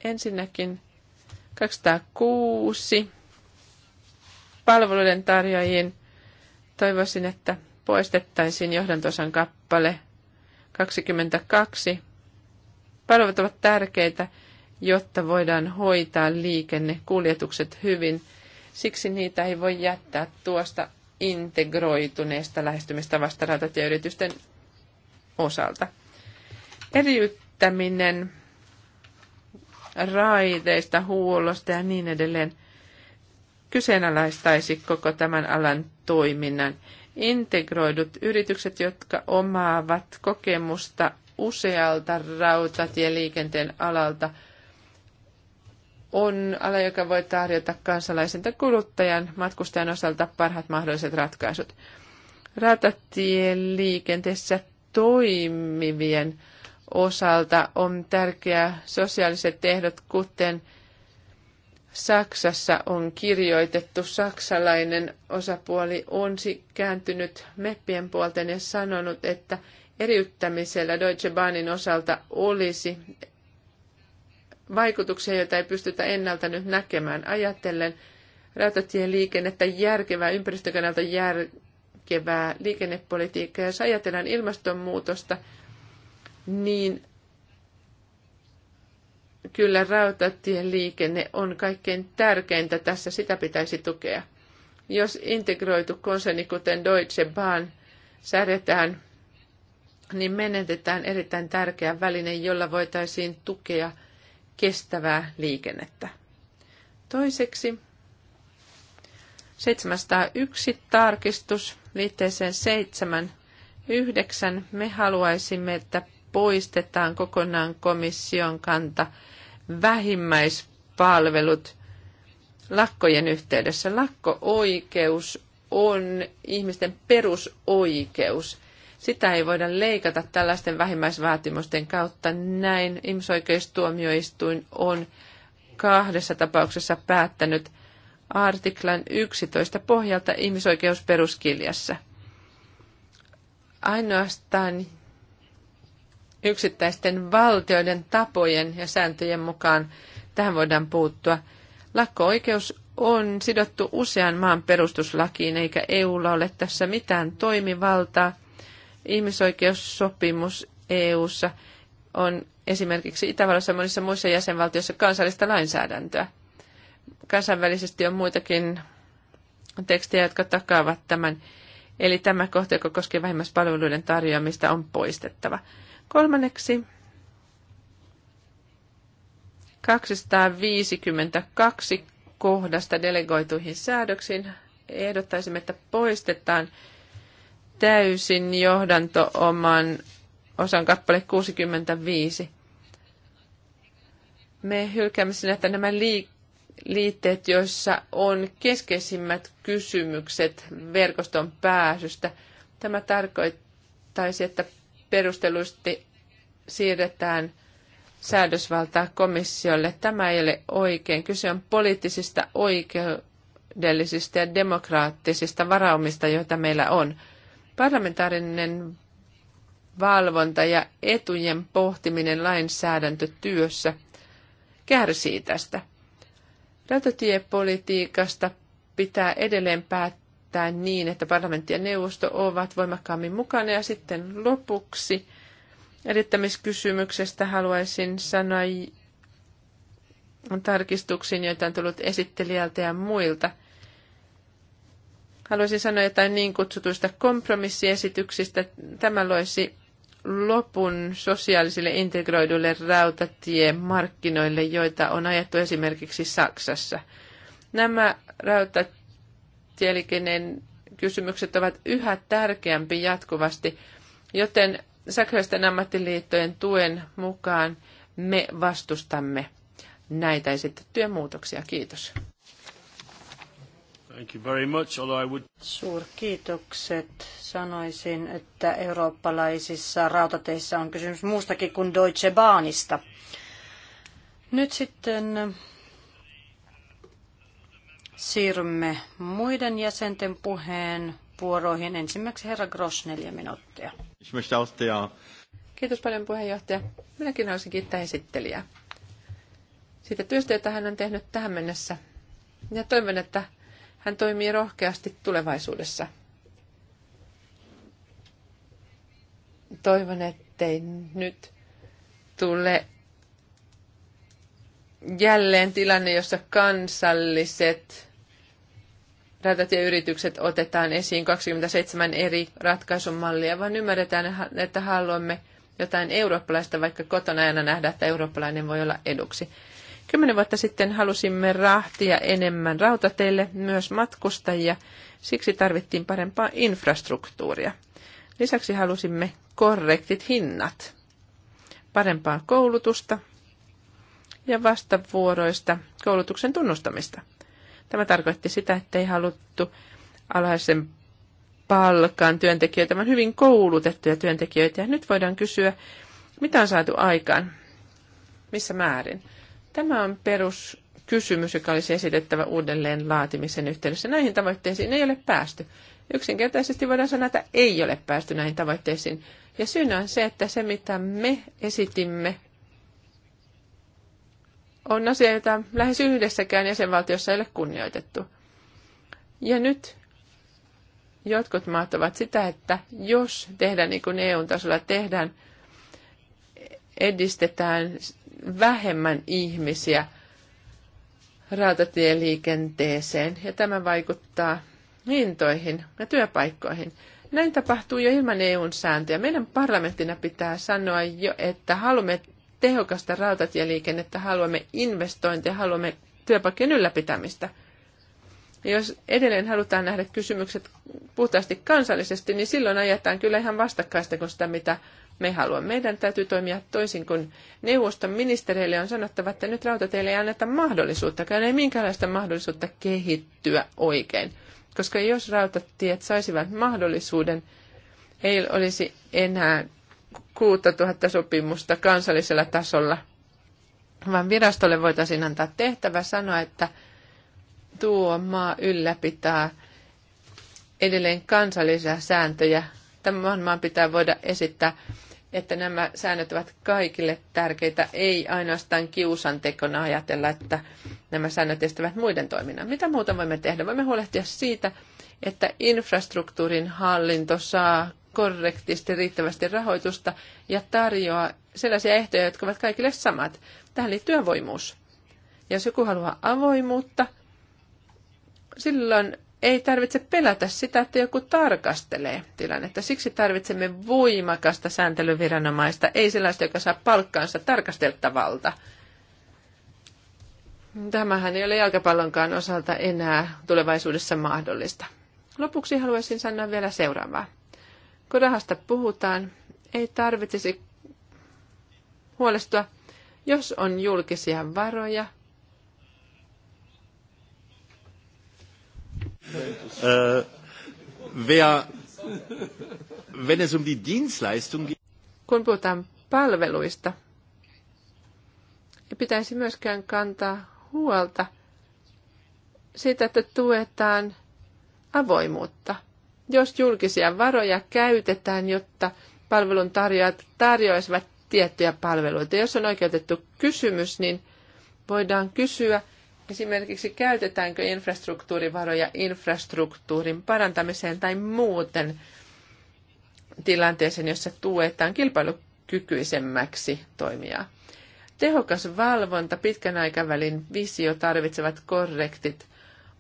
Ensinnäkin 206 palveluiden tarjoajien Toivoisin, että poistettaisiin johdantosan kappale 22. Palvelut ovat tärkeitä, jotta voidaan hoitaa liikennekuljetukset hyvin. Siksi niitä ei voi jättää tuosta integroituneesta lähestymistavasta rautatieyritysten osalta. Eriyttäminen raiteista, huollosta ja niin edelleen – kyseenalaistaisi koko tämän alan toiminnan. Integroidut yritykset, jotka omaavat kokemusta usealta rautatieliikenteen alalta, on ala, joka voi tarjota kansalaisen tai kuluttajan matkustajan osalta parhaat mahdolliset ratkaisut. Rautatieliikenteessä toimivien osalta on tärkeää sosiaaliset ehdot, kuten Saksassa on kirjoitettu, saksalainen osapuoli on kääntynyt meppien puolten ja sanonut, että eriyttämisellä Deutsche Bahnin osalta olisi vaikutuksia, joita ei pystytä ennalta nyt näkemään. Ajatellen rautatien liikennettä järkevää, ympäristökannalta järkevää liikennepolitiikkaa. Jos ajatellaan ilmastonmuutosta, niin kyllä rautatien liikenne on kaikkein tärkeintä tässä, sitä pitäisi tukea. Jos integroitu konserni, kuten Deutsche Bahn, säädetään, niin menetetään erittäin tärkeä väline, jolla voitaisiin tukea kestävää liikennettä. Toiseksi 701 tarkistus liitteeseen 79 Me haluaisimme, että poistetaan kokonaan komission kanta vähimmäispalvelut lakkojen yhteydessä. Lakko-oikeus on ihmisten perusoikeus. Sitä ei voida leikata tällaisten vähimmäisvaatimusten kautta. Näin ihmisoikeustuomioistuin on kahdessa tapauksessa päättänyt artiklan 11 pohjalta ihmisoikeusperuskiljassa. Ainoastaan yksittäisten valtioiden tapojen ja sääntöjen mukaan tähän voidaan puuttua. Lakko-oikeus on sidottu usean maan perustuslakiin, eikä EUlla ole tässä mitään toimivaltaa. Ihmisoikeussopimus EUssa on esimerkiksi Itävallassa ja monissa muissa jäsenvaltioissa kansallista lainsäädäntöä. Kansainvälisesti on muitakin tekstejä, jotka takaavat tämän. Eli tämä kohta, joka koskee vähimmäispalveluiden tarjoamista, on poistettava. Kolmanneksi 252 kohdasta delegoituihin säädöksiin ehdottaisimme, että poistetaan täysin johdanto oman osan kappale 65. Me hylkäämme sinne, että nämä liitteet, joissa on keskeisimmät kysymykset verkoston pääsystä, tämä tarkoittaisi, että perustellusti siirretään säädösvaltaa komissiolle. Tämä ei ole oikein. Kyse on poliittisista oikeudellisista ja demokraattisista varaumista, joita meillä on. Parlamentaarinen valvonta ja etujen pohtiminen lainsäädäntötyössä kärsii tästä. Rautatiepolitiikasta pitää edelleen päättää järjestää niin, että parlamentti ja neuvosto ovat voimakkaammin mukana. Ja sitten lopuksi edittämiskysymyksestä haluaisin sanoa tarkistuksiin, joita on tullut esittelijältä ja muilta. Haluaisin sanoa jotain niin kutsutuista kompromissiesityksistä. Tämä loisi lopun sosiaalisille integroiduille rautatiemarkkinoille, joita on ajettu esimerkiksi Saksassa. Nämä rautat tieliikenneen kysymykset ovat yhä tärkeämpi jatkuvasti, joten sähköisten ammattiliittojen tuen mukaan me vastustamme näitä esitettyjä muutoksia. Kiitos. Thank you very much, I would... Suurkiitokset. Sanoisin, että eurooppalaisissa rautateissa on kysymys muustakin kuin Deutsche Bahnista. Nyt sitten Siirrymme muiden jäsenten puheen vuoroihin. Ensimmäiseksi herra Gross, neljä minuuttia. Kiitos paljon puheenjohtaja. Minäkin haluaisin kiittää esittelijää siitä työstä, jota hän on tehnyt tähän mennessä. Ja toivon, että hän toimii rohkeasti tulevaisuudessa. Toivon, ettei nyt tule jälleen tilanne, jossa kansalliset rautatieyritykset otetaan esiin 27 eri ratkaisumallia, vaan ymmärretään, että haluamme jotain eurooppalaista, vaikka kotona aina nähdä että eurooppalainen voi olla eduksi. Kymmenen vuotta sitten halusimme rahtia enemmän rautateille, myös matkustajia, siksi tarvittiin parempaa infrastruktuuria. Lisäksi halusimme korrektit hinnat, parempaa koulutusta, ja vastavuoroista koulutuksen tunnustamista. Tämä tarkoitti sitä, että ei haluttu alhaisen palkan työntekijöitä, vaan hyvin koulutettuja työntekijöitä. Ja nyt voidaan kysyä, mitä on saatu aikaan, missä määrin. Tämä on peruskysymys, joka olisi esitettävä uudelleen laatimisen yhteydessä. Näihin tavoitteisiin ei ole päästy. Yksinkertaisesti voidaan sanoa, että ei ole päästy näihin tavoitteisiin. Ja syynä on se, että se mitä me esitimme on asia, jota lähes yhdessäkään jäsenvaltiossa ei ole kunnioitettu. Ja nyt jotkut maat ovat sitä, että jos tehdään niin kuin EU-tasolla tehdään, edistetään vähemmän ihmisiä rautatieliikenteeseen ja tämä vaikuttaa hintoihin ja työpaikkoihin. Näin tapahtuu jo ilman eu sääntöjä. Meidän parlamenttina pitää sanoa jo, että haluamme tehokasta rautatieliikennettä, haluamme investointeja, haluamme työpaikkojen ylläpitämistä. Ja jos edelleen halutaan nähdä kysymykset puhtaasti kansallisesti, niin silloin ajetaan kyllä ihan vastakkaista kuin sitä, mitä me haluamme. Meidän täytyy toimia toisin kuin neuvoston ministereille on sanottava, että nyt rautateille ei anneta kun ei minkäänlaista mahdollisuutta kehittyä oikein. Koska jos rautatiet saisivat mahdollisuuden, ei olisi enää 6000 sopimusta kansallisella tasolla, vaan virastolle voitaisiin antaa tehtävä sanoa, että tuo maa ylläpitää edelleen kansallisia sääntöjä. Tämän maan pitää voida esittää, että nämä säännöt ovat kaikille tärkeitä, ei ainoastaan kiusantekona ajatella, että nämä säännöt estävät muiden toiminnan. Mitä muuta voimme tehdä? Voimme huolehtia siitä, että infrastruktuurin hallinto saa korrektisti riittävästi rahoitusta ja tarjoaa sellaisia ehtoja, jotka ovat kaikille samat. Tähän liittyy avoimuus. Ja jos joku haluaa avoimuutta, silloin ei tarvitse pelätä sitä, että joku tarkastelee tilannetta. Siksi tarvitsemme voimakasta sääntelyviranomaista, ei sellaista, joka saa palkkaansa tarkasteltavalta. Tämähän ei ole jalkapallonkaan osalta enää tulevaisuudessa mahdollista. Lopuksi haluaisin sanoa vielä seuraavaa kun rahasta puhutaan, ei tarvitsisi huolestua, jos on julkisia varoja. Äh, um kun puhutaan palveluista, ei pitäisi myöskään kantaa huolta siitä, että tuetaan avoimuutta – jos julkisia varoja käytetään, jotta tarjoajat tarjoaisivat tiettyjä palveluita. Jos on oikeutettu kysymys, niin voidaan kysyä esimerkiksi käytetäänkö infrastruktuurivaroja infrastruktuurin parantamiseen tai muuten tilanteeseen, jossa tuetaan kilpailukykyisemmäksi toimijaa. Tehokas valvonta, pitkän aikavälin visio tarvitsevat korrektit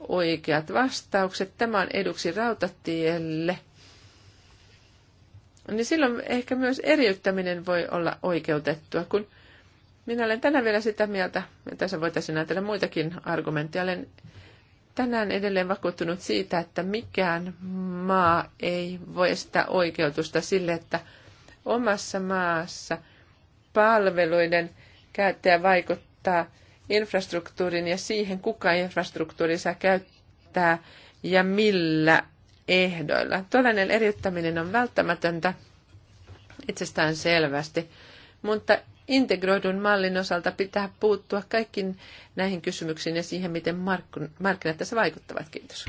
oikeat vastaukset, tämä on eduksi rautatielle, niin silloin ehkä myös eriyttäminen voi olla oikeutettua, kun minä olen tänään vielä sitä mieltä, ja tässä voitaisiin ajatella muitakin argumentteja, olen tänään edelleen vakuuttunut siitä, että mikään maa ei voi sitä oikeutusta sille, että omassa maassa palveluiden käyttäjä vaikuttaa – infrastruktuurin ja siihen, kuka infrastruktuuri saa käyttää ja millä ehdoilla. Tuollainen eriyttäminen on välttämätöntä itsestään selvästi, mutta integroidun mallin osalta pitää puuttua kaikkiin näihin kysymyksiin ja siihen, miten markkinat tässä vaikuttavat. Kiitos.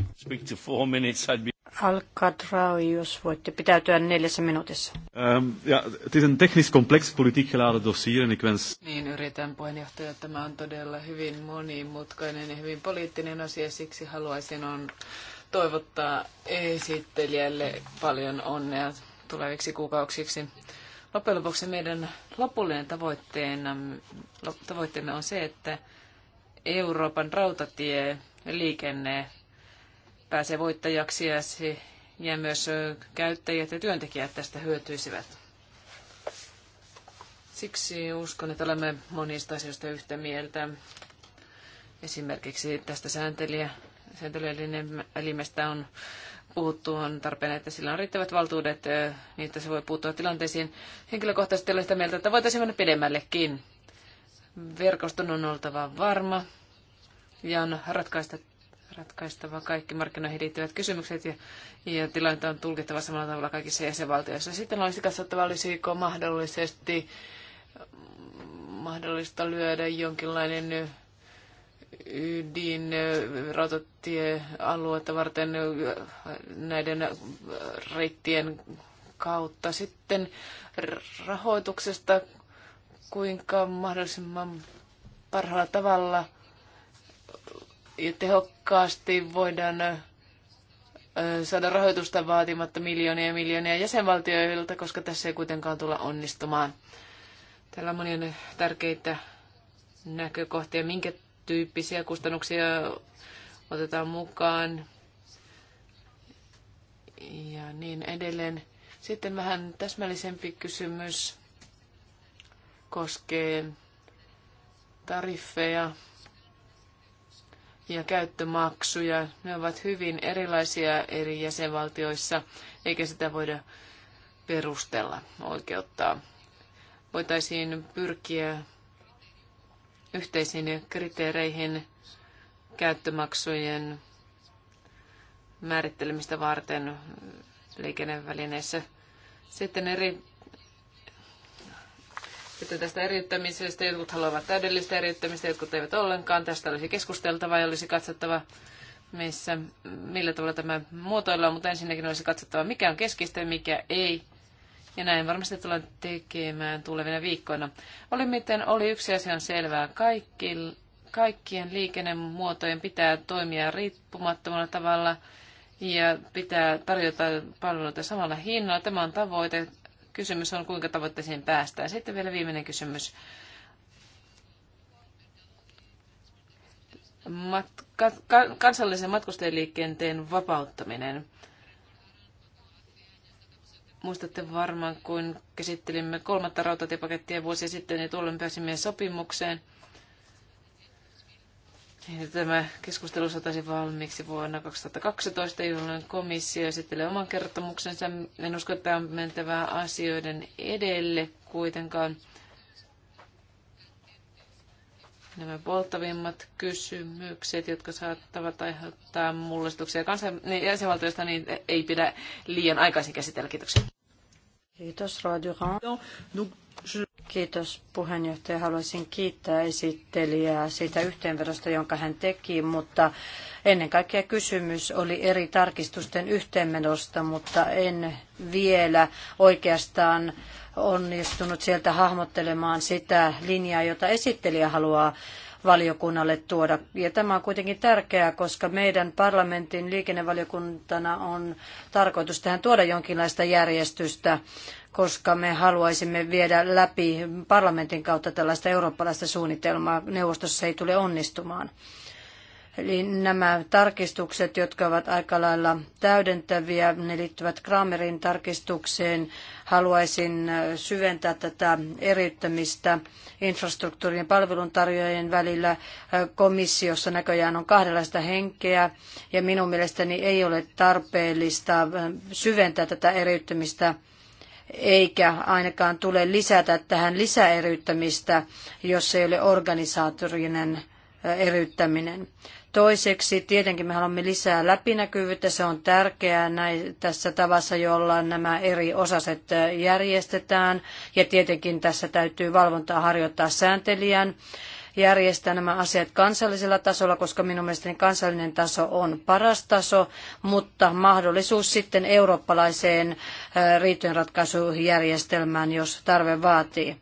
Al-Qadraui, jos voitte pitäytyä neljässä minuutissa. Um, ja, het is een technisch complex politiek geladen dossier en ik wens... Niin, yritän puheenjohtaja. Tämä on todella hyvin monimutkainen ja hyvin poliittinen asia, siksi haluaisin on toivottaa esittelijälle paljon onnea tuleviksi kuukausiksi. Loppujen lopuksi meidän lopullinen tavoitteemme on se, että Euroopan liikenne pääsee voittajaksi ja, se, ja myös käyttäjät ja työntekijät tästä hyötyisivät. Siksi uskon, että olemme monista asioista yhtä mieltä. Esimerkiksi tästä sääntelijä, sääntelyelimestä on puhuttu, on tarpeen, että sillä on riittävät valtuudet, niin että se voi puuttua tilanteisiin. Henkilökohtaisesti olen sitä mieltä, että voitaisiin mennä pidemmällekin. Verkoston on oltava varma ja on ratkaista ratkaistava kaikki markkinoihin liittyvät kysymykset ja, ja tilannetta on tulkittava samalla tavalla kaikissa jäsenvaltioissa. Sitten olisi katsottava, olisiko mahdollisesti mm, mahdollista lyödä jonkinlainen ydin rautatiealuetta varten näiden reittien kautta. Sitten rahoituksesta, kuinka mahdollisimman parhaalla tavalla – ja tehokkaasti voidaan saada rahoitusta vaatimatta miljoonia ja miljoonia jäsenvaltioilta, koska tässä ei kuitenkaan tulla onnistumaan. Täällä on monia tärkeitä näkökohtia, minkä tyyppisiä kustannuksia otetaan mukaan ja niin edelleen. Sitten vähän täsmällisempi kysymys koskee tariffeja ja käyttömaksuja. Ne ovat hyvin erilaisia eri jäsenvaltioissa, eikä sitä voida perustella oikeuttaa. Voitaisiin pyrkiä yhteisiin kriteereihin käyttömaksujen määrittelemistä varten liikennevälineissä. Sitten eri sitten tästä eriyttämisestä, jotkut haluavat täydellistä eriyttämistä, jotkut eivät ollenkaan. Tästä olisi keskusteltava ja olisi katsottava, missä, millä tavalla tämä muotoillaan, mutta ensinnäkin olisi katsottava, mikä on keskistä ja mikä ei. Ja näin varmasti tullaan tekemään tulevina viikkoina. Oli miten oli, yksi asia on selvää. Kaikki, kaikkien liikennemuotojen pitää toimia riippumattomalla tavalla ja pitää tarjota palveluita samalla hinnalla. Tämä on tavoite kysymys on, kuinka tavoitteisiin päästään. Sitten vielä viimeinen kysymys. ka- kansallisen matkustajaliikenteen vapauttaminen. Muistatte varmaan, kun käsittelimme kolmatta rautatiepakettia vuosi sitten ja tuolloin pääsimme sopimukseen – Tämä keskustelu saataisiin valmiiksi vuonna 2012, jolloin komissio esittelee oman kertomuksensa. En usko, että on mentävää asioiden edelle kuitenkaan. Nämä polttavimmat kysymykset, jotka saattavat aiheuttaa mullistuksia kansan, niin jäsenvaltioista, niin ei pidä liian aikaisin käsitellä. Kiitoksia. Kiitos, Radio Durand. Kiitos puheenjohtaja. Haluaisin kiittää esittelijää siitä yhteenvedosta, jonka hän teki, mutta ennen kaikkea kysymys oli eri tarkistusten yhteenvedosta, mutta en vielä oikeastaan onnistunut sieltä hahmottelemaan sitä linjaa, jota esittelijä haluaa valiokunnalle tuoda. Ja tämä on kuitenkin tärkeää, koska meidän parlamentin liikennevaliokuntana on tarkoitus tähän tuoda jonkinlaista järjestystä, koska me haluaisimme viedä läpi parlamentin kautta tällaista eurooppalaista suunnitelmaa. Neuvostossa ei tule onnistumaan. Eli nämä tarkistukset, jotka ovat aika lailla täydentäviä, ne liittyvät Kramerin tarkistukseen Haluaisin syventää tätä eriyttämistä infrastruktuurien palveluntarjoajien välillä. Komissiossa näköjään on kahdenlaista henkeä ja minun mielestäni ei ole tarpeellista syventää tätä eriyttämistä eikä ainakaan tule lisätä tähän lisäeriyttämistä, jos ei ole organisatorinen eriyttäminen. Toiseksi tietenkin me haluamme lisää läpinäkyvyyttä, se on tärkeää näin, tässä tavassa, jolla nämä eri osaset järjestetään. Ja tietenkin tässä täytyy valvontaa harjoittaa sääntelijän järjestää nämä asiat kansallisella tasolla, koska minun mielestäni kansallinen taso on paras taso, mutta mahdollisuus sitten eurooppalaiseen riitojenratkaisujärjestelmään, jos tarve vaatii.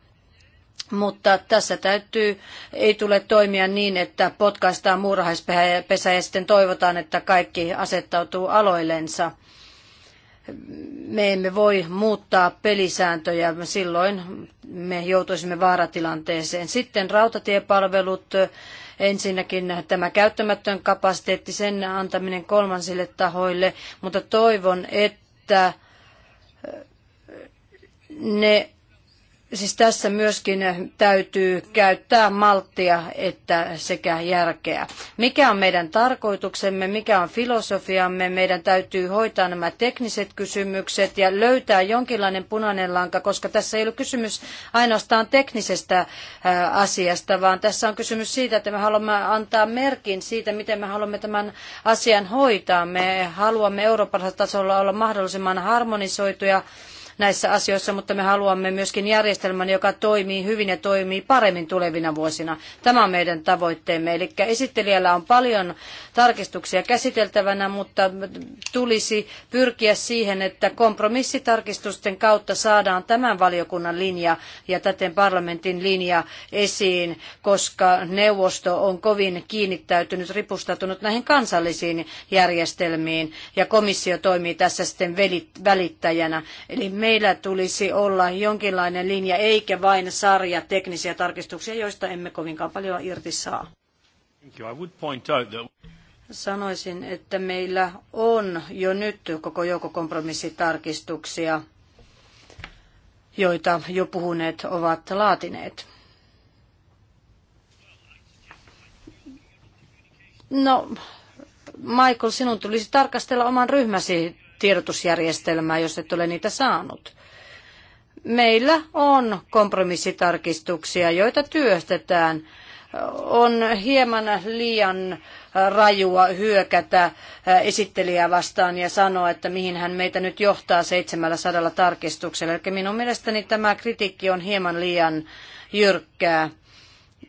Mutta tässä täytyy, ei tule toimia niin, että potkaistaan muurahaispesä ja sitten toivotaan, että kaikki asettautuu aloillensa. Me emme voi muuttaa pelisääntöjä, silloin me joutuisimme vaaratilanteeseen. Sitten rautatiepalvelut, ensinnäkin tämä käyttämätön kapasiteetti, sen antaminen kolmansille tahoille, mutta toivon, että ne Siis tässä myöskin täytyy käyttää malttia että sekä järkeä. Mikä on meidän tarkoituksemme, mikä on filosofiamme, meidän täytyy hoitaa nämä tekniset kysymykset ja löytää jonkinlainen punainen lanka, koska tässä ei ole kysymys ainoastaan teknisestä asiasta, vaan tässä on kysymys siitä, että me haluamme antaa merkin siitä, miten me haluamme tämän asian hoitaa. Me haluamme Euroopan tasolla olla mahdollisimman harmonisoituja näissä asioissa, mutta me haluamme myöskin järjestelmän, joka toimii hyvin ja toimii paremmin tulevina vuosina. Tämä on meidän tavoitteemme. Eli esittelijällä on paljon tarkistuksia käsiteltävänä, mutta tulisi pyrkiä siihen, että kompromissitarkistusten kautta saadaan tämän valiokunnan linja ja täten parlamentin linja esiin, koska neuvosto on kovin kiinnittäytynyt, ripustautunut näihin kansallisiin järjestelmiin ja komissio toimii tässä sitten välittäjänä. Eli me meillä tulisi olla jonkinlainen linja, eikä vain sarja teknisiä tarkistuksia, joista emme kovinkaan paljon irti saa. Sanoisin, että meillä on jo nyt koko joukko kompromissitarkistuksia, joita jo puhuneet ovat laatineet. No, Michael, sinun tulisi tarkastella oman ryhmäsi tiedotusjärjestelmää, jos et ole niitä saanut. Meillä on kompromissitarkistuksia, joita työstetään. On hieman liian rajua hyökätä esittelijää vastaan ja sanoa, että mihin hän meitä nyt johtaa 700 tarkistuksella. Eli minun mielestäni tämä kritiikki on hieman liian jyrkkää.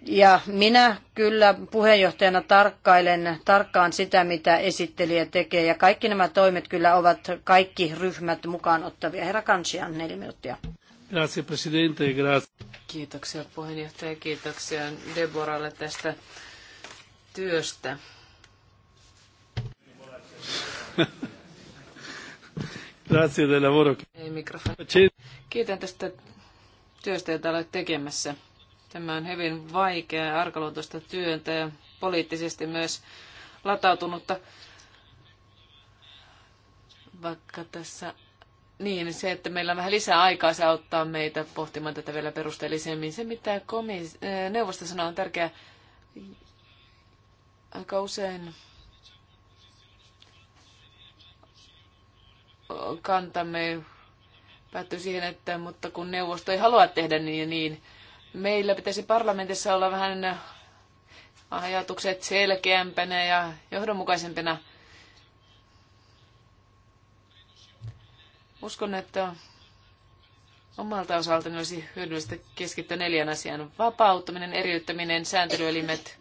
Ja minä kyllä puheenjohtajana tarkkailen tarkkaan sitä, mitä esittelijä tekee. Ja kaikki nämä toimet kyllä ovat kaikki ryhmät mukaan ottavia. Herra Kansian, neljä minuuttia. Grazie, presidente. E grazie. Kiitoksia puheenjohtaja. Kiitoksia Deboralle tästä työstä. Grazie del lavoro. Ei mikrofoni. Kiitän tästä työstä, jota olet tekemässä Tämä on hyvin vaikea arkaluontoista työntä ja poliittisesti myös latautunutta. Vaikka tässä niin, se, että meillä on vähän lisää aikaa, se auttaa meitä pohtimaan tätä vielä perusteellisemmin. Se, mitä komis- eh, neuvosto sanoo, on tärkeää aika usein kantamme päättyy siihen, että mutta kun neuvosto ei halua tehdä niin ja niin, meillä pitäisi parlamentissa olla vähän ajatukset selkeämpänä ja johdonmukaisempina. Uskon, että omalta osaltani olisi hyödyllistä keskittyä neljän asian. Vapauttaminen, eriyttäminen, sääntelyelimet.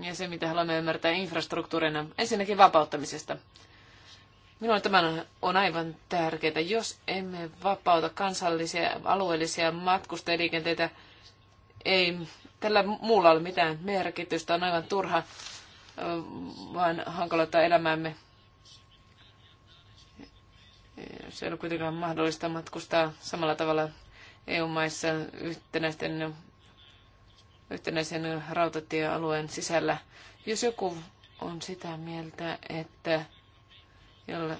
Ja se, mitä haluamme ymmärtää infrastruktuurina. Ensinnäkin vapauttamisesta. Minulle tämä on aivan tärkeää. Jos emme vapauta kansallisia alueellisia matkustajaliikenteitä, ei tällä muulla ole mitään merkitystä. On aivan turha vaan hankaloittaa elämäämme. Se ei ole kuitenkaan mahdollista matkustaa samalla tavalla EU-maissa yhtenäisten, yhtenäisen rautatiealueen sisällä. Jos joku on sitä mieltä, että Jolle,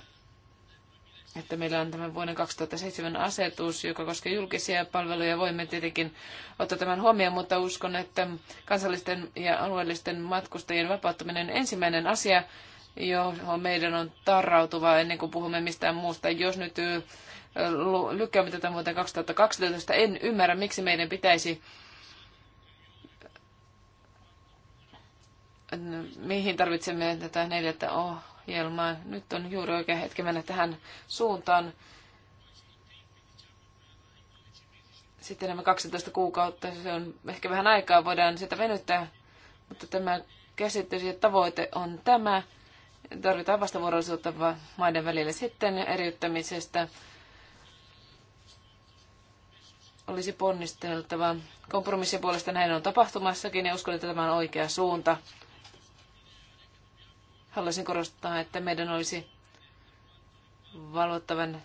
että meillä on tämän vuoden 2007 asetus, joka koskee julkisia palveluja. Voimme tietenkin ottaa tämän huomioon, mutta uskon, että kansallisten ja alueellisten matkustajien vapauttaminen on ensimmäinen asia, johon meidän on tarrautuva ennen kuin puhumme mistään muusta. Jos nyt lykkäämme tätä vuoteen 2012, en ymmärrä, miksi meidän pitäisi mihin tarvitsemme tätä neljättä ohjelmaa. Nyt on juuri oikea hetki mennä tähän suuntaan. Sitten nämä 12 kuukautta, se on ehkä vähän aikaa, voidaan sitä venyttää, mutta tämä käsitys ja tavoite on tämä. Tarvitaan vastavuoroisuutta maiden välillä sitten eriyttämisestä. Olisi ponnisteltava. Kompromissin puolesta näin on tapahtumassakin ja uskon, että tämä on oikea suunta. Haluaisin korostaa, että meidän olisi valvottavan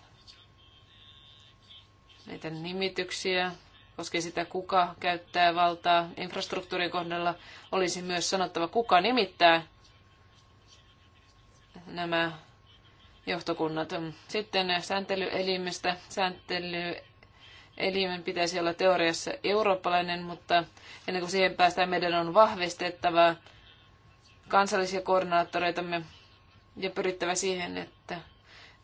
näitä nimityksiä, koska sitä, kuka käyttää valtaa. Infrastruktuurin kohdalla olisi myös sanottava, kuka nimittää nämä johtokunnat. Sitten sääntelyelimestä. Sääntelyelimen pitäisi olla teoriassa eurooppalainen, mutta ennen kuin siihen päästään, meidän on vahvistettava kansallisia koordinaattoreitamme ja pyrittävä siihen, että,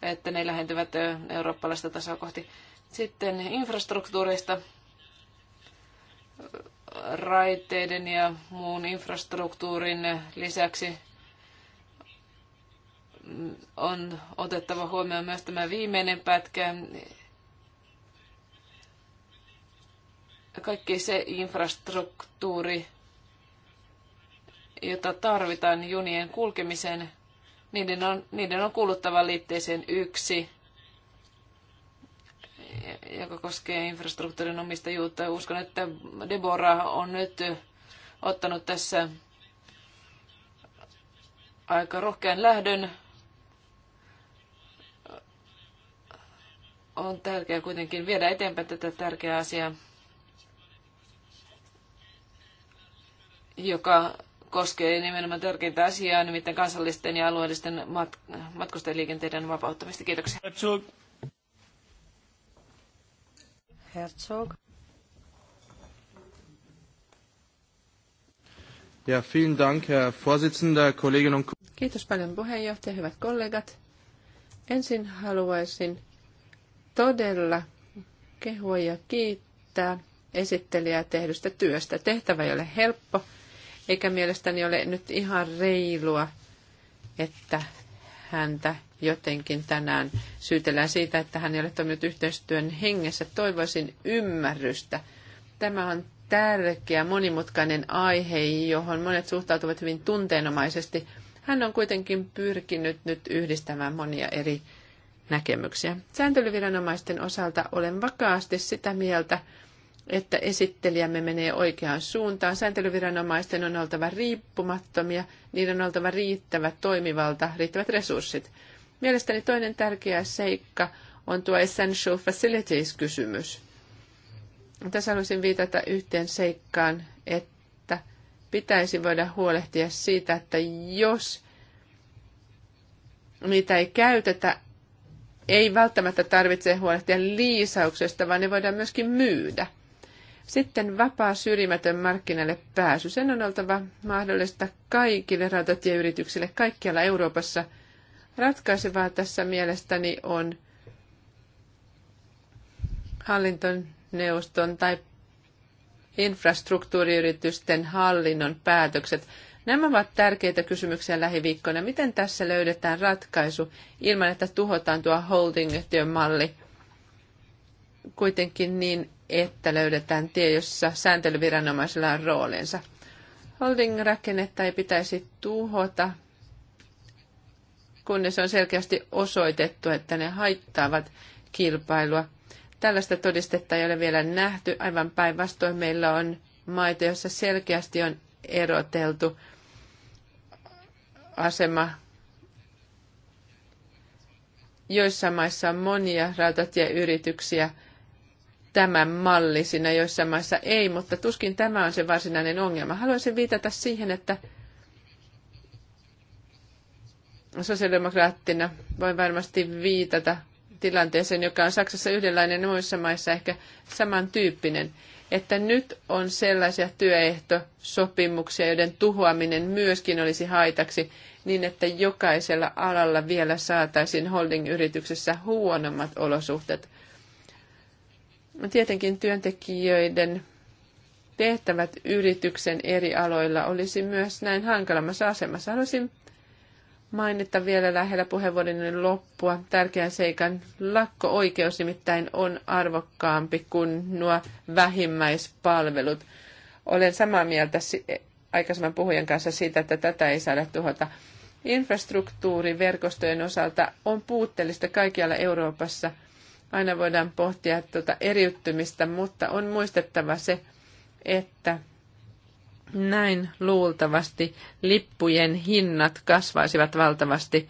että ne lähentyvät eurooppalaista tasoa kohti. Sitten infrastruktuurista, raiteiden ja muun infrastruktuurin lisäksi on otettava huomioon myös tämä viimeinen pätkä. Kaikki se infrastruktuuri, jota tarvitaan junien kulkemiseen, niiden on, niiden on kuuluttava liitteeseen yksi, joka koskee infrastruktuurin omistajuutta. Uskon, että Deborah on nyt ottanut tässä aika rohkean lähdön. On tärkeää kuitenkin viedä eteenpäin tätä tärkeää asiaa, joka koskee nimenomaan tärkeintä asiaa, nimittäin kansallisten ja alueellisten mat- matkustajaliikenteiden vapauttamista. Kiitoksia. Herzog. Herzog. Ja, vielen Dank, Herr Vorsitzender, Kolleginnen und Kiitos paljon puheenjohtaja, hyvät kollegat. Ensin haluaisin todella kehua ja kiittää esittelijää tehdystä työstä. Tehtävä ei ole helppo eikä mielestäni ole nyt ihan reilua, että häntä jotenkin tänään syytellään siitä, että hän ei ole toiminut yhteistyön hengessä. Toivoisin ymmärrystä. Tämä on tärkeä, monimutkainen aihe, johon monet suhtautuvat hyvin tunteenomaisesti. Hän on kuitenkin pyrkinyt nyt yhdistämään monia eri näkemyksiä. Sääntelyviranomaisten osalta olen vakaasti sitä mieltä, että esittelijämme menee oikeaan suuntaan. Sääntelyviranomaisten on oltava riippumattomia, niiden on oltava riittävä toimivalta, riittävät resurssit. Mielestäni toinen tärkeä seikka on tuo Essential Facilities-kysymys. Tässä haluaisin viitata yhteen seikkaan, että pitäisi voida huolehtia siitä, että jos niitä ei käytetä, ei välttämättä tarvitse huolehtia liisauksesta, vaan ne voidaan myöskin myydä. Sitten vapaa syrjimätön markkinalle pääsy. Sen on oltava mahdollista kaikille rautatieyrityksille kaikkialla Euroopassa. Ratkaisevaa tässä mielestäni on hallintoneuvoston tai infrastruktuuriyritysten hallinnon päätökset. Nämä ovat tärkeitä kysymyksiä lähiviikkoina. Miten tässä löydetään ratkaisu ilman, että tuhotaan tuo holding työmalli kuitenkin niin, että löydetään tie, jossa sääntelyviranomaisella on roolinsa. Holding-rakennetta ei pitäisi tuhota, kunnes on selkeästi osoitettu, että ne haittaavat kilpailua. Tällaista todistetta ei ole vielä nähty. Aivan päinvastoin meillä on maita, joissa selkeästi on eroteltu asema. Joissain maissa on monia rautatieyrityksiä, yrityksiä tämän siinä joissain maissa ei, mutta tuskin tämä on se varsinainen ongelma. Haluaisin viitata siihen, että sosiaalidemokraattina voin varmasti viitata tilanteeseen, joka on Saksassa yhdenlainen ja muissa maissa ehkä samantyyppinen, että nyt on sellaisia työehtosopimuksia, joiden tuhoaminen myöskin olisi haitaksi niin, että jokaisella alalla vielä saataisiin holdingyrityksessä huonommat olosuhteet Tietenkin työntekijöiden tehtävät yrityksen eri aloilla olisi myös näin hankalammassa asemassa. Haluaisin mainita vielä lähellä puheenvuoron loppua tärkeän seikan. Lakko-oikeus nimittäin on arvokkaampi kuin nuo vähimmäispalvelut. Olen samaa mieltä aikaisemman puhujan kanssa siitä, että tätä ei saada tuhota. Infrastruktuuriverkostojen osalta on puutteellista kaikkialla Euroopassa – Aina voidaan pohtia tuota eriyttymistä, mutta on muistettava se, että näin luultavasti lippujen hinnat kasvaisivat valtavasti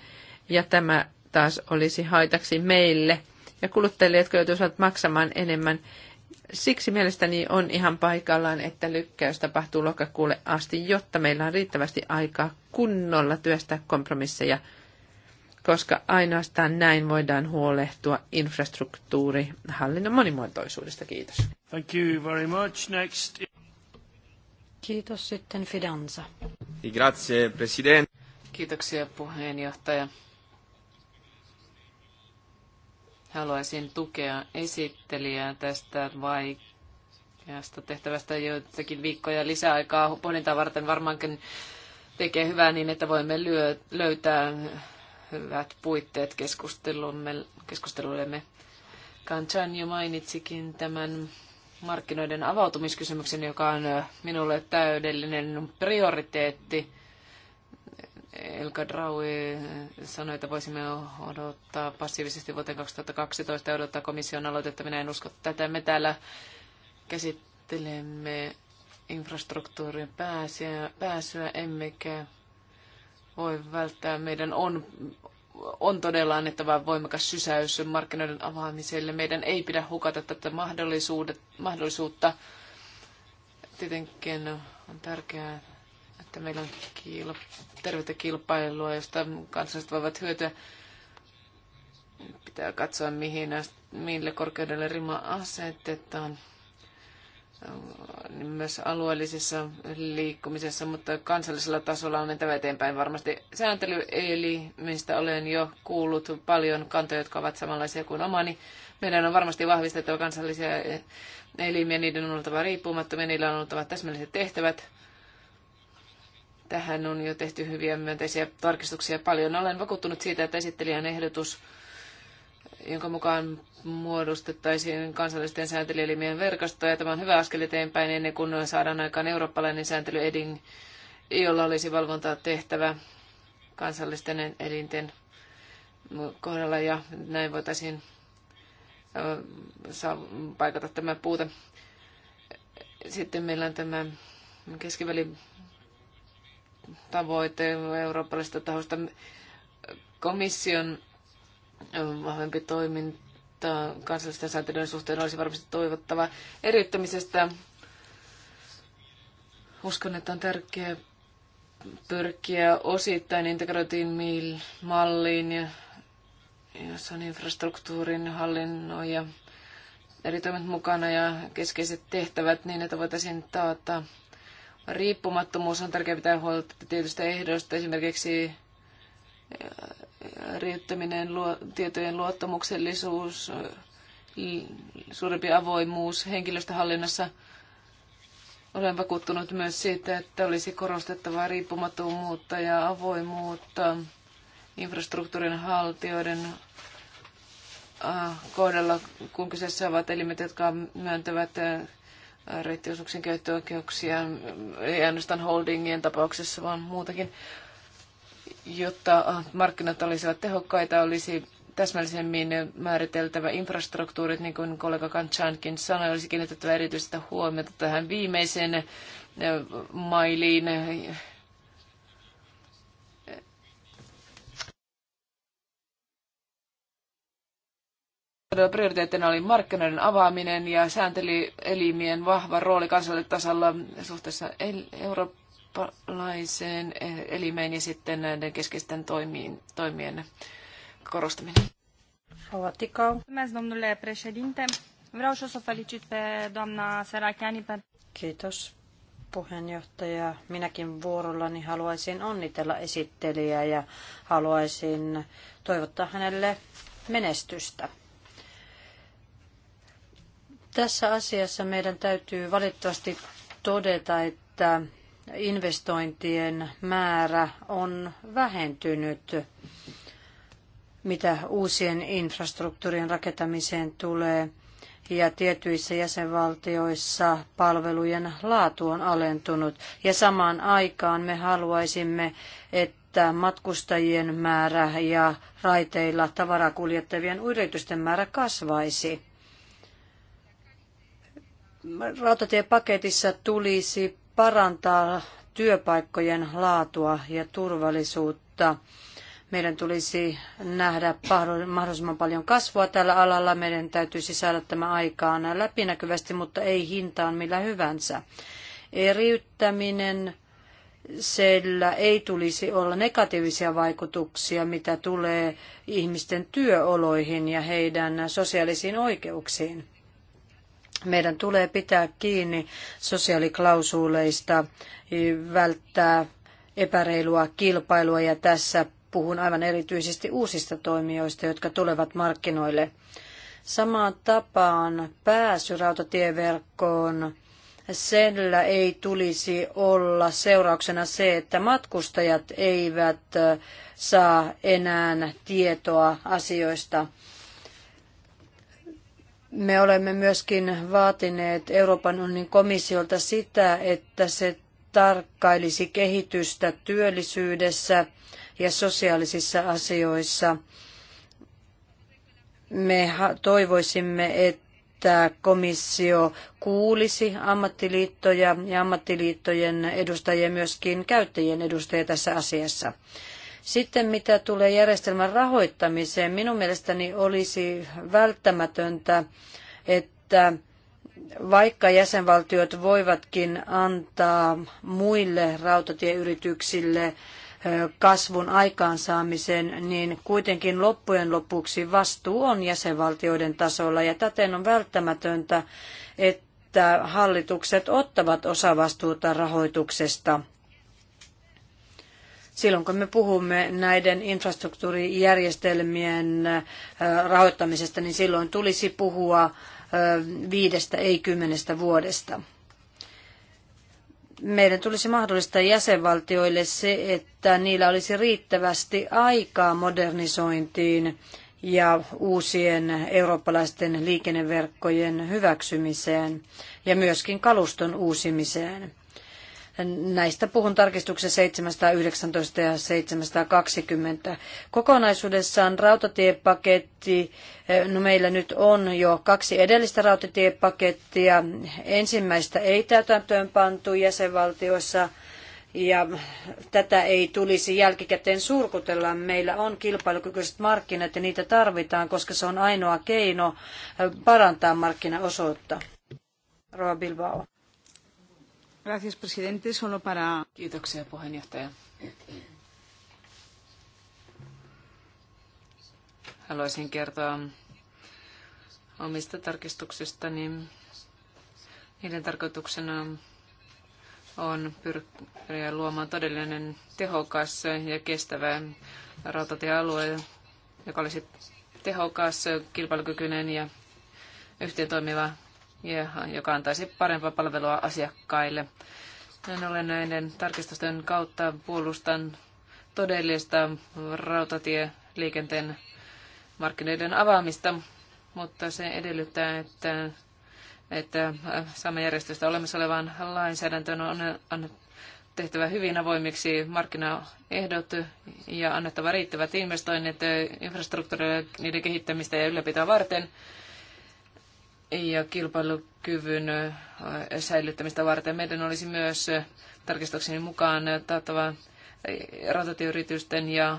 ja tämä taas olisi haitaksi meille ja kuluttajille, jotka joutuisivat maksamaan enemmän. Siksi mielestäni on ihan paikallaan, että lykkäys tapahtuu lokakuulle asti, jotta meillä on riittävästi aikaa kunnolla työstää kompromisseja koska ainoastaan näin voidaan huolehtua infrastruktuurihallinnon monimuotoisuudesta. Kiitos. Thank you very much. Next. Kiitos sitten Fidanza. Grazie, president. Kiitoksia puheenjohtaja. Haluaisin tukea esittelijää tästä vaikeasta tehtävästä joitakin viikkoja lisäaikaa pohdintaa varten varmaankin tekee hyvää niin, että voimme lyö, löytää hyvät puitteet keskustelullemme. Kanchan jo mainitsikin tämän markkinoiden avautumiskysymyksen, joka on minulle täydellinen prioriteetti. Elka Draui sanoi, että voisimme odottaa passiivisesti vuoteen 2012 ja odottaa komission aloitetta. Minä en usko tätä. Me täällä käsittelemme infrastruktuurin pääsyä, pääsyä emmekä voi välttää. Meidän on, on todella annettava voimakas sysäys markkinoiden avaamiselle. Meidän ei pidä hukata tätä mahdollisuutta. Tietenkin on tärkeää, että meillä on kiilo, tervettä kilpailua, josta kansalaiset voivat hyötyä. Pitää katsoa, mihin, mille korkeudelle rima asetetaan. Niin myös alueellisessa liikkumisessa, mutta kansallisella tasolla on mentävä eteenpäin varmasti sääntely, eli mistä olen jo kuullut paljon kantoja, jotka ovat samanlaisia kuin omani. Meidän on varmasti vahvistettava kansallisia elimiä, niiden on oltava riippumattomia, niillä on oltava täsmälliset tehtävät. Tähän on jo tehty hyviä myönteisiä tarkistuksia paljon. Olen vakuuttunut siitä, että esittelijän ehdotus jonka mukaan muodostettaisiin kansallisten sääntelyelimien verkostoa. Ja tämä on hyvä askel eteenpäin ennen kuin saadaan aikaan eurooppalainen sääntelyedin, jolla olisi valvontaa tehtävä kansallisten elinten kohdalla ja näin voitaisiin saa paikata tämä puute. Sitten meillä on tämä keskivälin tavoite eurooppalaisesta tahosta komission vahvempi toiminta kansallisten säätelyiden suhteen olisi varmasti toivottava. Eriyttämisestä uskon, että on tärkeää pyrkiä osittain integroitiin malliin, jossa on infrastruktuurin hallinnon ja eri toimet mukana ja keskeiset tehtävät niin, että voitaisiin taata riippumattomuus. On tärkeää pitää huolta tietystä ehdoista, esimerkiksi riittäminen, luo, tietojen luottamuksellisuus, suurempi avoimuus henkilöstöhallinnassa. Olen vakuuttunut myös siitä, että olisi korostettavaa riippumattomuutta ja avoimuutta infrastruktuurin haltijoiden äh, kohdalla, kun kyseessä ovat elimet, jotka myöntävät äh, reittiosuuksien käyttöoikeuksia, ei ainoastaan holdingien tapauksessa, vaan muutakin jotta markkinat olisivat tehokkaita, olisi täsmällisemmin määriteltävä infrastruktuurit, niin kuin kollega Kanchankin sanoi, olisi kiinnitettävä erityistä huomiota tähän viimeiseen eh, mailiin. Prioriteettina oli markkinoiden avaaminen ja sääntelyelimien vahva rooli kansallisella tasolla suhteessa Eurooppaan eurooppalaiseen eh, elimeen ja sitten näiden keskeisten toimiin, toimien korostaminen. Kiitos, puheenjohtaja. Minäkin vuorollani haluaisin onnitella esittelijää ja haluaisin toivottaa hänelle menestystä. Tässä asiassa meidän täytyy valitettavasti todeta, että investointien määrä on vähentynyt, mitä uusien infrastruktuurien rakentamiseen tulee, ja tietyissä jäsenvaltioissa palvelujen laatu on alentunut. Ja samaan aikaan me haluaisimme, että matkustajien määrä ja raiteilla tavarakuljettavien yritysten määrä kasvaisi rautatiepaketissa tulisi parantaa työpaikkojen laatua ja turvallisuutta. Meidän tulisi nähdä mahdollisimman paljon kasvua tällä alalla. Meidän täytyisi saada tämä aikaan läpinäkyvästi, mutta ei hintaan millä hyvänsä. Eriyttäminen, sillä ei tulisi olla negatiivisia vaikutuksia, mitä tulee ihmisten työoloihin ja heidän sosiaalisiin oikeuksiin. Meidän tulee pitää kiinni sosiaaliklausuuleista, välttää epäreilua kilpailua ja tässä puhun aivan erityisesti uusista toimijoista, jotka tulevat markkinoille. Samaan tapaan pääsy rautatieverkkoon sillä ei tulisi olla seurauksena se, että matkustajat eivät saa enää tietoa asioista me olemme myöskin vaatineet Euroopan unionin komissiolta sitä, että se tarkkailisi kehitystä työllisyydessä ja sosiaalisissa asioissa. Me toivoisimme, että komissio kuulisi ammattiliittoja ja ammattiliittojen edustajia myöskin käyttäjien edustajia tässä asiassa. Sitten mitä tulee järjestelmän rahoittamiseen, minun mielestäni olisi välttämätöntä, että vaikka jäsenvaltiot voivatkin antaa muille rautatieyrityksille kasvun aikaansaamisen, niin kuitenkin loppujen lopuksi vastuu on jäsenvaltioiden tasolla ja täten on välttämätöntä, että hallitukset ottavat osavastuuta rahoituksesta silloin kun me puhumme näiden infrastruktuurijärjestelmien rahoittamisesta, niin silloin tulisi puhua viidestä, ei kymmenestä vuodesta. Meidän tulisi mahdollistaa jäsenvaltioille se, että niillä olisi riittävästi aikaa modernisointiin ja uusien eurooppalaisten liikenneverkkojen hyväksymiseen ja myöskin kaluston uusimiseen. Näistä puhun tarkistuksen 719 ja 720. Kokonaisuudessaan rautatiepaketti, eh, no meillä nyt on jo kaksi edellistä rautatiepakettia. Ensimmäistä ei täytäntöön pantu jäsenvaltioissa ja tätä ei tulisi jälkikäteen surkutella. Meillä on kilpailukykyiset markkinat ja niitä tarvitaan, koska se on ainoa keino eh, parantaa markkinaosuutta. Roa Bilbao. Gracias, presidente. Solo para... Kiitoksia, puheenjohtaja. Haluaisin kertoa omista tarkistuksistani. Niiden tarkoituksena on pyrkiä luomaan todellinen tehokas ja kestävä rautatiealue, joka olisi tehokas, kilpailukykyinen ja yhteentoimiva joka antaisi parempaa palvelua asiakkaille. Näin ollen näiden tarkistusten kautta puolustan todellista rautatieliikenteen markkinoiden avaamista, mutta se edellyttää, että, että saamme järjestystä olemassa olevaan lainsäädäntöön on, on tehtävä hyvin avoimiksi markkinaehdot ja annettava riittävät investoinnit infrastruktuurille niiden kehittämistä ja ylläpitoa varten ja kilpailukyvyn äh, säilyttämistä varten. Meidän olisi myös äh, tarkistukseni mukaan äh, taattava rautatieyritysten ja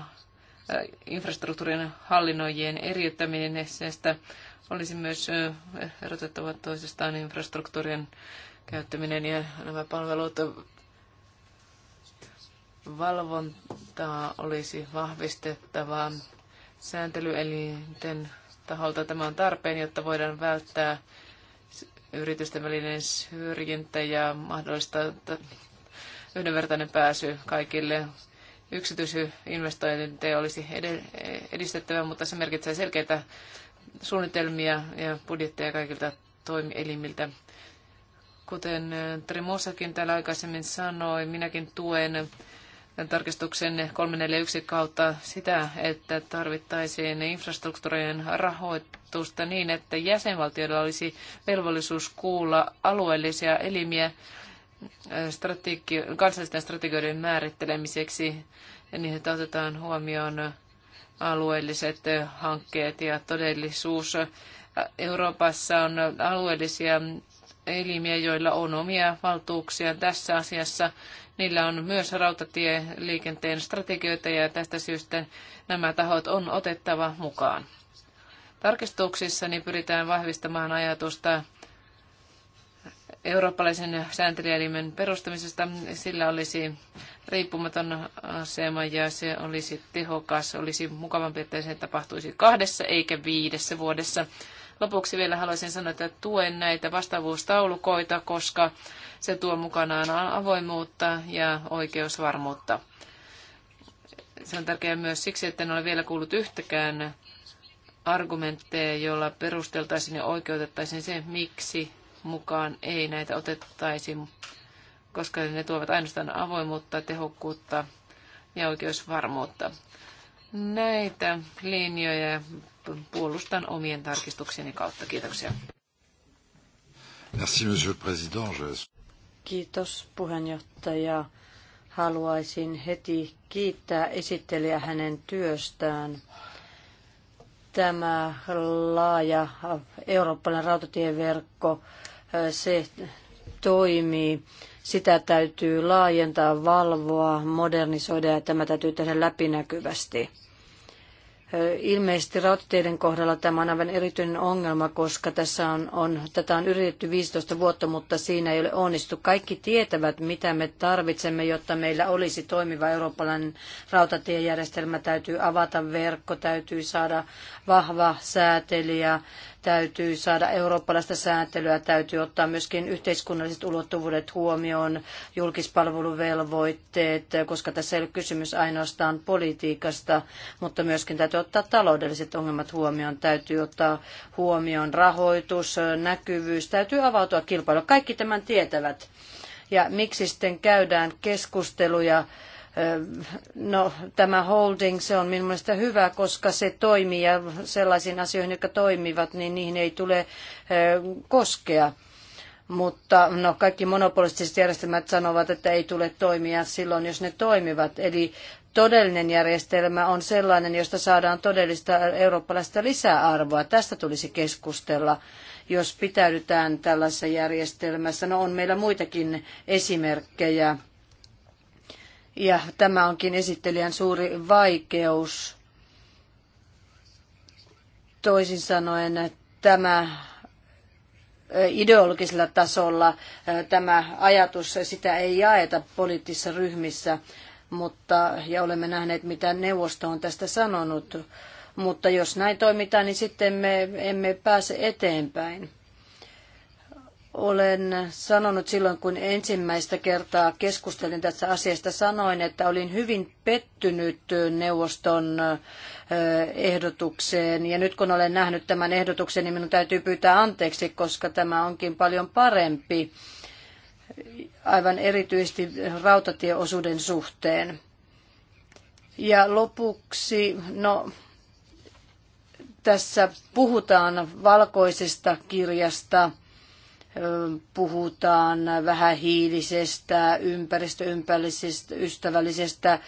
infrastruktuurin hallinnoijien eriyttäminen olisi myös erotettava toisistaan infrastruktuurien käyttäminen ja nämä palvelut valvontaa olisi vahvistettava sääntelyelinten taholta. Tämä on tarpeen, jotta voidaan välttää yritysten välinen syrjintä ja mahdollista yhdenvertainen pääsy kaikille. Yksityisinvestointeja olisi edistettävä, mutta se merkitsee selkeitä suunnitelmia ja budjetteja kaikilta toimielimiltä. Kuten Trimosakin täällä aikaisemmin sanoi, minäkin tuen tarkistuksen 341 kautta sitä, että tarvittaisiin infrastruktuurien rahoitusta niin, että jäsenvaltioilla olisi velvollisuus kuulla alueellisia elimiä äh, strategi- kansallisten strategioiden määrittelemiseksi, niin että otetaan huomioon alueelliset hankkeet ja todellisuus. Euroopassa on alueellisia elimiä, joilla on omia valtuuksia tässä asiassa, Niillä on myös rautatieliikenteen strategioita ja tästä syystä nämä tahot on otettava mukaan. Tarkistuksissa niin pyritään vahvistamaan ajatusta eurooppalaisen sääntelijäelimen perustamisesta. Sillä olisi riippumaton asema ja se olisi tehokas. Olisi mukavampi, että se tapahtuisi kahdessa eikä viidessä vuodessa. Lopuksi vielä haluaisin sanoa, että tuen näitä vastaavuustaulukoita, koska se tuo mukanaan avoimuutta ja oikeusvarmuutta. Se on tärkeää myös siksi, että en ole vielä kuullut yhtäkään argumentteja, jolla perusteltaisiin ja oikeutettaisiin se, miksi mukaan ei näitä otettaisi, koska ne tuovat ainoastaan avoimuutta, tehokkuutta ja oikeusvarmuutta. Näitä linjoja puolustan omien tarkistukseni kautta. Kiitoksia. Merci, monsieur le président. Je... Kiitos puheenjohtaja. Haluaisin heti kiittää esittelijä hänen työstään. Tämä laaja eurooppalainen rautatieverkko, se toimii. Sitä täytyy laajentaa, valvoa, modernisoida ja tämä täytyy tehdä läpinäkyvästi Ilmeisesti rautateiden kohdalla tämä on aivan erityinen ongelma, koska tässä on, on, tätä on yritetty 15 vuotta, mutta siinä ei ole onnistu. Kaikki tietävät, mitä me tarvitsemme, jotta meillä olisi toimiva eurooppalainen rautatiejärjestelmä. Täytyy avata verkko, täytyy saada vahva säätelijä, täytyy saada eurooppalaista sääntelyä, täytyy ottaa myöskin yhteiskunnalliset ulottuvuudet huomioon, julkispalveluvelvoitteet, koska tässä ei ole kysymys ainoastaan politiikasta, mutta myöskin täytyy ottaa taloudelliset ongelmat huomioon, täytyy ottaa huomioon rahoitus, näkyvyys, täytyy avautua kilpailu. Kaikki tämän tietävät. Ja miksi sitten käydään keskusteluja No, tämä holding, se on minun mielestä hyvä, koska se toimii ja sellaisiin asioihin, jotka toimivat, niin niihin ei tule koskea. Mutta no, kaikki monopolistiset järjestelmät sanovat, että ei tule toimia silloin, jos ne toimivat. Eli todellinen järjestelmä on sellainen, josta saadaan todellista eurooppalaista lisäarvoa. Tästä tulisi keskustella, jos pitäydytään tällaisessa järjestelmässä. No on meillä muitakin esimerkkejä ja tämä onkin esittelijän suuri vaikeus. Toisin sanoen tämä ideologisella tasolla tämä ajatus, sitä ei jaeta poliittisissa ryhmissä, mutta, ja olemme nähneet, mitä neuvosto on tästä sanonut. Mutta jos näin toimitaan, niin sitten me emme pääse eteenpäin. Olen sanonut silloin, kun ensimmäistä kertaa keskustelin tästä asiasta, sanoin, että olin hyvin pettynyt neuvoston eh, ehdotukseen. Ja nyt kun olen nähnyt tämän ehdotuksen, niin minun täytyy pyytää anteeksi, koska tämä onkin paljon parempi, aivan erityisesti rautatieosuuden suhteen. Ja lopuksi, no tässä puhutaan valkoisesta kirjasta – puhutaan vähähiilisestä, ympäristöympäristöystävällisestä ystävällisestä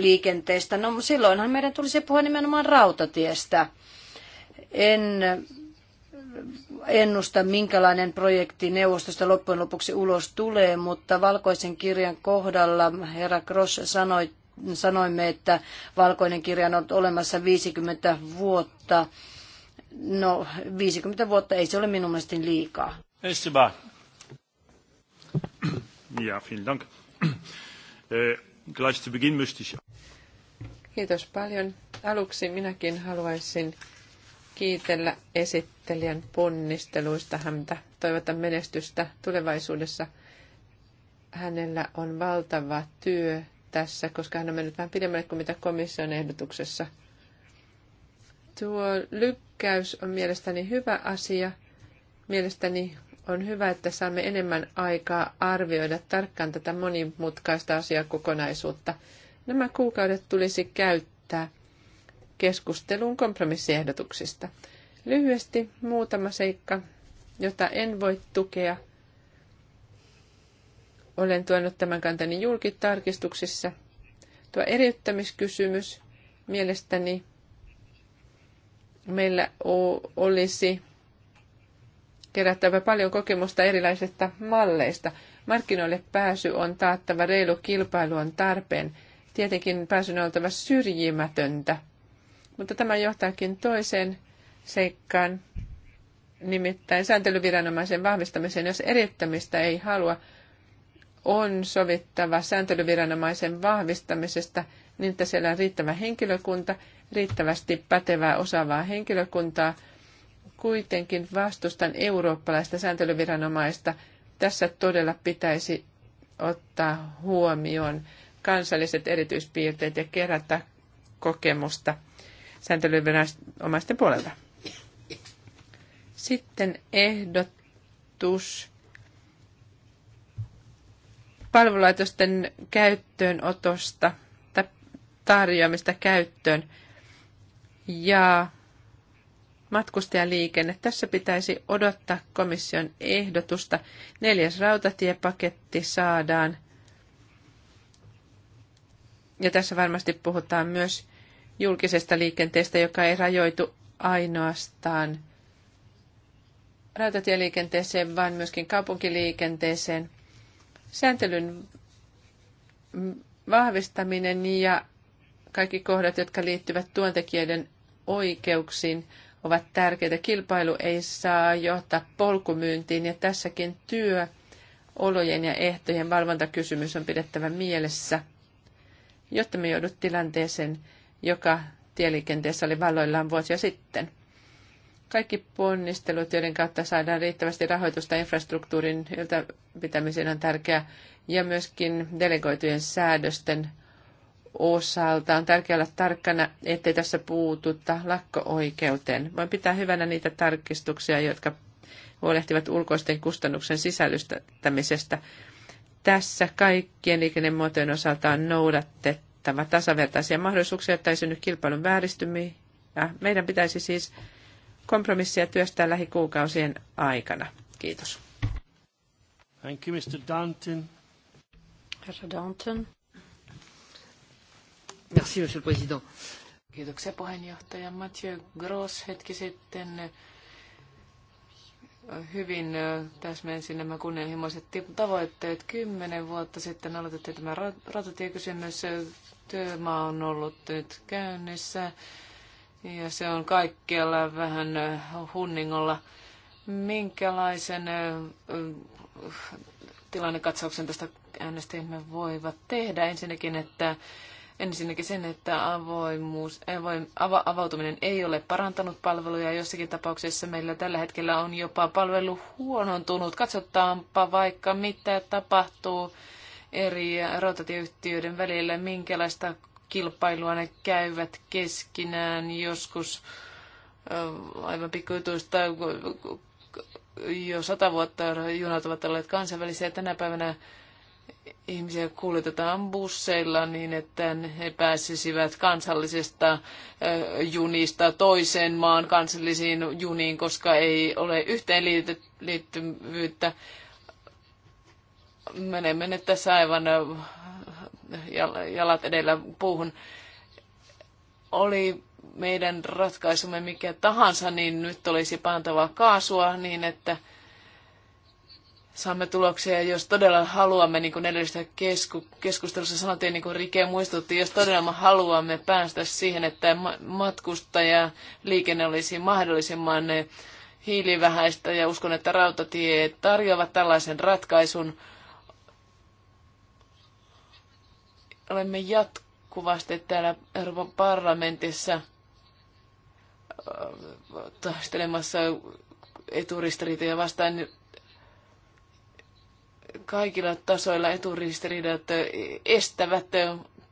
liikenteestä. No silloinhan meidän tulisi puhua nimenomaan rautatiestä. En ennusta, minkälainen projekti neuvostosta loppujen lopuksi ulos tulee, mutta valkoisen kirjan kohdalla herra Gross sanoi, sanoimme, että valkoinen kirja on ollut olemassa 50 vuotta No, 50 vuotta ei se ole minun mielestäni liikaa. Esteban. Ja, dank. Äh, gleich zu Beginn möchte ich... Kiitos paljon. Aluksi minäkin haluaisin kiitellä esittelijän ponnisteluista häntä. Toivotan menestystä tulevaisuudessa. Hänellä on valtava työ tässä, koska hän on mennyt vähän pidemmälle kuin mitä komission ehdotuksessa – Tuo lykkäys on mielestäni hyvä asia. Mielestäni on hyvä, että saamme enemmän aikaa arvioida tarkkaan tätä monimutkaista asiakokonaisuutta. Nämä kuukaudet tulisi käyttää keskusteluun kompromissiehdotuksista. Lyhyesti muutama seikka, jota en voi tukea. Olen tuonut tämän kantani julkitarkistuksissa. Tuo eriyttämiskysymys mielestäni meillä olisi kerättävä paljon kokemusta erilaisista malleista. Markkinoille pääsy on taattava, reilu kilpailu on tarpeen. Tietenkin pääsyn on oltava syrjimätöntä. Mutta tämä johtaakin toiseen seikkaan, nimittäin sääntelyviranomaisen vahvistamiseen, jos erittämistä ei halua, on sovittava sääntelyviranomaisen vahvistamisesta niin että siellä on riittävä henkilökunta, riittävästi pätevää osaavaa henkilökuntaa. Kuitenkin vastustan eurooppalaista sääntelyviranomaista. Tässä todella pitäisi ottaa huomioon kansalliset erityispiirteet ja kerätä kokemusta sääntelyviranomaisten puolelta. Sitten ehdotus palvelulaitosten käyttöönotosta – tarjoamista käyttöön ja matkustajaliikenne. Tässä pitäisi odottaa komission ehdotusta. Neljäs rautatiepaketti saadaan. Ja tässä varmasti puhutaan myös julkisesta liikenteestä, joka ei rajoitu ainoastaan rautatieliikenteeseen, vaan myöskin kaupunkiliikenteeseen. Sääntelyn vahvistaminen ja kaikki kohdat, jotka liittyvät työntekijöiden oikeuksiin, ovat tärkeitä. Kilpailu ei saa johtaa polkumyyntiin ja tässäkin työolojen ja ehtojen valvontakysymys on pidettävä mielessä, jotta me joudut tilanteeseen, joka tieliikenteessä oli valloillaan vuosia sitten. Kaikki ponnistelut, joiden kautta saadaan riittävästi rahoitusta infrastruktuurin ylläpitämiseen on tärkeää ja myöskin delegoitujen säädösten osalta on tärkeää olla tarkkana, ettei tässä puututta lakko-oikeuteen. Voin pitää hyvänä niitä tarkistuksia, jotka huolehtivat ulkoisten kustannuksen sisällystämisestä. Tässä kaikkien liikennemuotojen osalta on noudatettava tasavertaisia mahdollisuuksia, että ei synny kilpailun vääristymiä. Meidän pitäisi siis kompromissia työstää lähikuukausien aikana. Kiitos. Thank you, Mr. Danton. Herra Danton. Merci, monsieur le président. Kiitoksia puheenjohtaja Mathieu Gross hetki sitten hyvin täsmensi nämä kunnianhimoiset tavoitteet. Kymmenen vuotta sitten aloitettiin tämä rautatiekysymys. Työmaa on ollut nyt käynnissä ja se on kaikkialla vähän hunningolla. Minkälaisen tilannekatsauksen tästä äänestäjämme voivat tehdä? Ensinnäkin, että Ensinnäkin sen, että avoimuus, avoim, ava, avautuminen ei ole parantanut palveluja. Jossakin tapauksessa meillä tällä hetkellä on jopa palvelu huonontunut. Katsotaanpa vaikka, mitä tapahtuu eri rautatieyhtiöiden välillä, minkälaista kilpailua ne käyvät keskenään joskus aivan pikkuituista. jo sata vuotta junat ovat olleet kansainvälisiä tänä päivänä ihmisiä kuljetetaan busseilla niin, että he pääsisivät kansallisesta junista toiseen maan kansallisiin juniin, koska ei ole yhteenliittyvyyttä. Menemme nyt tässä aivan jalat edellä puuhun. Oli meidän ratkaisumme mikä tahansa, niin nyt olisi pantava kaasua niin, että saamme tuloksia. Jos todella haluamme, niin kuin edellisessä kesku, keskustelussa sanottiin, niin kuin Rike muistutti, jos todella haluamme päästä siihen, että matkustaja liikenne olisi mahdollisimman eh, hiilivähäistä ja uskon, että rautatie tarjoavat tällaisen ratkaisun. Olemme jatkuvasti täällä Euroopan parlamentissa eh, taistelemassa eturistiriitoja vastaan kaikilla tasoilla eturistiriidat estävät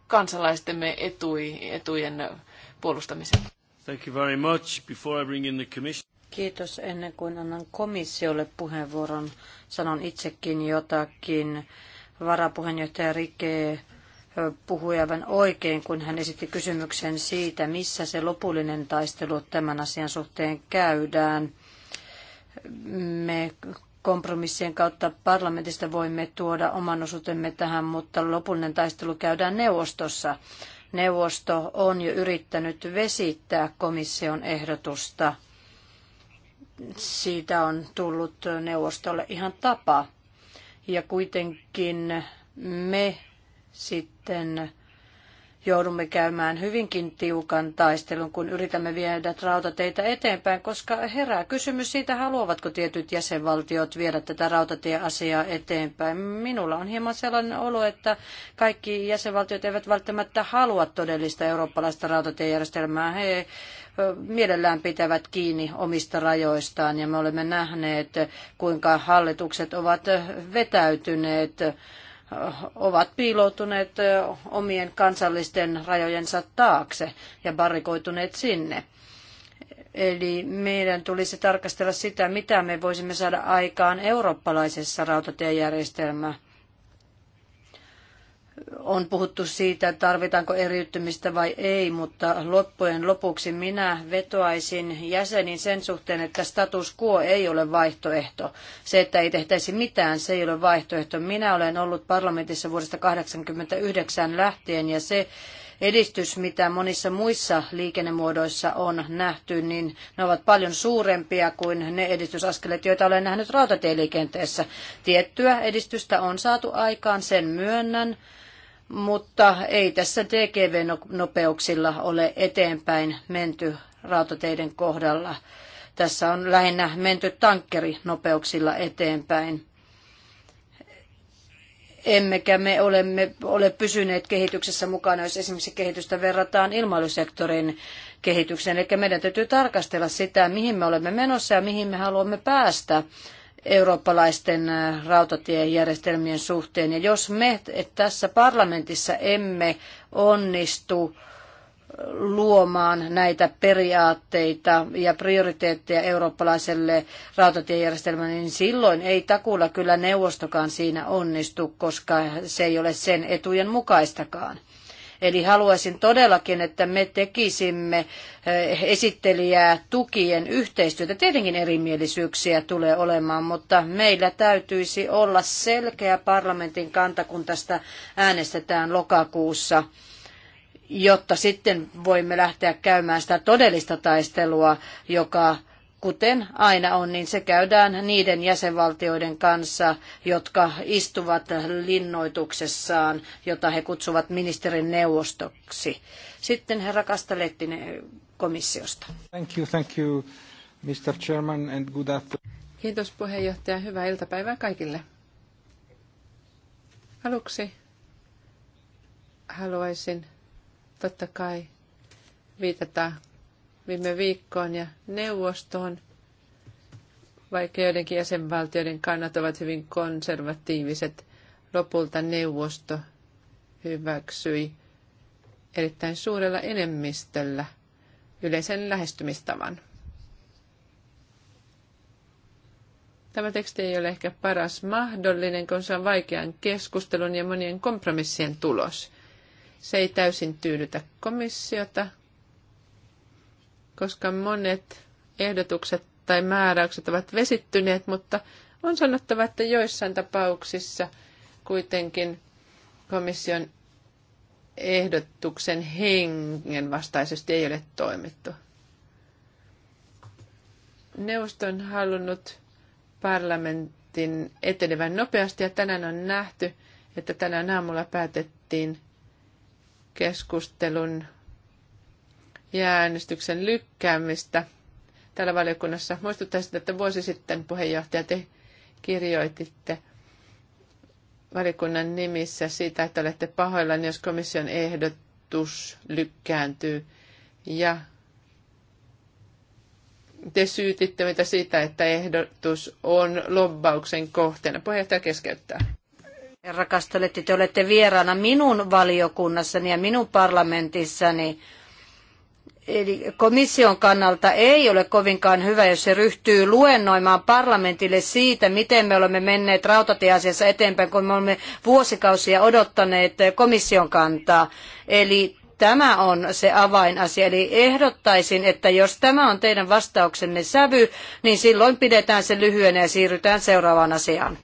kansalaistemme etui, etujen puolustamisen. Thank you very much. Before I bring in the commission... Kiitos. Ennen kuin annan komissiolle puheenvuoron, sanon itsekin jotakin. Varapuheenjohtaja Rike puhui aivan oikein, kun hän esitti kysymyksen siitä, missä se lopullinen taistelu tämän asian suhteen käydään. Me kompromissien kautta parlamentista voimme tuoda oman osuutemme tähän, mutta lopullinen taistelu käydään neuvostossa. Neuvosto on jo yrittänyt vesittää komission ehdotusta. Siitä on tullut neuvostolle ihan tapa. Ja kuitenkin me sitten joudumme käymään hyvinkin tiukan taistelun, kun yritämme viedä rautateitä eteenpäin, koska herää kysymys siitä, haluavatko tietyt jäsenvaltiot viedä tätä rautatieasiaa eteenpäin. Minulla on hieman sellainen olo, että kaikki jäsenvaltiot eivät välttämättä halua todellista eurooppalaista rautatiejärjestelmää. He mielellään pitävät kiinni omista rajoistaan ja me olemme nähneet, kuinka hallitukset ovat vetäytyneet ovat piiloutuneet omien kansallisten rajojensa taakse ja barrikoituneet sinne. Eli meidän tulisi tarkastella sitä, mitä me voisimme saada aikaan eurooppalaisessa rautatiejärjestelmässä on puhuttu siitä, tarvitaanko eriyttämistä vai ei, mutta loppujen lopuksi minä vetoaisin jäsenin sen suhteen, että status quo ei ole vaihtoehto. Se, että ei tehtäisi mitään, se ei ole vaihtoehto. Minä olen ollut parlamentissa vuodesta 1989 lähtien ja se edistys, mitä monissa muissa liikennemuodoissa on nähty, niin ne ovat paljon suurempia kuin ne edistysaskeleet, joita olen nähnyt rautatieliikenteessä. Tiettyä edistystä on saatu aikaan, sen myönnän mutta ei tässä DGV-nopeuksilla ole eteenpäin menty rautateiden kohdalla. Tässä on lähinnä menty tankkerinopeuksilla eteenpäin. Emmekä me olemme, ole pysyneet kehityksessä mukana, jos esimerkiksi kehitystä verrataan ilmailusektorin kehitykseen. Eli meidän täytyy tarkastella sitä, mihin me olemme menossa ja mihin me haluamme päästä eurooppalaisten äh, rautatiejärjestelmien suhteen. Ja jos me tässä parlamentissa emme onnistu äh, luomaan näitä periaatteita ja prioriteetteja eurooppalaiselle rautatiejärjestelmälle, niin silloin ei takuulla kyllä neuvostokaan siinä onnistu, koska se ei ole sen etujen mukaistakaan. Eli haluaisin todellakin, että me tekisimme eh, esittelijää tukien yhteistyötä. Tietenkin erimielisyyksiä tulee olemaan, mutta meillä täytyisi olla selkeä parlamentin kanta, kun tästä äänestetään lokakuussa jotta sitten voimme lähteä käymään sitä todellista taistelua, joka kuten aina on, niin se käydään niiden jäsenvaltioiden kanssa, jotka istuvat linnoituksessaan, jota he kutsuvat ministerin neuvostoksi. Sitten herra Kastalettinen komissiosta. Thank you, thank you, Mr. Chairman, and good afternoon. Kiitos puheenjohtaja. Hyvää iltapäivää kaikille. Aluksi haluaisin totta kai viitata viime viikkoon ja neuvostoon, vaikka joidenkin jäsenvaltioiden kannat ovat hyvin konservatiiviset. Lopulta neuvosto hyväksyi erittäin suurella enemmistöllä yleisen lähestymistavan. Tämä teksti ei ole ehkä paras mahdollinen, kun se on vaikean keskustelun ja monien kompromissien tulos. Se ei täysin tyydytä komissiota, koska monet ehdotukset tai määräykset ovat vesittyneet, mutta on sanottava, että joissain tapauksissa kuitenkin komission ehdotuksen hengen vastaisesti ei ole toimittu. Neuvosto on halunnut parlamentin etenevän nopeasti ja tänään on nähty, että tänään aamulla päätettiin keskustelun ja äänestyksen lykkäämistä täällä valiokunnassa. Muistuttaisin, että vuosi sitten puheenjohtaja te kirjoititte valiokunnan nimissä siitä, että olette pahoillanne, jos komission ehdotus lykkääntyy. Ja te syytitte mitä siitä, että ehdotus on lobbauksen kohteena. Puheenjohtaja keskeyttää. Rakastelette, te olette vieraana minun valiokunnassani ja minun parlamentissani. Eli komission kannalta ei ole kovinkaan hyvä, jos se ryhtyy luennoimaan parlamentille siitä, miten me olemme menneet rautatieasiassa eteenpäin, kun me olemme vuosikausia odottaneet komission kantaa. Eli tämä on se avainasia. Eli ehdottaisin, että jos tämä on teidän vastauksenne sävy, niin silloin pidetään se lyhyenä ja siirrytään seuraavaan asiaan.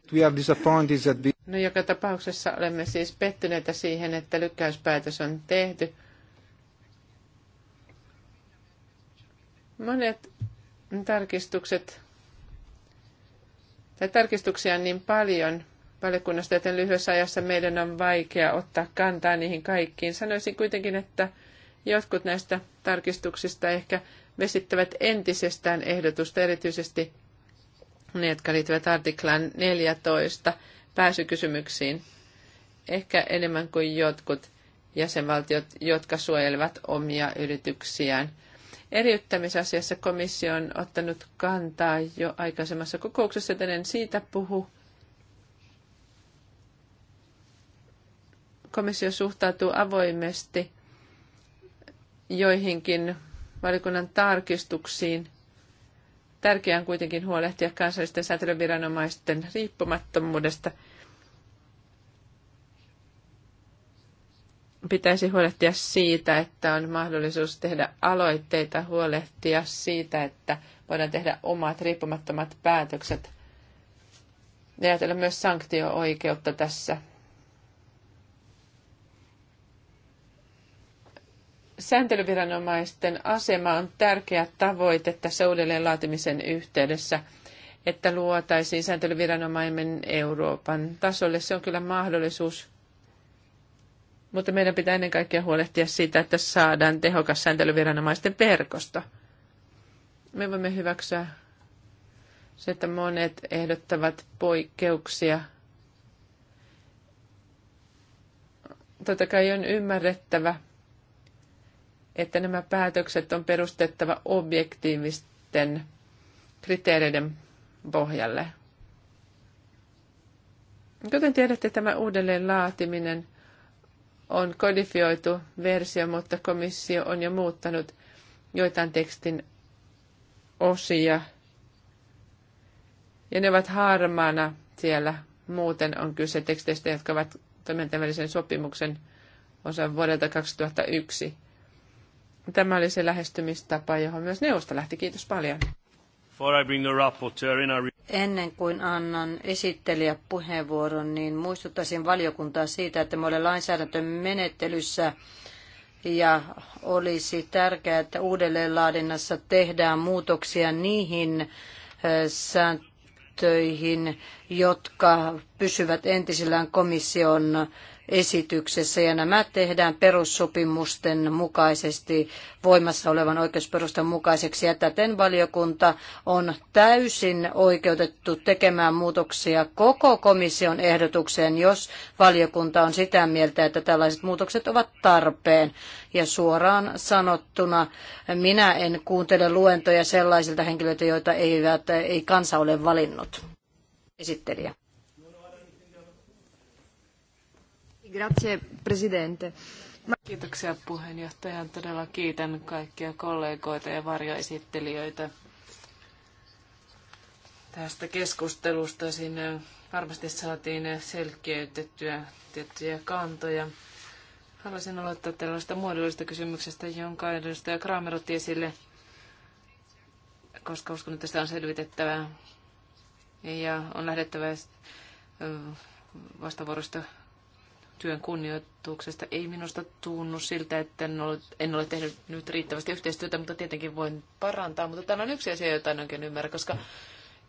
No joka tapauksessa olemme siis pettyneitä siihen, että lykkäyspäätös on tehty Monet tarkistukset tai tarkistuksia on niin paljon valiokunnasta, joten lyhyessä ajassa meidän on vaikea ottaa kantaa niihin kaikkiin. Sanoisin kuitenkin, että jotkut näistä tarkistuksista ehkä vesittävät entisestään ehdotusta, erityisesti ne, jotka liittyvät artiklaan 14 pääsykysymyksiin, ehkä enemmän kuin jotkut jäsenvaltiot, jotka suojelevat omia yrityksiään – eriyttämisasiassa komissio on ottanut kantaa jo aikaisemmassa kokouksessa, joten en siitä puhu. Komissio suhtautuu avoimesti joihinkin valikunnan tarkistuksiin. Tärkeää on kuitenkin huolehtia kansallisten säätelyviranomaisten riippumattomuudesta – pitäisi huolehtia siitä, että on mahdollisuus tehdä aloitteita, huolehtia siitä, että voidaan tehdä omat riippumattomat päätökset. Ja ajatella myös sanktio-oikeutta tässä. Sääntelyviranomaisten asema on tärkeä tavoite tässä uudelleen laatimisen yhteydessä, että luotaisiin sääntelyviranomaimen Euroopan tasolle. Se on kyllä mahdollisuus mutta meidän pitää ennen kaikkea huolehtia siitä, että saadaan tehokas sääntelyviranomaisten verkosto. Me voimme hyväksyä se, että monet ehdottavat poikkeuksia. Totta kai on ymmärrettävä, että nämä päätökset on perustettava objektiivisten kriteereiden pohjalle. Kuten tiedätte, tämä uudelleen laatiminen on kodifioitu versio, mutta komissio on jo muuttanut joitain tekstin osia. Ja ne ovat harmaana siellä. Muuten on kyse teksteistä, jotka ovat toimintavälisen sopimuksen osa vuodelta 2001. Tämä oli se lähestymistapa, johon myös neuvosto lähti. Kiitos paljon. Ennen kuin annan esittelijäpuheenvuoron, niin muistuttaisin valiokuntaa siitä, että me olemme lainsäädäntömenettelyssä ja olisi tärkeää, että uudelleenlaadinnassa tehdään muutoksia niihin sääntöihin, jotka pysyvät entisellään komission esityksessä ja nämä tehdään perussopimusten mukaisesti voimassa olevan oikeusperustan mukaiseksi ja täten valiokunta on täysin oikeutettu tekemään muutoksia koko komission ehdotukseen, jos valiokunta on sitä mieltä, että tällaiset muutokset ovat tarpeen. Ja suoraan sanottuna minä en kuuntele luentoja sellaisilta henkilöiltä, joita ei kansa ole valinnut. Esittelijä. Grazie, presidente. Kiitoksia puheenjohtaja. Todella kiitän kaikkia kollegoita ja varjoesittelijöitä tästä keskustelusta. Siinä varmasti saatiin selkeytettyä tiettyjä kantoja. Haluaisin aloittaa tällaista muodollisesta kysymyksestä, jonka edustaja Kramer otti esille, koska uskon, että sitä on selvitettävää ja on lähdettävä vastavuorosta työn kunnioituksesta. Ei minusta tunnu siltä, että en ole, en ole tehnyt nyt riittävästi yhteistyötä, mutta tietenkin voin parantaa. Mutta täällä on yksi asia, jota en oikein ymmärrä, koska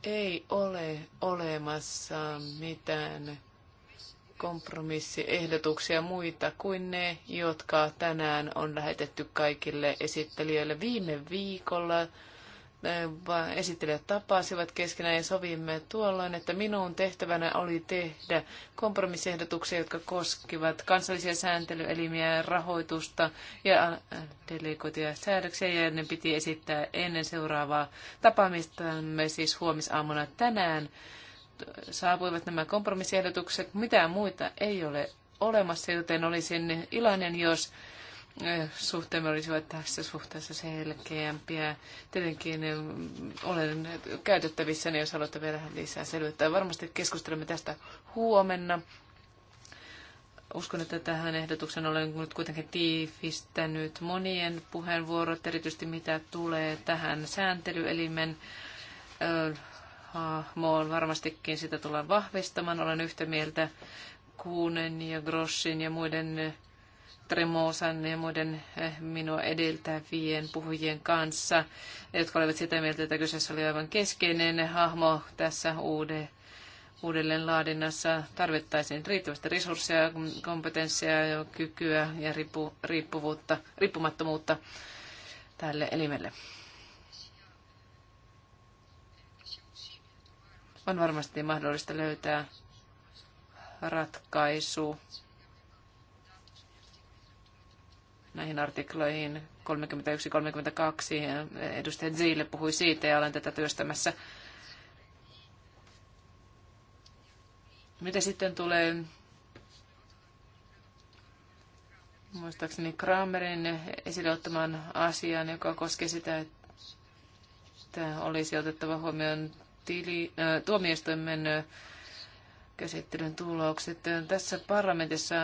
ei ole olemassa mitään kompromissiehdotuksia muita kuin ne, jotka tänään on lähetetty kaikille esittelijöille viime viikolla Äh, esittelijät tapasivat keskenään ja sovimme tuolloin, että minun tehtävänä oli tehdä kompromissiehdotuksia, jotka koskivat kansallisia sääntelyelimiä, rahoitusta ja äh, delegoituja säädöksiä, ja ne piti esittää ennen seuraavaa tapaamistamme, siis huomisaamuna tänään saapuivat nämä kompromissiehdotukset. Mitään muita ei ole olemassa, joten olisin iloinen, jos Eh, suhteemme olisivat tässä suhteessa selkeämpiä. Tietenkin eh, olen käytettävissä, niin jos haluatte vielä lisää selvittää. Varmasti keskustelemme tästä huomenna. Uskon, että tähän ehdotuksen olen nyt kuitenkin tiivistänyt monien puheenvuorot, erityisesti mitä tulee tähän sääntelyelimen eh, hahmoon. Varmastikin sitä tullaan vahvistamaan. Olen yhtä mieltä Kuunen ja Grossin ja muiden Tremosan ja muiden eh, minua edeltävien puhujien kanssa, jotka olivat sitä mieltä, että kyseessä oli aivan keskeinen hahmo tässä uuden uudelleen laadinnassa tarvittaisiin riittävästi resursseja, kompetenssia, ja kykyä ja riippu, riippuvuutta, riippumattomuutta tälle elimelle. On varmasti mahdollista löytää ratkaisu näihin artikloihin 31-32. Edustaja Zille puhui siitä ja olen tätä työstämässä. Mitä sitten tulee muistaakseni Kramerin esille ottamaan asian, joka koskee sitä, että olisi otettava huomioon tili, äh, tuomioistuimen käsittelyn tulokset. Tässä parlamentissa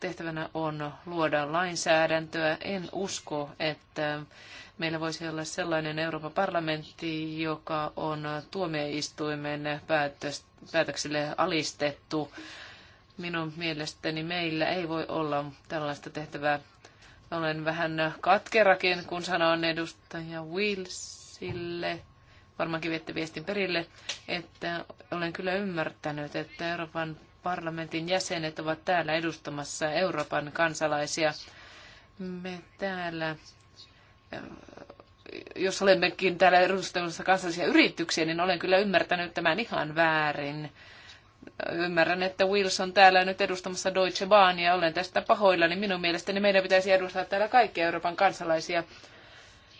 tehtävänä on luoda lainsäädäntöä. En usko, että meillä voisi olla sellainen Euroopan parlamentti, joka on tuomioistuimen päätöksille alistettu. Minun mielestäni meillä ei voi olla tällaista tehtävää. Olen vähän katkerakin, kun sanon edustaja Wilsille varmaankin viette viestin perille, että olen kyllä ymmärtänyt, että Euroopan parlamentin jäsenet ovat täällä edustamassa Euroopan kansalaisia. Me täällä, jos olemmekin täällä edustamassa kansallisia yrityksiä, niin olen kyllä ymmärtänyt tämän ihan väärin. Ymmärrän, että Wilson täällä nyt edustamassa Deutsche Bahnia, olen tästä pahoillani. Minun mielestäni meidän pitäisi edustaa täällä kaikkia Euroopan kansalaisia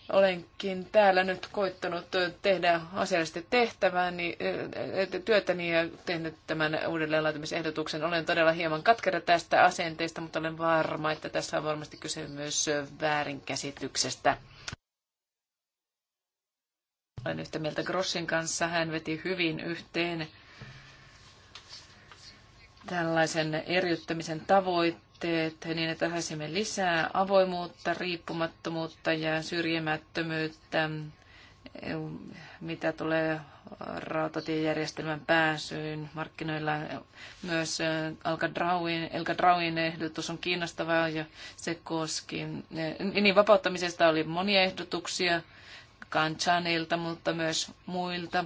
olenkin täällä nyt koittanut tehdä asiallisesti tehtäväni, eh, eh, työtäni ja tehnyt tämän uudelleenlaatimisehdotuksen. Olen todella hieman katkera tästä asenteesta, mutta olen varma, että tässä on varmasti kyse myös väärinkäsityksestä. Olen yhtä mieltä Grossin kanssa. Hän veti hyvin yhteen tällaisen eriyttämisen tavoitteen teet niin, että haisimme lisää avoimuutta, riippumattomuutta ja syrjimättömyyttä, eh, mitä tulee rautatiejärjestelmän pääsyyn markkinoilla. Myös eh, Drawin ehdotus on kiinnostavaa ja se koski. Eh, niin vapauttamisesta oli monia ehdotuksia Kanchanilta, mutta myös muilta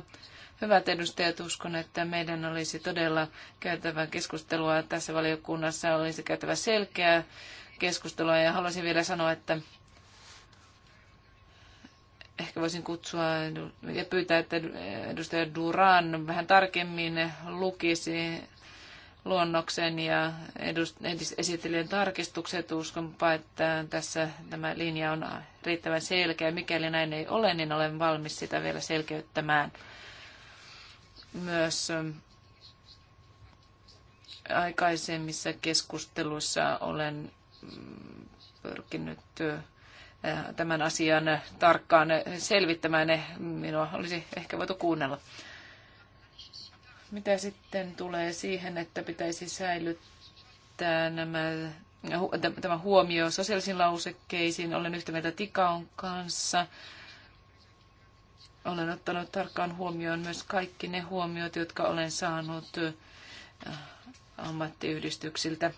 Hyvät edustajat, uskon, että meidän olisi todella käytävä keskustelua tässä valiokunnassa, olisi käytävä selkeää keskustelua ja haluaisin vielä sanoa, että ehkä voisin kutsua ja pyytää, että edustaja Duran vähän tarkemmin lukisi luonnoksen ja edust- esittelijän tarkistukset. Uskonpa, että tässä tämä linja on riittävän selkeä. Mikäli näin ei ole, niin olen valmis sitä vielä selkeyttämään myös ähm, aikaisemmissa keskusteluissa olen mm, pyrkinyt äh, tämän asian tarkkaan selvittämään. Minua olisi ehkä voitu kuunnella. Mitä sitten tulee siihen, että pitäisi säilyttää nämä, tämä huomio sosiaalisiin lausekkeisiin? Olen yhtä mieltä Tikaon kanssa. Olen ottanut tarkkaan huomioon myös kaikki ne huomiot, jotka olen saanut äh, ammattiyhdistyksiltä.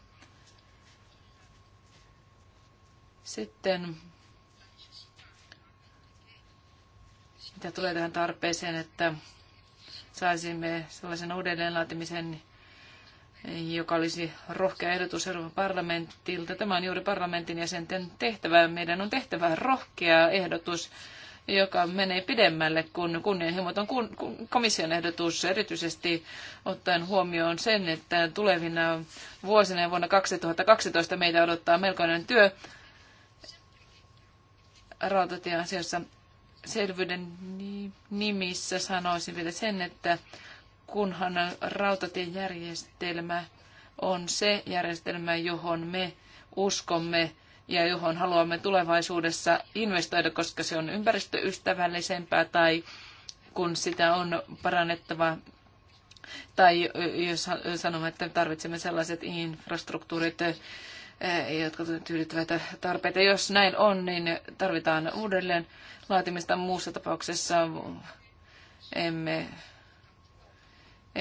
Sitten mitä tulee tähän tarpeeseen, että saisimme sellaisen uudelleenlaatimisen, joka olisi rohkea ehdotus Euroopan parlamentilta. Tämä on juuri parlamentin jäsenten tehtävä. Meidän on tehtävä rohkea ehdotus joka menee pidemmälle kuin kunnianhimoton kun, kun, komission ehdotus, erityisesti ottaen huomioon sen, että tulevina vuosina ja vuonna 2012 meitä odottaa melkoinen työ rautatieasiassa selvyyden nimissä sanoisin vielä sen, että kunhan rautatiejärjestelmä on se järjestelmä, johon me uskomme, ja johon haluamme tulevaisuudessa investoida, koska se on ympäristöystävällisempää tai kun sitä on parannettava tai jos sanomme, että tarvitsemme sellaiset infrastruktuurit, jotka tyydyttävät tarpeita. Jos näin on, niin tarvitaan uudelleen laatimista muussa tapauksessa. Emme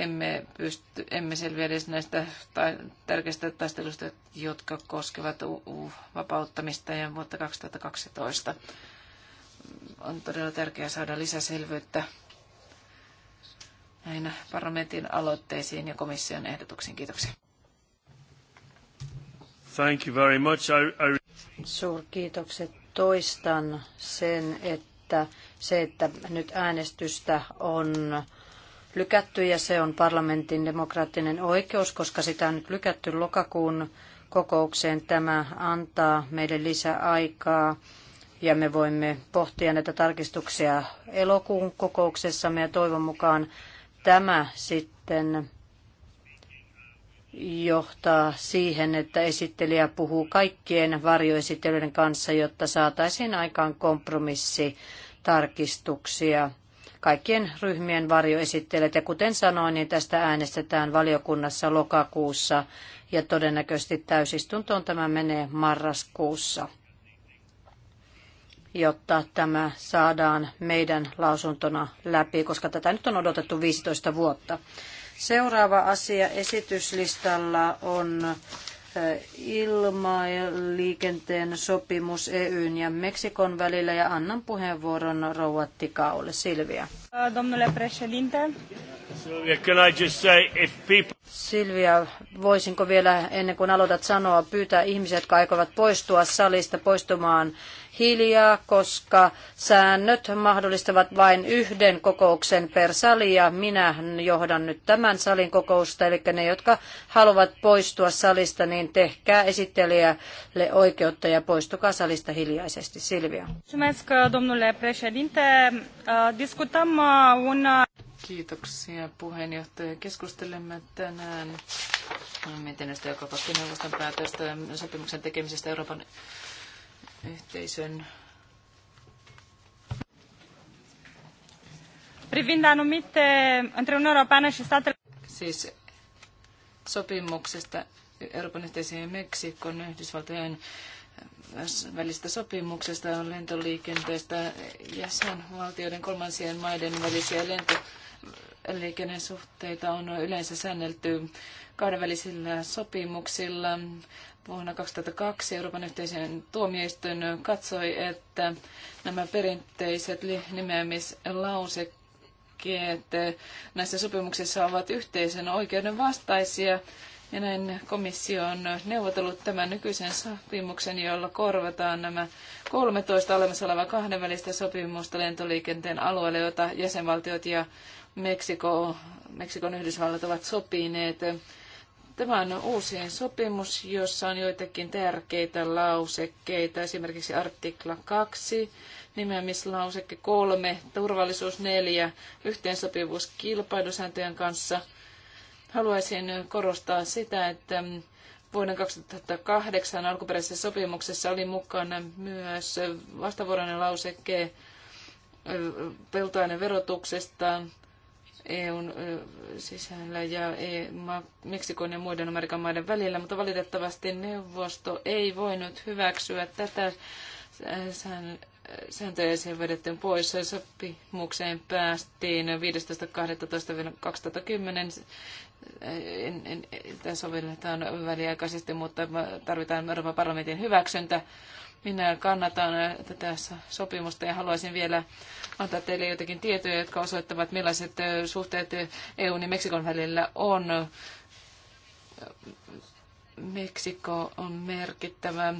emme, pysty, emme selviä edes näistä ta- tärkeistä taisteluista, jotka koskevat vapauttamista ja vuotta 2012. On todella tärkeää saada lisäselvyyttä näihin parlamentin aloitteisiin ja komission ehdotuksiin. Kiitoksia. Thank you very much. I, I... Suurkiitokset. Toistan sen, että se, että nyt äänestystä on lykätty ja se on parlamentin demokraattinen oikeus, koska sitä on nyt lykätty lokakuun kokoukseen. Tämä antaa meille lisäaikaa ja me voimme pohtia näitä tarkistuksia elokuun kokouksessa ja toivon mukaan tämä sitten johtaa siihen, että esittelijä puhuu kaikkien varjoesittelyiden kanssa, jotta saataisiin aikaan kompromissi tarkistuksia kaikkien ryhmien varjoesittelijät. Ja kuten sanoin, niin tästä äänestetään valiokunnassa lokakuussa ja todennäköisesti täysistuntoon tämä menee marraskuussa, jotta tämä saadaan meidän lausuntona läpi, koska tätä nyt on odotettu 15 vuotta. Seuraava asia esityslistalla on ilmaliikenteen sopimus EUn ja Meksikon välillä ja annan puheenvuoron rouva Tikaulle. Silvia. Domnule președinte. Silvia, can I just say if people... Silvia, voisinko vielä ennen kuin aloitat sanoa, pyytää ihmiset jotka aikovat poistua salista poistumaan hiljaa, koska säännöt mahdollistavat vain yhden kokouksen per sali ja minä johdan nyt tämän salin kokousta, eli ne, jotka haluavat poistua salista, niin tehkää esittelijälle oikeutta ja poistukaa salista hiljaisesti. Silvia. Mulțumesc, domnule președinte. Discutăm uh, Kiitoksia puheenjohtaja. Keskustelemme tänään mietinnöstä, joka koski neuvoston päätöstä sopimuksen tekemisestä Euroopan yhteisön privind anumite între Uniunea Europeană Siis sopimuksesta Euroopan yhteisön ja Meksikon Yhdysvaltojen välistä sopimuksesta on lentoliikenteestä jäsenvaltioiden kolmansien maiden välisiä lentoja liikennesuhteita on yleensä säännelty kahdenvälisillä sopimuksilla. Vuonna 2002 Euroopan yhteisön tuomioistuin katsoi, että nämä perinteiset nimeämislausekkeet näissä sopimuksissa ovat yhteisen oikeuden vastaisia. Ja näin komissio on neuvotellut tämän nykyisen sopimuksen, jolla korvataan nämä 13 olemassa olevaa kahdenvälistä sopimusta lentoliikenteen alueelle, jota jäsenvaltiot ja Meksiko, Meksikon Yhdysvallat ovat sopineet. Tämä on uusi sopimus, jossa on joitakin tärkeitä lausekkeita, esimerkiksi artikla 2, nimeämislauseke 3, turvallisuus 4, yhteensopivuus kilpailusääntöjen kanssa. Haluaisin korostaa sitä, että vuoden 2008 alkuperäisessä sopimuksessa oli mukana myös vastavuoroinen lauseke peltoaineverotuksesta verotuksesta, EUn sisällä ja e, Meksikon ja muiden Amerikan maiden välillä, mutta valitettavasti neuvosto ei voinut hyväksyä tätä sääntöjä ja vedettiin pois. Sopimukseen päästiin 15.12.2010. Tämä sovelletaan väliaikaisesti, mutta tarvitaan Euroopan parlamentin hyväksyntä. Minä kannatan tätä sopimusta ja haluaisin vielä antaa teille jotakin tietoja, jotka osoittavat, millaiset suhteet EU ja niin Meksikon välillä on. Meksiko on merkittävä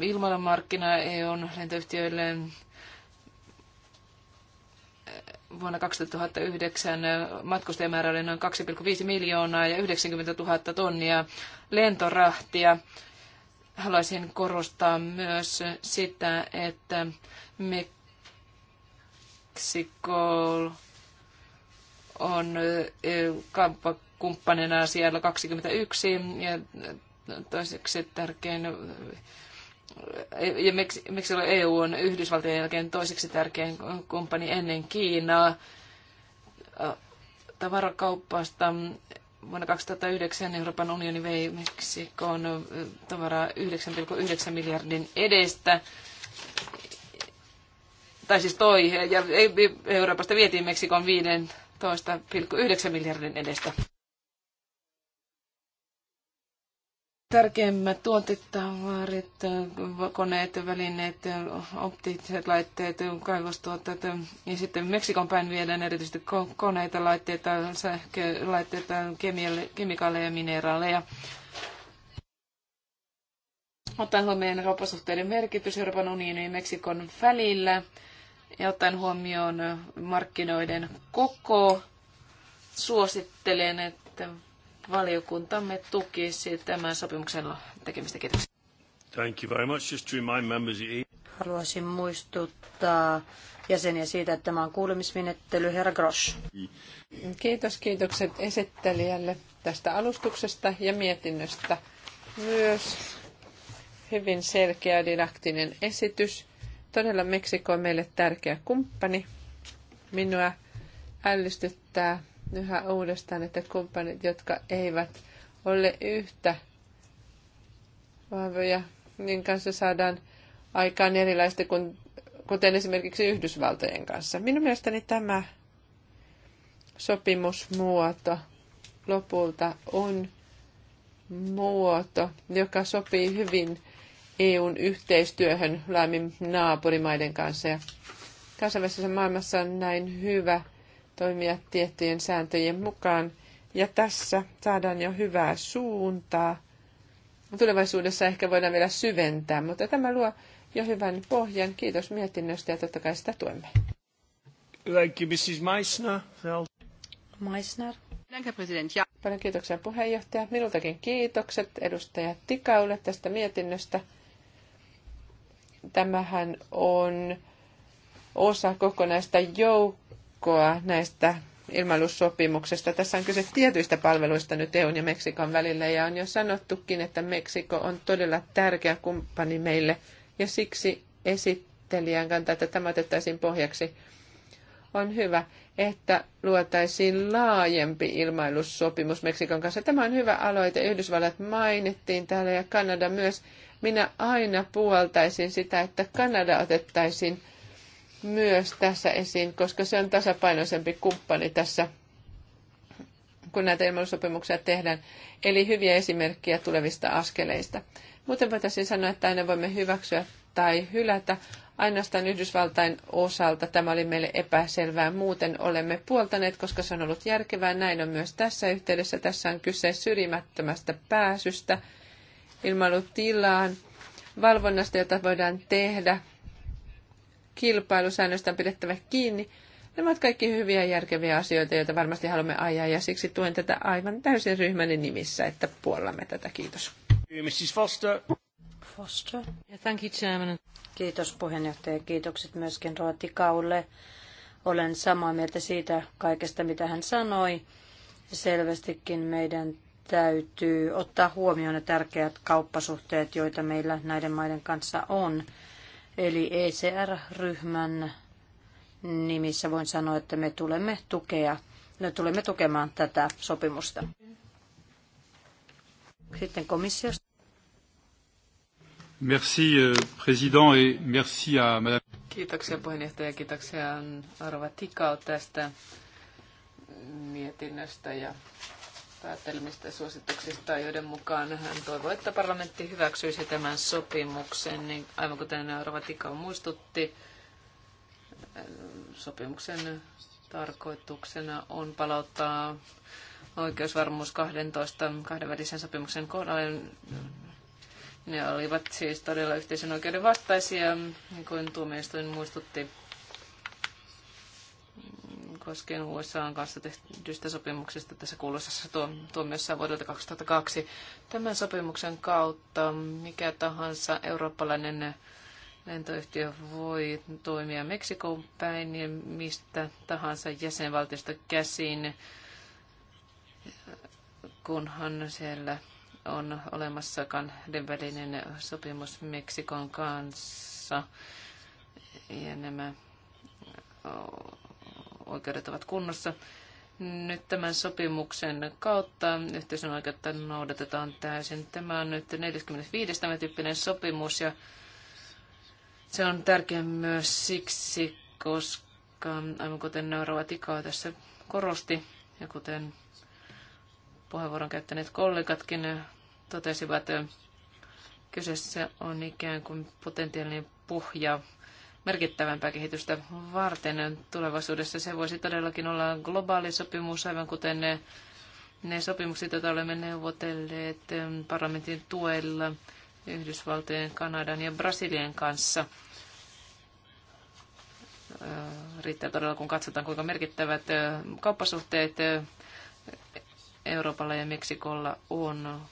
ilmailumarkkina EUn lentoyhtiöille vuonna 2009 matkustajamäärä oli noin 2,5 miljoonaa ja 90 000 tonnia lentorahtia. Haluaisin korostaa myös sitä, että Meksiko on kauppakumppanina siellä 21 ja toiseksi tärkein ja Meksiko EU on Yhdysvaltojen jälkeen toiseksi tärkein kumppani ennen Kiinaa. Tavarakauppaasta Vuonna 2009 Euroopan unioni vei Meksikoon tavaraa 9,9 miljardin edestä tai siis toi, ja Euroopasta vietiin Meksikon 15,9 miljardin edestä. tärkeimmät tuotetavarit, koneet, välineet, optiset laitteet, kaivostuotteet ja sitten Meksikon päin viedään erityisesti koneita, laitteita, sähkölaitteita, kemikaaleja ja mineraaleja. Ottaen huomioon kauppasuhteiden merkitys Euroopan unionin ja Meksikon välillä ja ottaen huomioon markkinoiden koko, suosittelen, että valiokuntamme tukisi tämän sopimuksen tekemistä. Kiitoksia. Thank you very much. Just to remind members, Haluaisin muistuttaa jäseniä siitä, että tämä on kuulemismenettely. Herra Grosch. Kiitos, kiitokset esittelijälle tästä alustuksesta ja mietinnöstä. Myös hyvin selkeä didaktinen esitys. Todella Meksiko on meille tärkeä kumppani. Minua ällistyttää yhä uudestaan, että kumppanit, jotka eivät ole yhtä vahvoja, niin kanssa saadaan aikaan erilaista kuin kuten esimerkiksi Yhdysvaltojen kanssa. Minun mielestäni tämä sopimusmuoto lopulta on muoto, joka sopii hyvin EUn yhteistyöhön laimin naapurimaiden kanssa. Ja kansainvälisessä maailmassa on näin hyvä toimia tiettyjen sääntöjen mukaan. Ja tässä saadaan jo hyvää suuntaa. Tulevaisuudessa ehkä voidaan vielä syventää, mutta tämä luo jo hyvän pohjan. Kiitos mietinnöstä ja totta kai sitä tuemme. Thank you, Mrs. Meissner. Meissner. Paljon kiitoksia puheenjohtaja. Minultakin kiitokset edustaja Tikaulle tästä mietinnöstä. Tämähän on osa kokonaista joukkoa jatkoa näistä ilmailusopimuksesta. Tässä on kyse tietyistä palveluista nyt EUn ja Meksikon välillä ja on jo sanottukin, että Meksiko on todella tärkeä kumppani meille ja siksi esittelijän kantaa, että tämä otettaisiin pohjaksi. On hyvä, että luotaisiin laajempi ilmailussopimus Meksikon kanssa. Tämä on hyvä aloite. Yhdysvallat mainittiin täällä ja Kanada myös. Minä aina puoltaisin sitä, että Kanada otettaisiin myös tässä esiin, koska se on tasapainoisempi kumppani tässä, kun näitä ilmailusopimuksia tehdään. Eli hyviä esimerkkejä tulevista askeleista. Muuten voitaisiin sanoa, että aina voimme hyväksyä tai hylätä. Ainoastaan Yhdysvaltain osalta tämä oli meille epäselvää. Muuten olemme puoltaneet, koska se on ollut järkevää. Näin on myös tässä yhteydessä. Tässä on kyse syrjimättömästä pääsystä ilmailutilaan, valvonnasta, jota voidaan tehdä kilpailusäännöistä on pidettävä kiinni. Nämä ovat kaikki hyviä ja järkeviä asioita, joita varmasti haluamme ajaa, ja siksi tuen tätä aivan täysin ryhmäni nimissä, että puollamme tätä. Kiitos. Mrs. Foster. Foster. Yeah, thank you, Chairman. Kiitos puheenjohtaja. Kiitokset myöskin Roati Kaulle. Olen samaa mieltä siitä kaikesta, mitä hän sanoi. Selvästikin meidän täytyy ottaa huomioon ne tärkeät kauppasuhteet, joita meillä näiden maiden kanssa on. Eli ECR-ryhmän nimissä voin sanoa, että me tulemme, tukea, me tulemme tukemaan tätä sopimusta. Sitten komissiosta. Merci, euh, président, et merci à madame. Kiitoksia puheenjohtaja, kiitoksia Arva Tikau tästä mietinnöstä ja päätelmistä suosituksista, joiden mukaan hän toivoi, että parlamentti hyväksyisi tämän sopimuksen, niin aivan kuten Rovatika muistutti, sopimuksen tarkoituksena on palauttaa oikeusvarmuus 12 kahdenvälisen sopimuksen kohdalle. Ne olivat siis todella yhteisen oikeuden vastaisia, niin kuin tuomioistuin muistutti koskien on kanssa tehdystä sopimuksesta tässä kuuluisessa tuomiossa vuodelta 2002. Tämän sopimuksen kautta mikä tahansa eurooppalainen lentoyhtiö voi toimia Meksikon päin ja mistä tahansa jäsenvaltiosta käsin, kunhan siellä on olemassa kahdenvälinen sopimus Meksikon kanssa. Ja nämä oikeudet ovat kunnossa. Nyt tämän sopimuksen kautta yhteisön oikeutta noudatetaan täysin. Tämä on nyt 45. Tämä tyyppinen sopimus ja se on tärkeä myös siksi, koska aivan kuten Naurova Tikaa tässä korosti ja kuten puheenvuoron käyttäneet kollegatkin totesivat, kyseessä on ikään kuin potentiaalinen pohja merkittävämpää kehitystä varten. Tulevaisuudessa se voisi todellakin olla globaali sopimus, aivan kuten ne, ne sopimukset, joita olemme neuvotelleet parlamentin tuella Yhdysvaltojen, Kanadan ja Brasilian kanssa. Riittää todella, kun katsotaan, kuinka merkittävät kauppasuhteet Euroopalla ja Meksikolla on.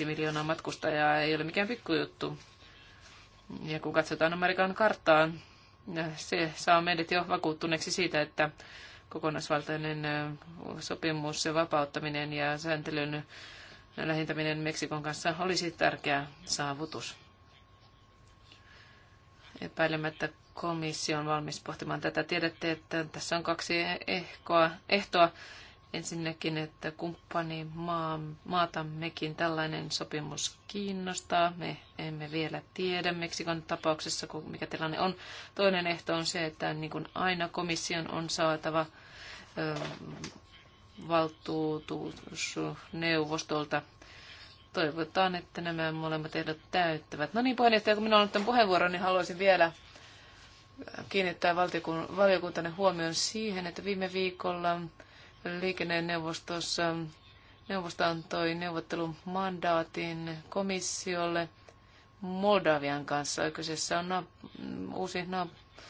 2,5 miljoonaa matkustajaa ei ole mikään pikkujuttu. Ja kun katsotaan Amerikan karttaa, se saa meidät jo vakuuttuneeksi siitä, että kokonaisvaltainen sopimus ja vapauttaminen ja sääntelyn lähintäminen Meksikon kanssa olisi tärkeä saavutus. Epäilemättä komissio on valmis pohtimaan tätä. Tiedätte, että tässä on kaksi ehkoa, ehtoa ensinnäkin, että kumppani maa, maatammekin tällainen sopimus kiinnostaa. Me emme vielä tiedä Meksikon tapauksessa, mikä tilanne on. Toinen ehto on se, että niin kuin aina komission on saatava ö, valtuutus neuvostolta. Toivotaan, että nämä molemmat ehdot täyttävät. No niin, puheenjohtaja, kun minä olen tämän puheenvuoron, niin haluaisin vielä kiinnittää valiokuntanne huomioon siihen, että viime viikolla liikenneneuvostossa neuvosto antoi neuvottelumandaatin komissiolle Moldavian kanssa. Kyseessä on naap- uusi, naap-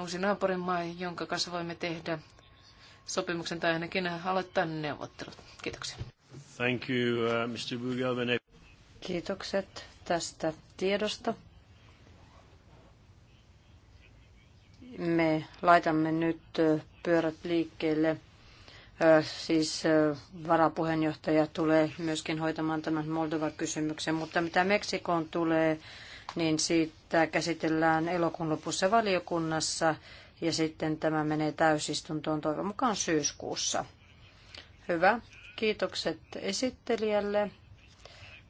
uusi naapurimaa, jonka kanssa voimme tehdä sopimuksen tai ainakin aloittaa neuvottelut. Kiitoksia. Thank you, uh, Mr. Bugelman. Kiitokset tästä tiedosta. Me laitamme nyt uh, pyörät liikkeelle siis varapuheenjohtaja tulee myöskin hoitamaan tämän Moldova-kysymyksen, mutta mitä Meksikoon tulee, niin siitä käsitellään elokuun lopussa valiokunnassa ja sitten tämä menee täysistuntoon toivon mukaan syyskuussa. Hyvä. Kiitokset esittelijälle.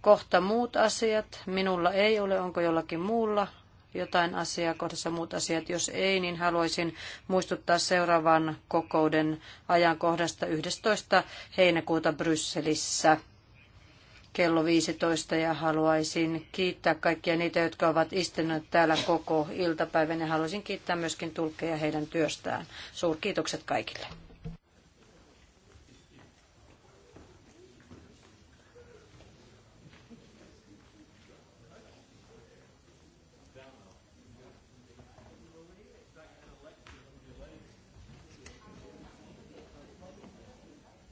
Kohta muut asiat. Minulla ei ole. Onko jollakin muulla jotain asiaa kohdassa muut asiat. Jos ei, niin haluaisin muistuttaa seuraavan kokouden ajankohdasta 11. heinäkuuta Brysselissä kello 15 ja haluaisin kiittää kaikkia niitä, jotka ovat istuneet täällä koko iltapäivän ja haluaisin kiittää myöskin tulkkeja heidän työstään. Suurkiitokset kaikille.